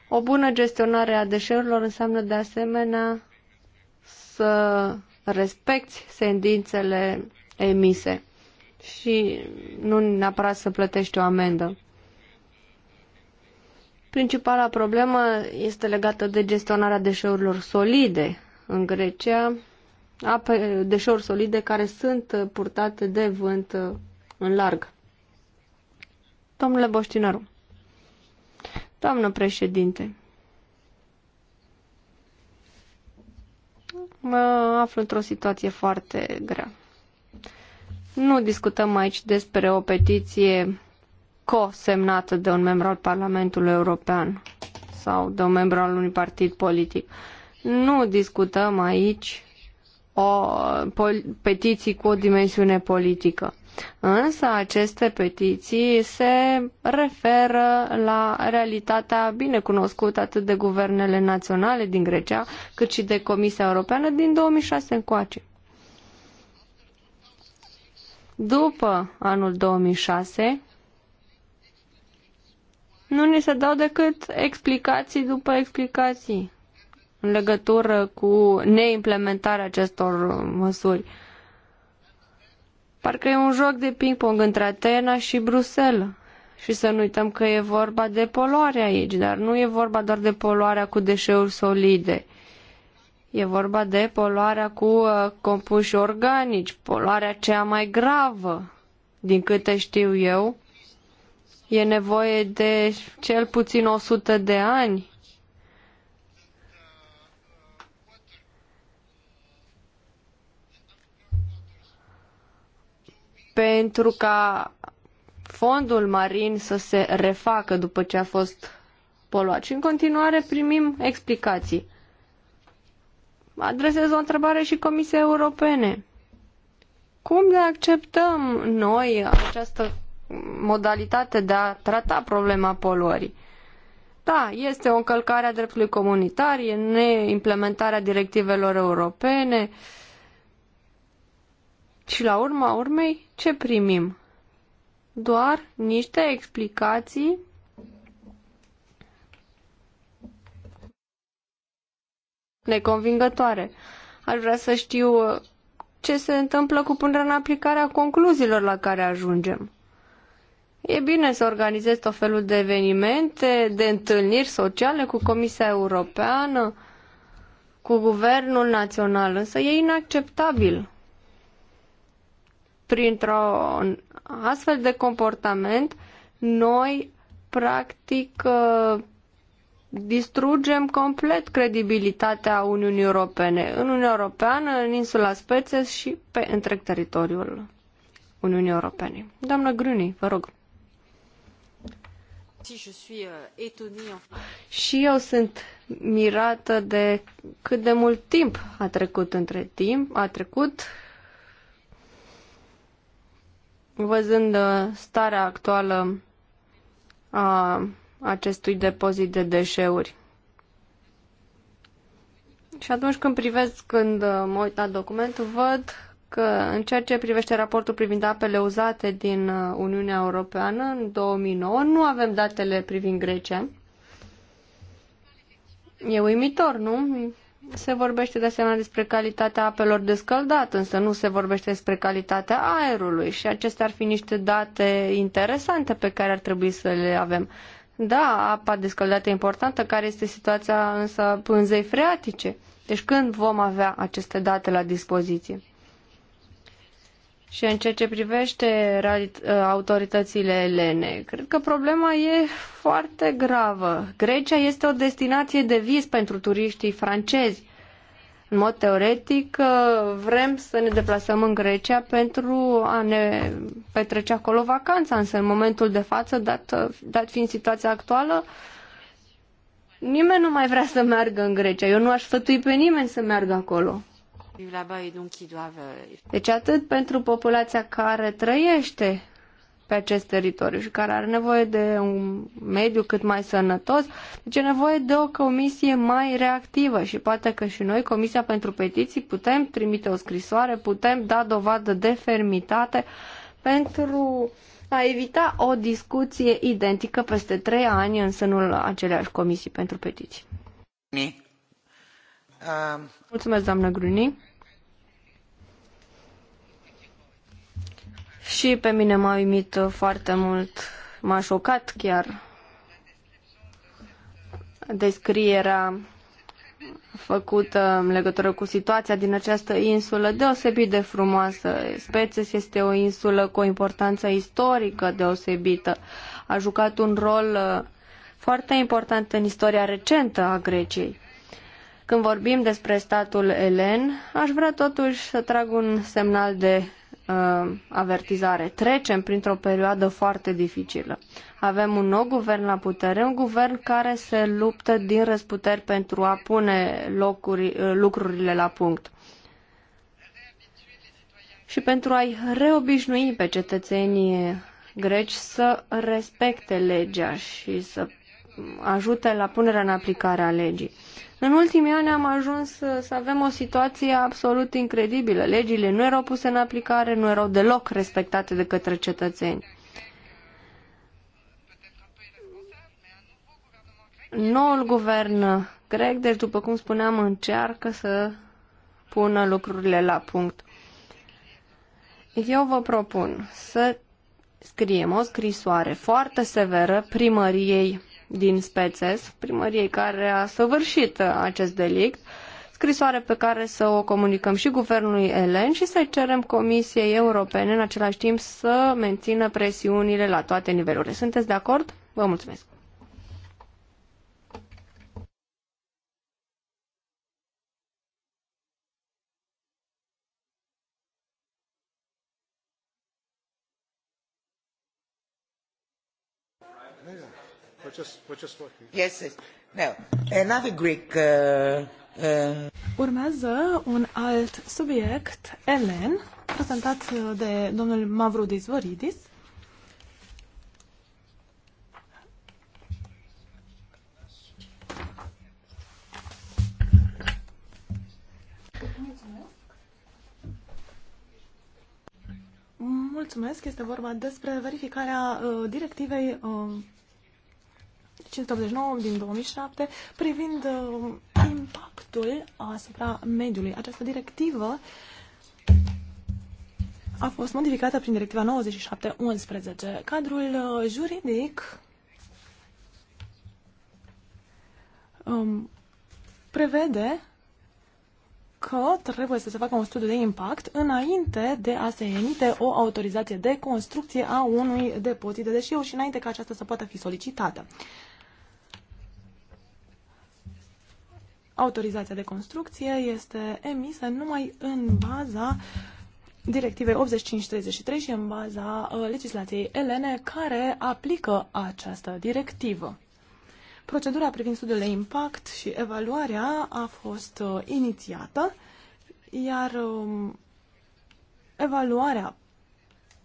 O bună gestionare a deșeurilor înseamnă de asemenea să respecti sentințele emise și nu neapărat să plătești o amendă. Principala problemă este legată de gestionarea deșeurilor solide în Grecia, ape, deșeuri solide care sunt purtate de vânt uh, în larg. Domnule Boștinaru, doamnă președinte, mă aflu într-o situație foarte grea. Nu discutăm aici despre o petiție cosemnată de un membru al Parlamentului European sau de un membru al unui partid politic. Nu discutăm aici o petiții cu o dimensiune politică. Însă aceste petiții se referă la realitatea bine cunoscută atât de guvernele naționale din Grecia, cât și de Comisia Europeană din 2006 încoace după anul 2006, nu ni se dau decât explicații după explicații în legătură cu neimplementarea acestor măsuri. Parcă e un joc de ping-pong între Atena și Bruxelles. Și să nu uităm că e vorba de poluare aici, dar nu e vorba doar de poluarea cu deșeuri solide. E vorba de poluarea cu uh, compuși organici, poluarea cea mai gravă, din câte știu eu. E nevoie de cel puțin 100 de ani pentru ca fondul marin să se refacă după ce a fost poluat. Și în continuare primim explicații adresez o întrebare și Comisiei Europene. Cum ne acceptăm noi această modalitate de a trata problema poluării? Da, este o încălcare a dreptului comunitar, e neimplementarea directivelor europene. Și la urma urmei, ce primim? Doar niște explicații neconvingătoare. Aș vrea să știu uh, ce se întâmplă cu punerea în aplicare a concluziilor la care ajungem. E bine să organizezi tot felul de evenimente, de întâlniri sociale cu Comisia Europeană, cu Guvernul Național, însă e inacceptabil. Printr-un astfel de comportament, noi practic uh, distrugem complet credibilitatea Uniunii Europene în Uniunea Europeană, în insula Spețe și pe întreg teritoriul Uniunii Europene. Doamnă Gruni, vă rog. Euh, și eu sunt mirată de cât de mult timp a trecut între timp, a trecut văzând uh, starea actuală a acestui depozit de deșeuri. Și atunci când privesc, când uh, mă uit la document, văd că în ceea ce privește raportul privind apele uzate din uh, Uniunea Europeană în 2009, nu avem datele privind Grecia. E uimitor, nu? Se vorbește de asemenea despre calitatea apelor de scăldat, însă nu se vorbește despre calitatea aerului și acestea ar fi niște date interesante pe care ar trebui să le avem. Da, apa de e importantă, care este situația însă pânzei freatice. Deci când vom avea aceste date la dispoziție? Și în ceea ce privește ă, autoritățile elene, cred că problema e foarte gravă. Grecia este o destinație de vis pentru turiștii francezi în mod teoretic, uh, vrem să ne deplasăm în Grecia pentru a ne petrece acolo vacanța, însă în momentul de față, dat, uh, dat fiind situația actuală, nimeni nu mai vrea să meargă în Grecia. Eu nu aș sfătui pe nimeni să meargă acolo. Uh, deci atât pentru populația care trăiește pe acest teritoriu și care are nevoie de un mediu cât mai sănătos, deci e nevoie de o comisie mai reactivă și poate că și noi, Comisia pentru Petiții, putem trimite o scrisoare, putem da dovadă de fermitate pentru a evita o discuție identică peste trei ani în sânul aceleași comisii pentru petiții. Mulțumesc, doamnă Gruni. Și pe mine m-a uimit foarte mult, m-a șocat chiar descrierea făcută în legătură cu situația din această insulă deosebit de frumoasă. Spețes este o insulă cu o importanță istorică deosebită. A jucat un rol uh, foarte important în istoria recentă a Greciei. Când vorbim despre statul elen, aș vrea totuși să trag un semnal de uh, avertizare. Trecem printr-o perioadă foarte dificilă. Avem un nou guvern la putere, un guvern care se luptă din răsputeri pentru a pune locuri, uh, lucrurile la punct și pentru a-i reobișnui pe cetățenii greci să respecte legea și să ajute la punerea în aplicare a legii. În ultimii ani am ajuns să avem o situație absolut incredibilă. Legile nu erau puse în aplicare, nu erau deloc respectate de către cetățeni. Noul guvern grec, deci după cum spuneam, încearcă să pună lucrurile la punct. Eu vă propun să scriem o scrisoare foarte severă primăriei din Spețes, primăriei care a săvârșit acest delict, scrisoare pe care să o comunicăm și guvernului elen și să cerem Comisiei Europene în același timp să mențină presiunile la toate nivelurile. Sunteți de acord? Vă mulțumesc! Yes, yes. Another Greek... Uh, uh... Urmează un alt subiect, Elen, prezentat de domnul Mavrudis Voridis. Mulțumesc. Este vorba despre verificarea uh, directivei uh, 589 din 2007 privind uh, impactul asupra mediului. Această directivă a fost modificată prin directiva 97-11. Cadrul uh, juridic um, prevede că trebuie să se facă un studiu de impact înainte de a se emite o autorizație de construcție a unui depozit de deșeuri și înainte ca aceasta să poată fi solicitată. Autorizația de construcție este emisă numai în baza Directivei 8533 și în baza uh, legislației elene care aplică această directivă. Procedura privind studiul de impact și evaluarea a fost uh, inițiată, iar uh, evaluarea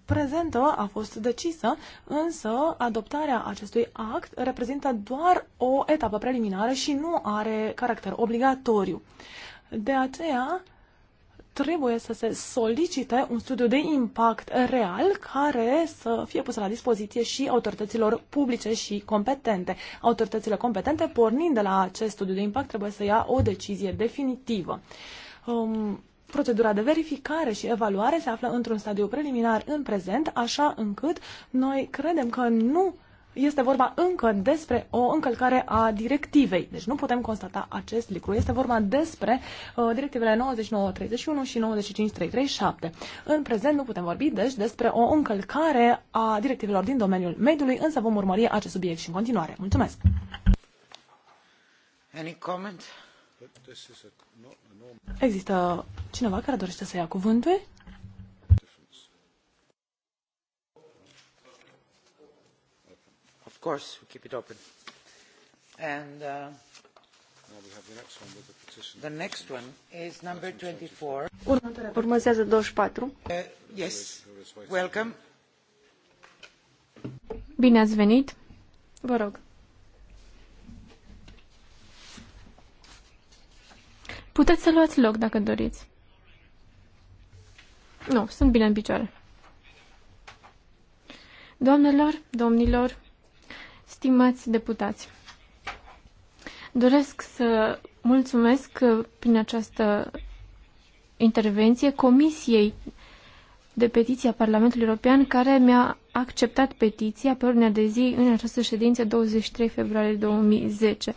prezentă a fost decisă, însă adoptarea acestui act reprezintă doar o etapă preliminară și nu are caracter obligatoriu. De aceea, trebuie să se solicite un studiu de impact real care să fie pus la dispoziție și autorităților publice și competente. Autoritățile competente, pornind de la acest studiu de impact, trebuie să ia o decizie definitivă. Um, Procedura de verificare și evaluare se află într-un stadiu preliminar în prezent, așa încât noi credem că nu este vorba încă despre o încălcare a directivei. Deci nu putem constata acest lucru. Este vorba despre uh, directivele 9931 și 95337. În prezent nu putem vorbi, deci, despre o încălcare a directivelor din domeniul mediului, însă vom urmări acest subiect și în continuare. Mulțumesc! Any comment? Există cineva care dorește să ia cuvântul? course, we keep it open. And uh, the next one is number 24. Urmează 24. Uh, yes, welcome. Bine ați venit. Vă rog. Puteți să luați loc dacă doriți. Nu, sunt bine în picioare. Doamnelor, domnilor, Stimați deputați, doresc să mulțumesc prin această intervenție Comisiei de petiție a Parlamentului European care mi-a acceptat petiția pe ordinea de zi în această ședință 23 februarie 2010.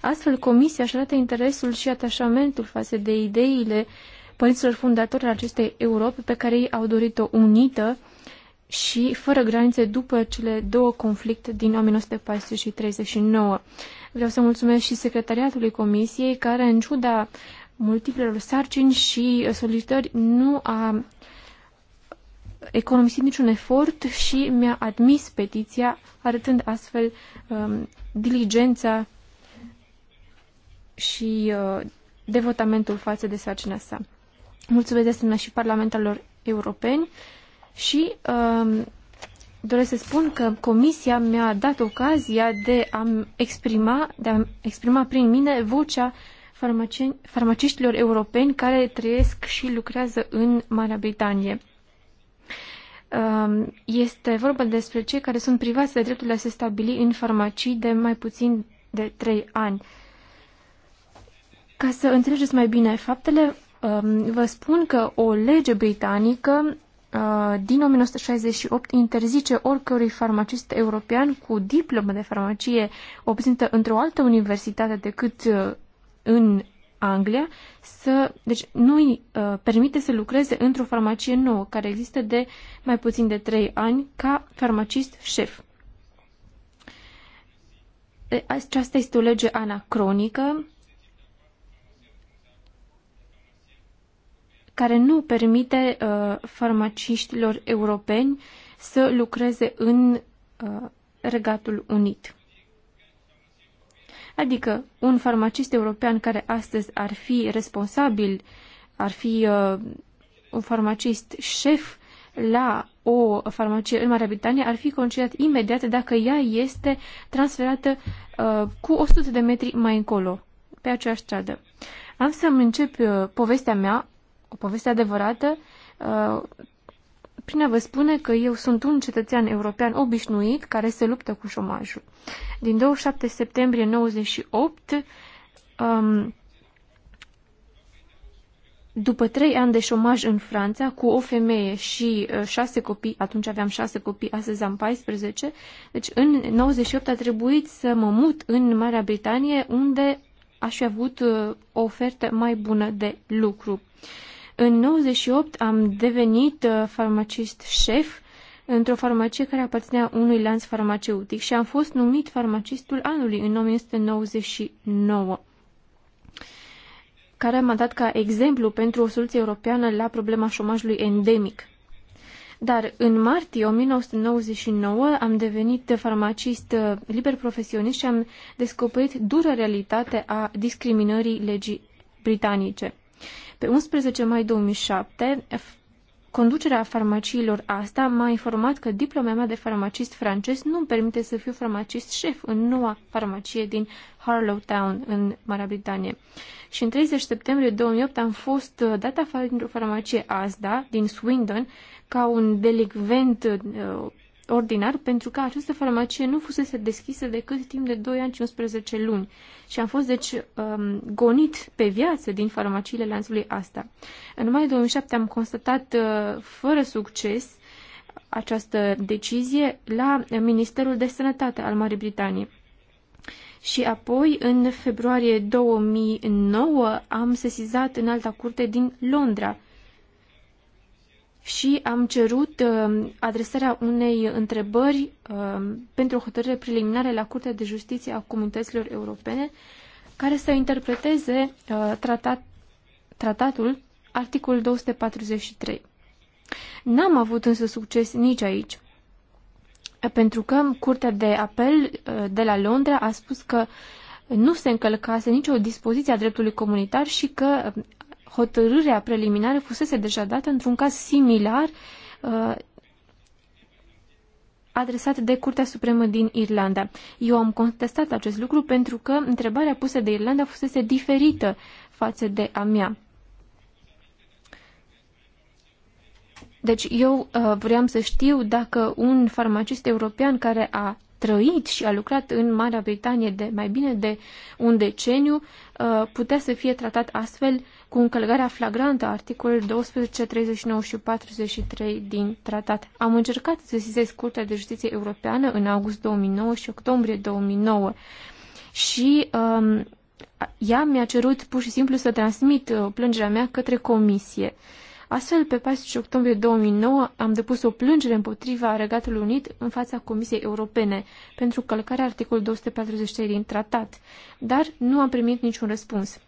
Astfel, Comisia își arată interesul și atașamentul față de ideile părinților fundatori al acestei Europe pe care ei au dorit-o unită și Fără granițe după cele două conflicte din 1940 și 39. Vreau să mulțumesc și secretariatului comisiei care, în ciuda multiplelor sarcini și solicitări, nu a economisit niciun efort și mi-a admis petiția, arătând astfel um, diligența și uh, devotamentul față de sarcina sa. Mulțumesc de asemenea și parlamentarilor europeni și um, doresc să spun că comisia mi-a dat ocazia de a exprima, de a exprima prin mine vocea farmace- farmaciștilor europeni care trăiesc și lucrează în Marea Britanie. Um, este vorba despre cei care sunt privați de dreptul de a se stabili în farmacii de mai puțin de 3 ani. Ca să înțelegeți mai bine faptele, um, vă spun că o lege britanică Uh, din 1968 interzice oricărui farmacist european cu diplomă de farmacie obținută într-o altă universitate decât uh, în Anglia să, deci nu îi uh, permite să lucreze într-o farmacie nouă care există de mai puțin de 3 ani ca farmacist șef. Aceasta este o lege anacronică care nu permite uh, farmaciștilor europeni să lucreze în uh, Regatul Unit. Adică un farmacist european care astăzi ar fi responsabil, ar fi uh, un farmacist șef la o farmacie în Marea Britanie, ar fi concediat imediat dacă ea este transferată uh, cu 100 de metri mai încolo, pe aceeași stradă. Am să-mi încep uh, povestea mea o poveste adevărată uh, prin a vă spune că eu sunt un cetățean european obișnuit care se luptă cu șomajul. Din 27 septembrie 98, um, după trei ani de șomaj în Franța, cu o femeie și uh, șase copii, atunci aveam șase copii, astăzi am 14, deci în 98 a trebuit să mă mut în Marea Britanie, unde aș fi avut uh, o ofertă mai bună de lucru. Uh, în 98 am devenit uh, farmacist șef într-o farmacie care aparținea unui lanț farmaceutic și am fost numit farmacistul anului în 1999 care m-a dat ca exemplu pentru o soluție europeană la problema șomajului endemic. Dar în martie 1999 am devenit farmacist uh, liber profesionist și am descoperit dură realitate a discriminării legii britanice. Pe 11 mai 2007, conducerea farmaciilor asta m-a informat că diploma mea de farmacist francez nu îmi permite să fiu farmacist șef în noua farmacie din Harlow Town, în Marea Britanie. Și în 30 septembrie 2008 am fost uh, dat afară dintr-o farmacie ASDA din Swindon ca un delicvent uh, ordinar pentru că această farmacie nu fusese deschisă decât timp de 2 ani și 11 luni și am fost deci um, gonit pe viață din farmaciile lanțului asta. În mai 2007 am constatat uh, fără succes această decizie la Ministerul de Sănătate al Marii Britanii. Și apoi, în februarie 2009, am sesizat în alta curte din Londra și am cerut uh, adresarea unei întrebări uh, pentru o hotărâre preliminare la Curtea de Justiție a Comunităților Europene care să interpreteze uh, tratat, tratatul articolul 243. N-am avut însă succes nici aici, pentru că Curtea de Apel de la Londra a spus că nu se încălcase nicio dispoziție a dreptului comunitar și că hotărârea preliminară fusese deja dată într-un caz similar uh, adresat de Curtea Supremă din Irlanda. Eu am contestat acest lucru pentru că întrebarea pusă de Irlanda fusese diferită față de a mea. Deci eu uh, vreau să știu dacă un farmacist european care a trăit și a lucrat în Marea Britanie de mai bine de un deceniu, uh, putea să fie tratat astfel cu încălcarea flagrantă a articolului 12, 39 și 43 din tratat. Am încercat să sesizez Curtea de Justiție Europeană în august 2009 și octombrie 2009 și um, ea mi-a cerut pur și simplu să transmit uh, plângerea mea către comisie. Astfel, pe 14 octombrie 2009 am depus o plângere împotriva Regatului Unit în fața Comisiei Europene pentru călcarea articolului 243 din tratat, dar nu am primit niciun răspuns.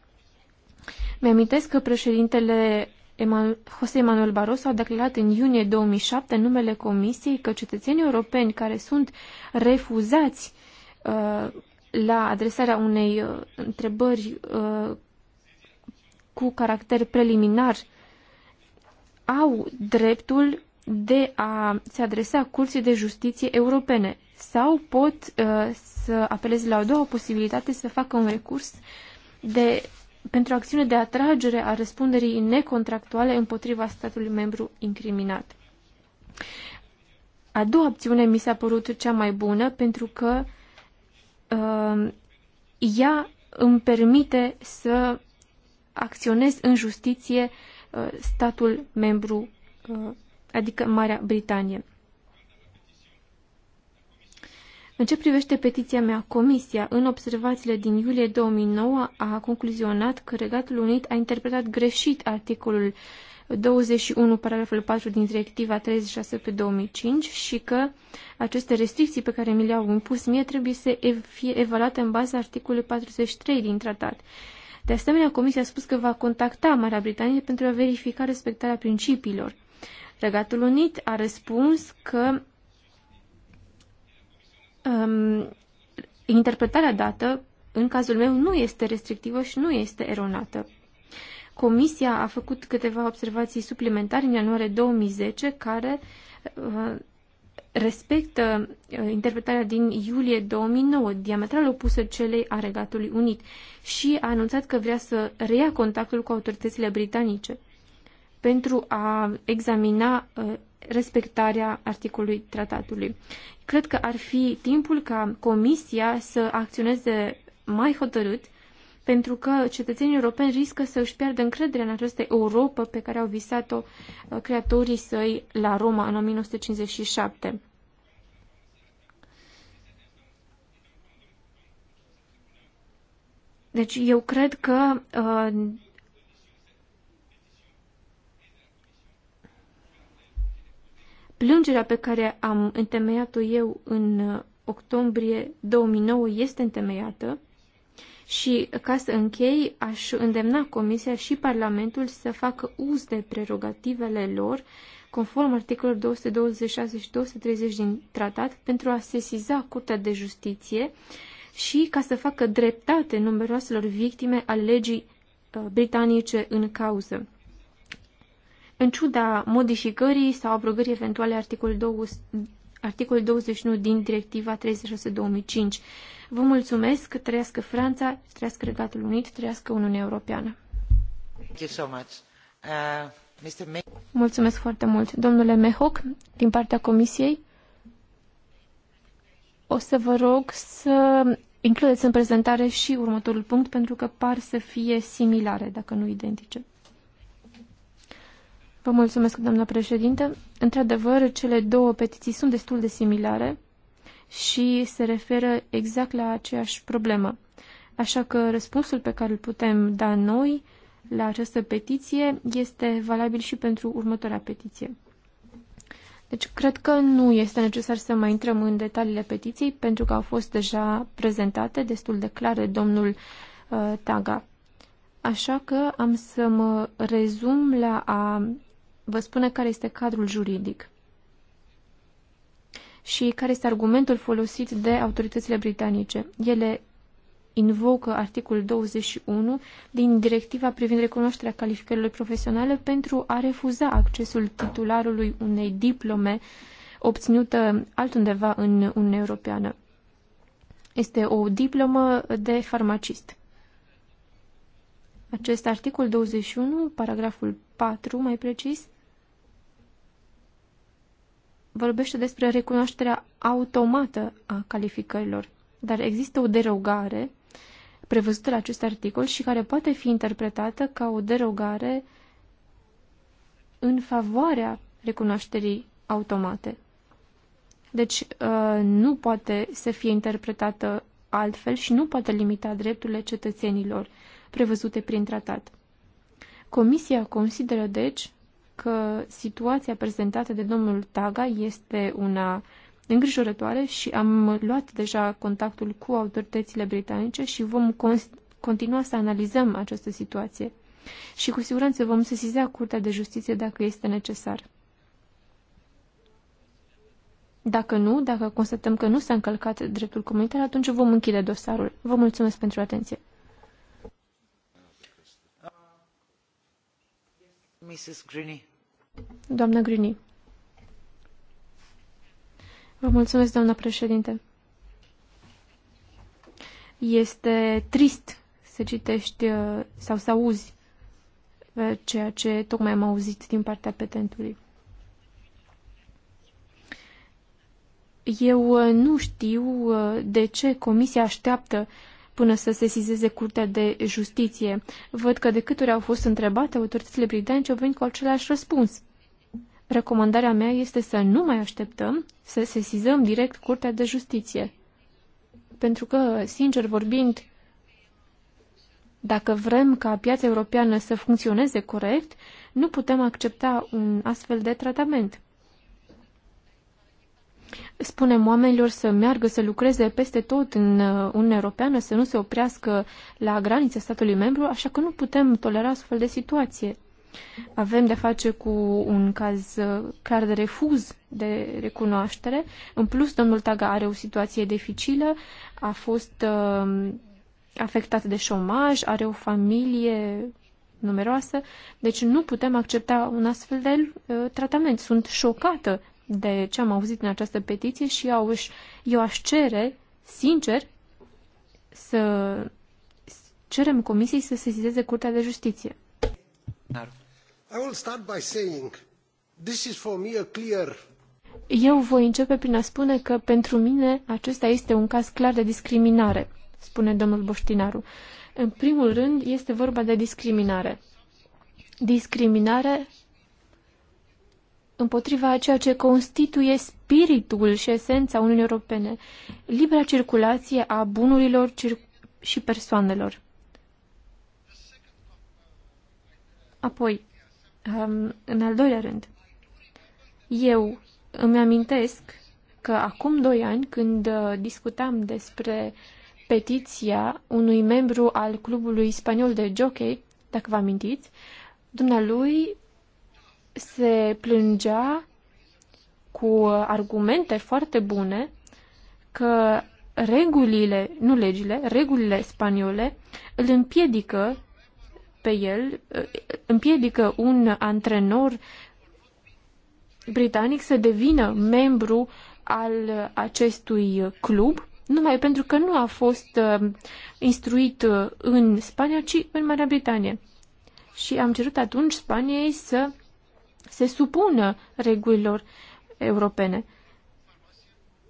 Mi-amintesc că președintele José Manuel Barroso a declarat în iunie 2007 în numele Comisiei că cetățenii europeni care sunt refuzați uh, la adresarea unei uh, întrebări uh, cu caracter preliminar au dreptul de a se adresa Curții de Justiție Europene sau pot uh, să apeleze la o doua posibilitate să facă un recurs de pentru acțiune de atragere a răspunderii necontractuale împotriva statului membru incriminat. A doua opțiune mi s-a părut cea mai bună pentru că uh, ea îmi permite să acționez în justiție uh, statul membru, uh, adică Marea Britanie. În ce privește petiția mea, Comisia, în observațiile din iulie 2009, a concluzionat că Regatul Unit a interpretat greșit articolul 21, paragraful 4 din directiva 36 pe 2005 și că aceste restricții pe care mi le-au impus mie trebuie să fie evaluate în baza articolului 43 din tratat. De asemenea, Comisia a spus că va contacta Marea Britanie pentru a verifica respectarea principiilor. Regatul Unit a răspuns că um, interpretarea dată, în cazul meu, nu este restrictivă și nu este eronată. Comisia a făcut câteva observații suplimentare în ianuarie 2010 care uh, respectă uh, interpretarea din iulie 2009, diametral opusă celei a Regatului Unit, și a anunțat că vrea să reia contactul cu autoritățile britanice pentru a examina uh, respectarea articolului tratatului. Cred că ar fi timpul ca Comisia să acționeze mai hotărât pentru că cetățenii europeni riscă să își pierdă încrederea în această Europa pe care au visat-o uh, creatorii săi la Roma în 1957. Deci eu cred că uh, Plângerea pe care am întemeiat-o eu în uh, octombrie 2009 este întemeiată și, ca să închei, aș îndemna Comisia și Parlamentul să facă uz de prerogativele lor, conform articolului 226 și 230 din tratat, pentru a sesiza Curtea de Justiție și ca să facă dreptate numeroaselor victime ale legii uh, britanice în cauză. În ciuda modificării sau abrogării eventuale articol 20, articolul 21 din Directiva 36-2005. Vă mulțumesc, trăiască Franța, trăiască Regatul Unit, trăiască Uniunea Europeană. Thank you so much. Uh... Mulțumesc foarte mult. Domnule Mehoc, din partea Comisiei, o să vă rog să includeți în prezentare și următorul punct, pentru că par să fie similare, dacă nu identice. Vă mulțumesc, doamna președinte. Într-adevăr, cele două petiții sunt destul de similare și se referă exact la aceeași problemă. Așa că răspunsul pe care îl putem da noi la această petiție este valabil și pentru următoarea petiție. Deci, cred că nu este necesar să mai intrăm în detaliile petiției, pentru că au fost deja prezentate destul de clare domnul uh, Taga. Așa că am să mă rezum la a vă spune care este cadrul juridic și care este argumentul folosit de autoritățile britanice. Ele invocă articolul 21 din directiva privind recunoașterea calificărilor profesionale pentru a refuza accesul titularului unei diplome obținută altundeva în Uniunea Europeană. Este o diplomă de farmacist. Acest articol 21, paragraful 4 mai precis, vorbește despre recunoașterea automată a calificărilor, dar există o derogare prevăzută la acest articol și care poate fi interpretată ca o derogare în favoarea recunoașterii automate. Deci uh, nu poate să fie interpretată altfel și nu poate limita drepturile cetățenilor prevăzute prin tratat. Comisia consideră, deci, că situația prezentată de domnul Taga este una îngrijorătoare și am luat deja contactul cu autoritățile britanice și vom continua să analizăm această situație. Și cu siguranță vom sesiza Curtea de Justiție dacă este necesar. Dacă nu, dacă constatăm că nu s-a încălcat dreptul comunitar, atunci vom închide dosarul. Vă mulțumesc pentru atenție. Vă mulțumesc, președinte. Este trist să citești uh, sau să auzi uh, ceea ce tocmai am auzit din partea petentului. Eu uh, nu știu de ce Comisia așteaptă uh, până să se sesizeze Curtea de Justiție. Văd că de câte ori au fost întrebate, autoritățile britanice au venit cu același răspuns. Recomandarea mea este să nu mai așteptăm, să sesizăm direct Curtea de Justiție. Pentru că, sincer vorbind, dacă vrem ca piața europeană să funcționeze corect, nu putem accepta un astfel de tratament spunem oamenilor să meargă să lucreze peste tot în uh, Uniunea Europeană, să nu se oprească la granița statului membru, așa că nu putem tolera astfel de situație. Avem de face cu un caz uh, clar de refuz de recunoaștere. În plus, domnul Taga are o situație dificilă, a fost uh, afectat de șomaj, are o familie numeroasă, deci nu putem accepta un astfel de uh, tratament. Sunt șocată de ce am auzit în această petiție și eu aș, eu aș cere, sincer, să cerem comisiei să sesizeze Curtea de Justiție. I will start by saying, this is for me a clear... Eu voi începe prin a spune că pentru mine acesta este un caz clar de discriminare, spune domnul Boștinaru. În primul rând, este vorba de discriminare. Discriminare împotriva a ceea ce constituie spiritul și esența Uniunii Europene, libera circulație a bunurilor și persoanelor. Apoi, um, în al doilea rând, eu îmi amintesc că acum doi ani, când uh, discutam despre petiția unui membru al clubului spaniol de jockey, dacă vă amintiți, dumnealui se plângea cu argumente foarte bune că regulile, nu legile, regulile spaniole îl împiedică pe el, împiedică un antrenor britanic să devină membru al acestui club, numai pentru că nu a fost uh, instruit uh, în Spania, ci în Marea Britanie. Și am cerut atunci Spaniei să se supună regulilor europene.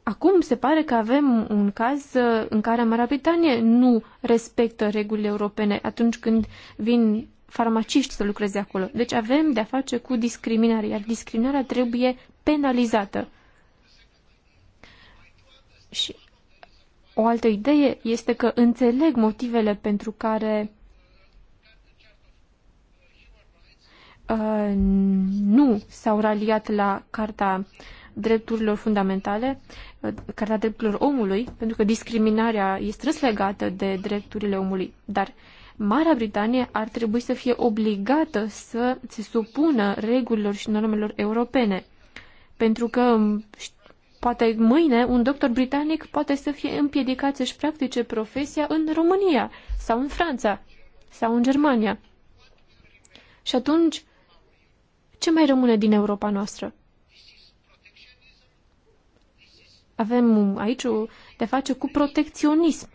Acum se pare că avem un caz uh, în care Marea Britanie nu respectă regulile europene atunci când vin farmaciști să lucreze acolo. Deci avem de-a face cu discriminare, iar discriminarea trebuie penalizată. Și o altă idee este că înțeleg motivele pentru care Uh, nu s-au raliat la Carta Drepturilor Fundamentale, uh, Carta Drepturilor Omului, pentru că discriminarea este strâns legată de drepturile omului. Dar Marea Britanie ar trebui să fie obligată să se supună regulilor și normelor europene, pentru că um, poate mâine un doctor britanic poate să fie împiedicat să-și practice profesia în România sau în Franța sau în Germania. Și atunci ce mai rămâne din Europa noastră? Avem aici de face cu protecționism,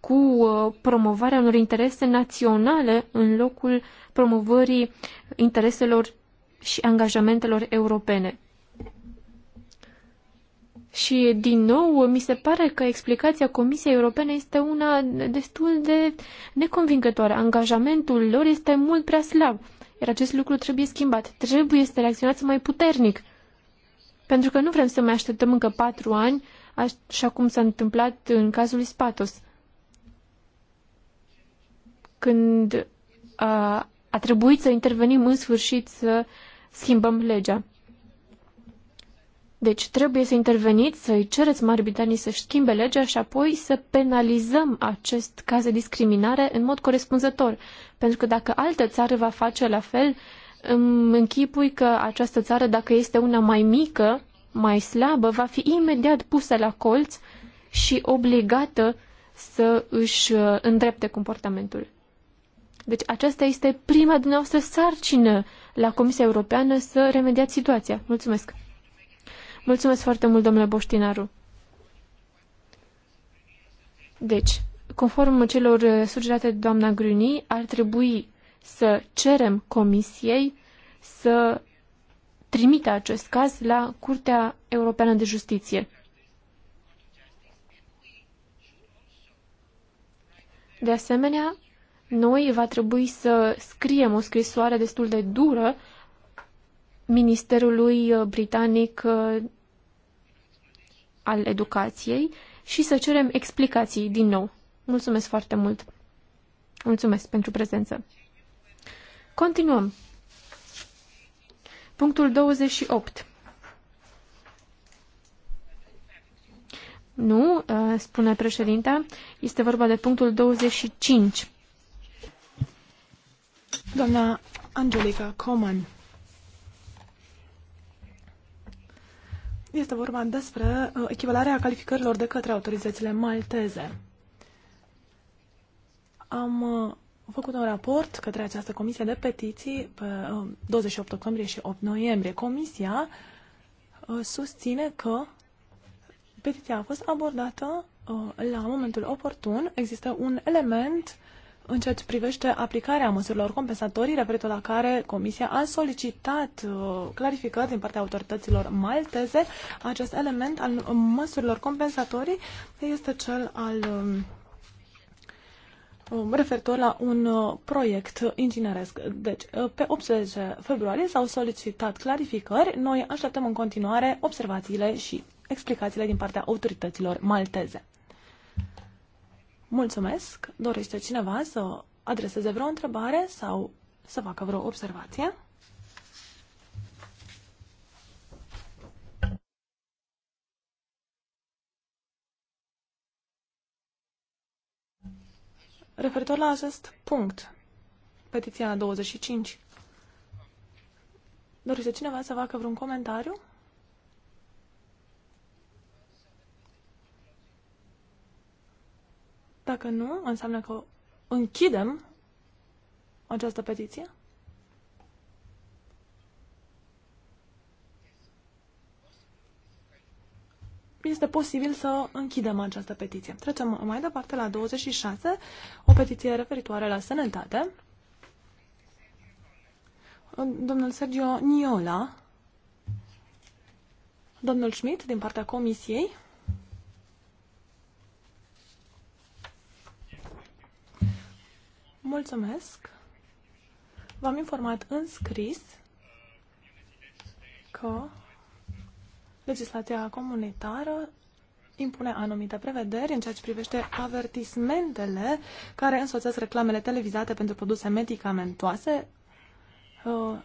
cu uh, promovarea unor interese naționale în locul promovării intereselor și angajamentelor europene. Și, din nou, mi se pare că explicația Comisiei Europene este una destul de neconvingătoare. Angajamentul lor este mult prea slab. Iar acest lucru trebuie schimbat. Trebuie să reacționați mai puternic. Pentru că nu vrem să mai așteptăm încă patru ani, așa cum s-a întâmplat în cazul lui Spatos. Când a, a trebuit să intervenim în sfârșit să schimbăm legea. Deci trebuie să interveniți, să-i cereți Marii Britanii să schimbe legea și apoi să penalizăm acest caz de discriminare în mod corespunzător. Pentru că dacă altă țară va face la fel, îmi închipui că această țară, dacă este una mai mică, mai slabă, va fi imediat pusă la colț și obligată să își uh, îndrepte comportamentul. Deci aceasta este prima dumneavoastră sarcină la Comisia Europeană să remediați situația. Mulțumesc! Mulțumesc foarte mult, domnule Boștinaru. Deci, conform celor sugerate de doamna Gruni, ar trebui să cerem comisiei să trimită acest caz la Curtea Europeană de Justiție. De asemenea, noi va trebui să scriem o scrisoare destul de dură Ministerului uh, Britanic uh, al Educației și să cerem explicații din nou. Mulțumesc foarte mult! Mulțumesc pentru prezență! Continuăm. Punctul 28. Nu, uh, spune președinta, este vorba de punctul 25. Doamna Angelica Coman Este vorba despre uh, echivalarea calificărilor de către autoritățile malteze. Am uh, făcut un raport către această comisie de petiții pe 28 uh, octombrie și 8 noiembrie. Comisia susține că petiția a fost abordată la momentul oportun. Există un element uh, în ceea ce privește aplicarea măsurilor compensatorii, referitor la care Comisia a solicitat uh, clarificări din partea autorităților malteze. Acest element al măsurilor compensatorii este cel al um, um, referitor la un uh, proiect ingineresc. Deci, uh, pe 18 februarie s-au solicitat clarificări. Noi așteptăm în continuare observațiile și explicațiile din partea autorităților malteze. Mulțumesc. Dorește cineva să adreseze vreo întrebare sau să facă vreo observație? Referitor la acest punct, petiția 25, dorește cineva să facă vreun comentariu? Dacă nu, înseamnă că închidem această petiție? este posibil să închidem această petiție. Trecem mai departe la 26, o petiție referitoare la sănătate. Domnul Sergio Niola, domnul Schmidt, din partea Comisiei, Mulțumesc. V-am informat în scris că legislația comunitară impune anumite prevederi în ceea ce privește avertismentele care însoțesc reclamele televizate pentru produse medicamentoase uh,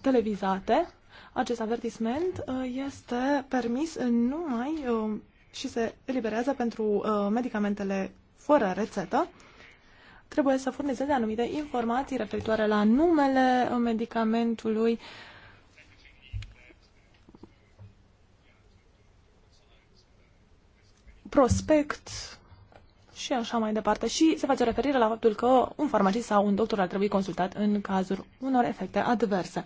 televizate. Acest avertisment uh, este permis numai uh, și se eliberează pentru uh, medicamentele fără rețetă trebuie să furnizeze anumite informații referitoare la numele medicamentului, prospect și așa mai departe. Și se face referire la faptul că un farmacist sau un doctor ar trebui consultat în cazul unor efecte adverse.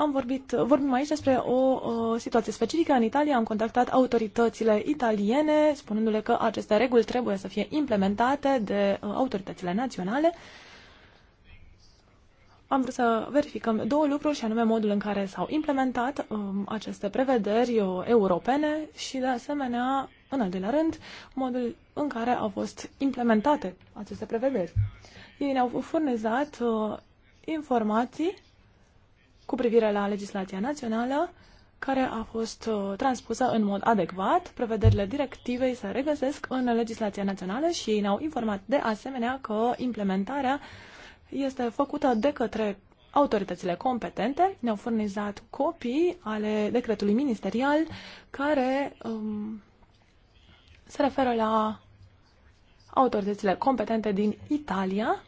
Am vorbit, vorbim aici despre o, o situație specifică în Italia. Am contactat autoritățile italiene, spunându-le că aceste reguli trebuie să fie implementate de uh, autoritățile naționale. Am vrut să verificăm două lucruri și anume modul în care s-au implementat um, aceste prevederi uh, europene și de asemenea, în al doilea rând, modul în care au fost implementate aceste prevederi. Ei ne-au furnizat uh, informații cu privire la legislația națională care a fost uh, transpusă în mod adecvat. Prevederile directivei se regăsesc în legislația națională și ei ne-au informat de asemenea că implementarea este făcută de către autoritățile competente. Ne-au furnizat copii ale decretului ministerial care um, se referă la autoritățile competente din Italia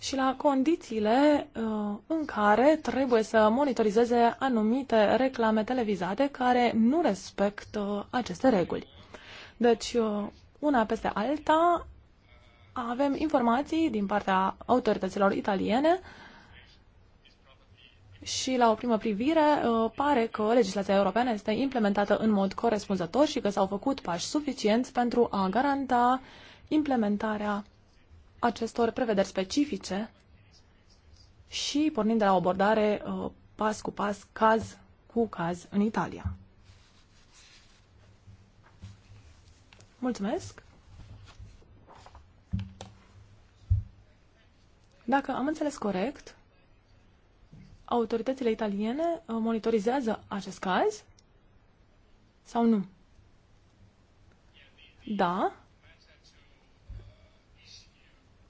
și la condițiile uh, în care trebuie să monitorizeze anumite reclame televizate care nu respectă uh, aceste reguli. Deci, uh, una peste alta, avem informații din partea autorităților italiene și la o primă privire uh, pare că legislația europeană este implementată în mod corespunzător și că s-au făcut pași suficienți pentru a garanta implementarea acestor prevederi specifice și pornind de la o abordare uh, pas cu pas, caz cu caz în Italia. Mulțumesc! Dacă am înțeles corect, autoritățile italiene uh, monitorizează acest caz sau nu? Da,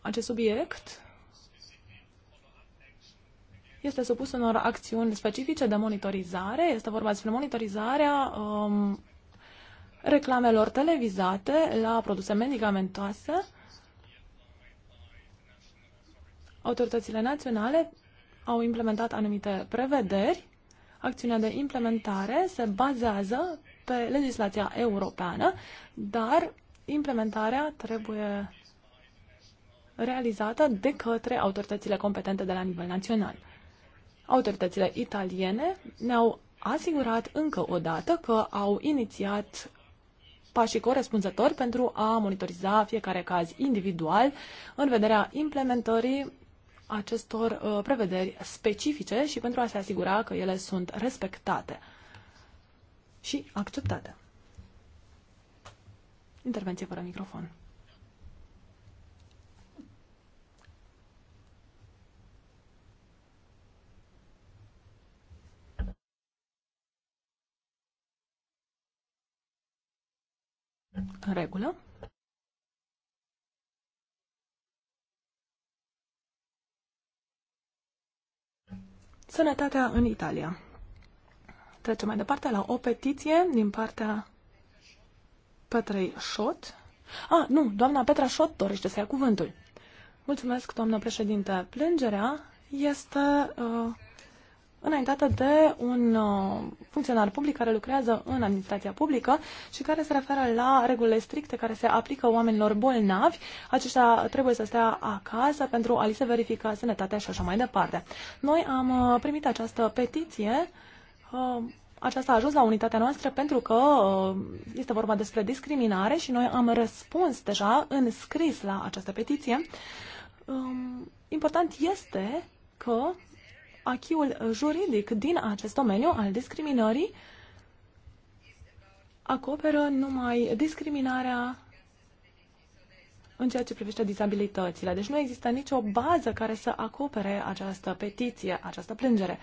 acest subiect este supus unor acțiuni specifice de monitorizare. Este vorba despre monitorizarea um, reclamelor televizate la produse medicamentoase. Autoritățile naționale au implementat anumite prevederi. Acțiunea de implementare se bazează pe legislația europeană, dar implementarea trebuie realizată de către autoritățile competente de la nivel național. Autoritățile italiene ne-au asigurat încă o dată că au inițiat pașii corespunzători pentru a monitoriza fiecare caz individual în vederea implementării acestor uh, prevederi specifice și pentru a se asigura că ele sunt respectate și acceptate. Intervenție fără microfon. În regulă. Sănătatea în Italia. Trecem mai departe la o petiție din partea Petrei Șot. Ah, nu, doamna Petra Șot dorește să ia cuvântul. Mulțumesc, doamnă președinte. Plângerea este uh, înaintată de un uh, funcționar public care lucrează în administrația publică și care se referă la regulile stricte care se aplică oamenilor bolnavi. Aceștia trebuie să stea acasă pentru a li se verifica sănătatea și așa mai departe. Noi am uh, primit această petiție uh, aceasta a ajuns la unitatea noastră pentru că este vorba despre discriminare și noi am răspuns deja în scris la această petiție. Um, important este că achiul juridic din acest domeniu al discriminării acoperă numai discriminarea în ceea ce privește dizabilitățile. Deci nu există nicio bază care să acopere această petiție, această plângere.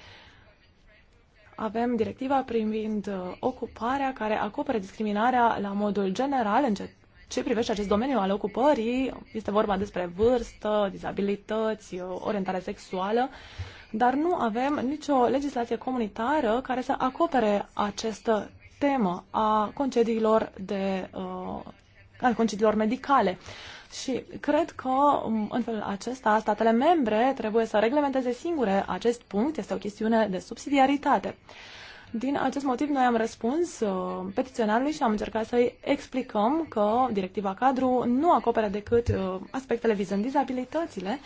Avem directiva privind uh, ocuparea care acoperă discriminarea la modul general în ceea ce privește acest domeniu al ocupării. Este vorba despre vârstă, dizabilități, uh, orientare sexuală dar nu avem nicio legislație comunitară care să acopere această temă a concediilor de uh, concediilor medicale. Și cred că, um, în felul acesta, statele membre trebuie să reglementeze singure acest punct. Este o chestiune de subsidiaritate. Din acest motiv, noi am răspuns uh, petiționarului și am încercat să-i explicăm că directiva cadru nu acoperă decât uh, aspectele vizând dizabilitățile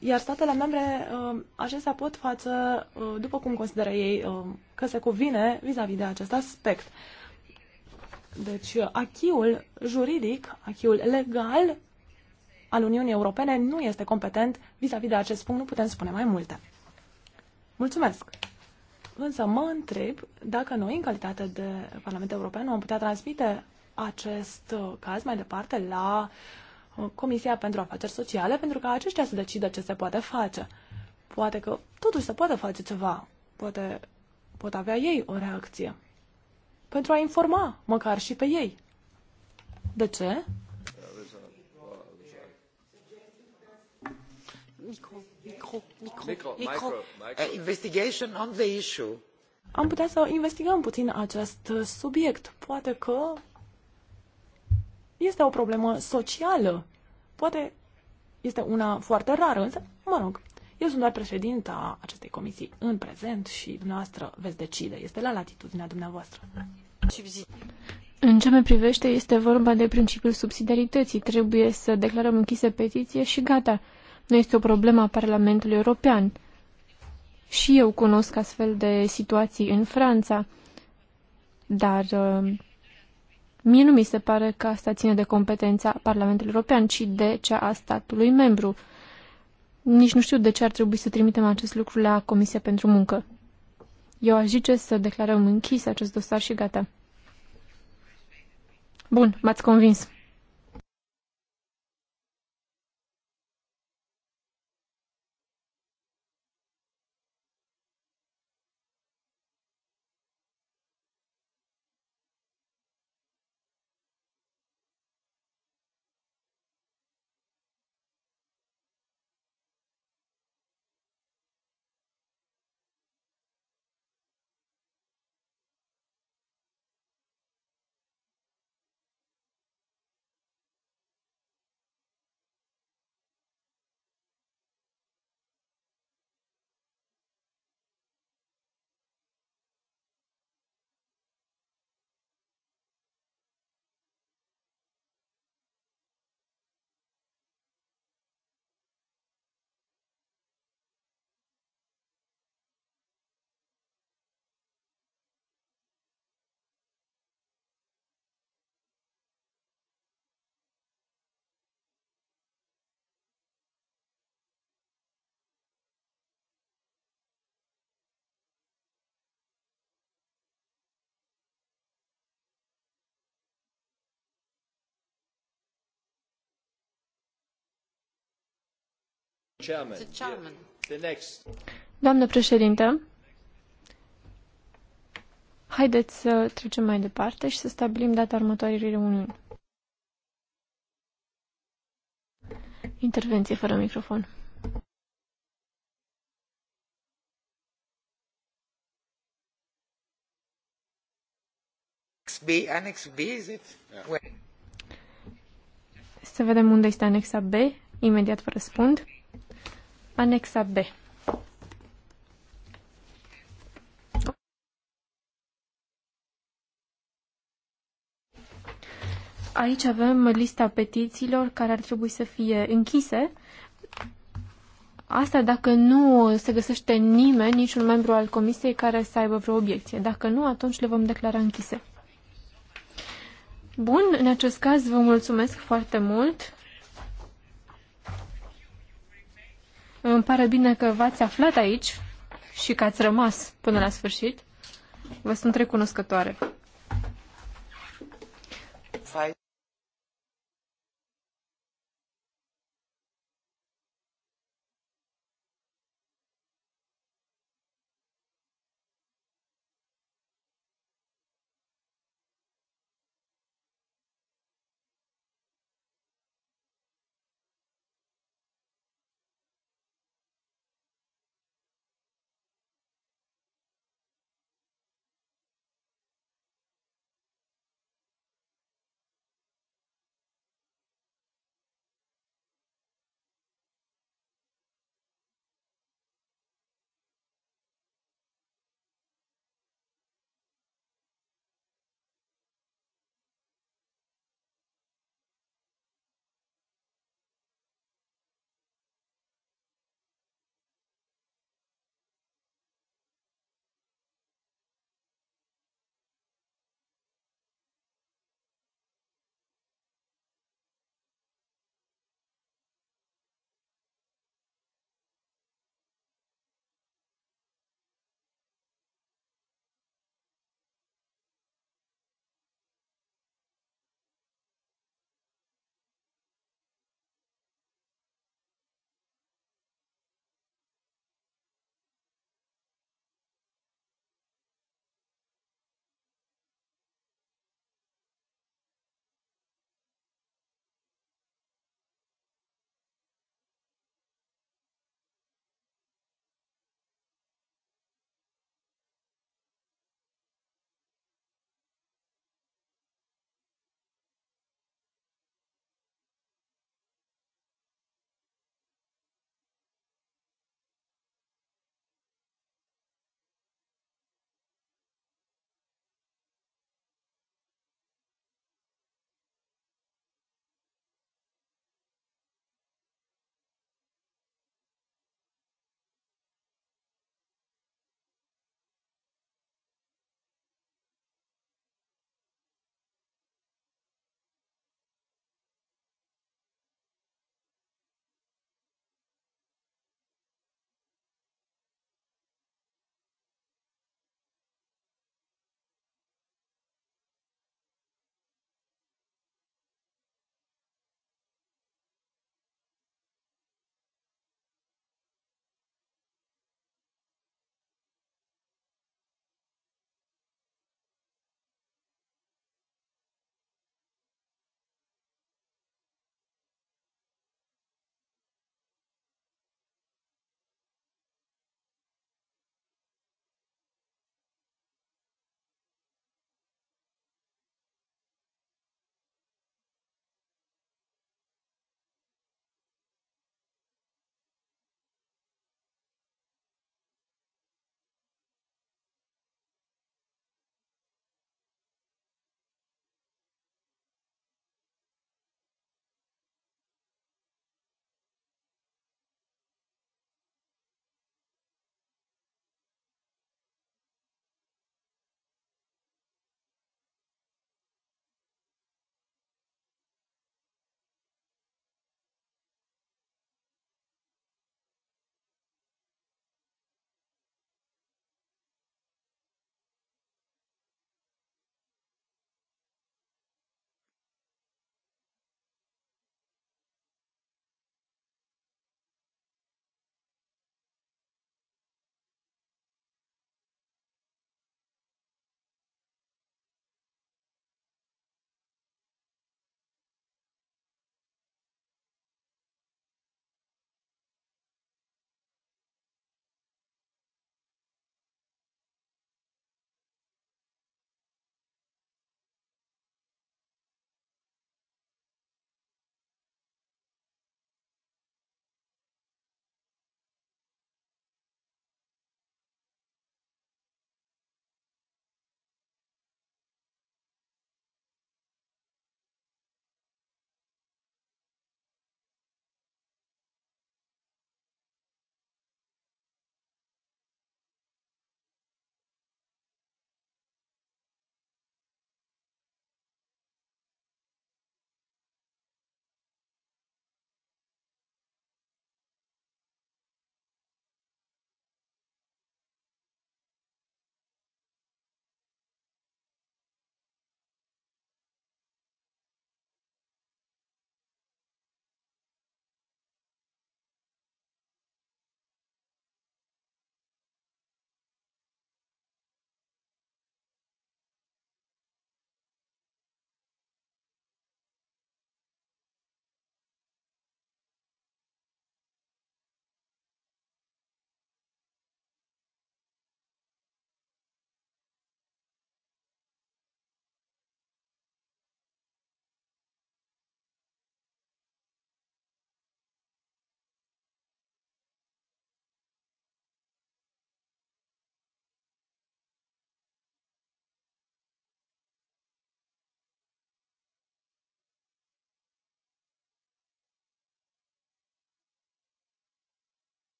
iar statele membre, um, acestea pot față, uh, după cum consideră ei um, că se cuvine vis-a-vis -vis de acest aspect. Deci, achiul juridic, achiul legal al Uniunii Europene nu este competent vis-a-vis -vis de acest punct, nu putem spune mai multe. Mulțumesc! Însă mă întreb dacă noi, în calitate de Parlament European, nu am putea transmite acest uh, caz mai departe la uh, Comisia pentru Afaceri Sociale, pentru ca aceștia să decidă ce se poate face. Poate că totuși se poate face ceva. Poate pot avea ei o reacție. Pentru a informa, măcar și pe ei. De ce? Micro, uh, investigation on the issue. Am putea să investigăm puțin acest subiect. Poate că este o problemă socială. Poate este una foarte rară, însă, mă rog, eu sunt doar președinta acestei comisii în prezent și dumneavoastră veți decide. Este la latitudinea dumneavoastră. În ce me privește, este vorba de principiul subsidiarității. Trebuie să declarăm închise petiție și gata. Nu este o problemă a Parlamentului European. Și eu cunosc astfel de situații în Franța, dar uh, Mie nu mi se pare că asta ține de competența Parlamentului European, ci de cea a statului membru. Nici nu știu de ce ar trebui să trimitem acest lucru la Comisia pentru Muncă. Eu aș zice să declarăm închis acest dosar și gata. Bun, m-ați convins. Doamnă președintă, haideți să trecem mai departe și să stabilim data următoarei reuniuni. Intervenție fără microfon. B, annex B, is it? Yeah. Să vedem unde este anexa B. Imediat vă răspund. Anexa B. Aici avem lista petițiilor care ar trebui să fie închise. Asta dacă nu se găsește nimeni, niciun membru al comisiei care să aibă vreo obiecție. Dacă nu, atunci le vom declara închise. Bun, în acest caz vă mulțumesc foarte mult. Îmi pare bine că v-ați aflat aici și că ați rămas până la sfârșit. Vă sunt recunoscătoare.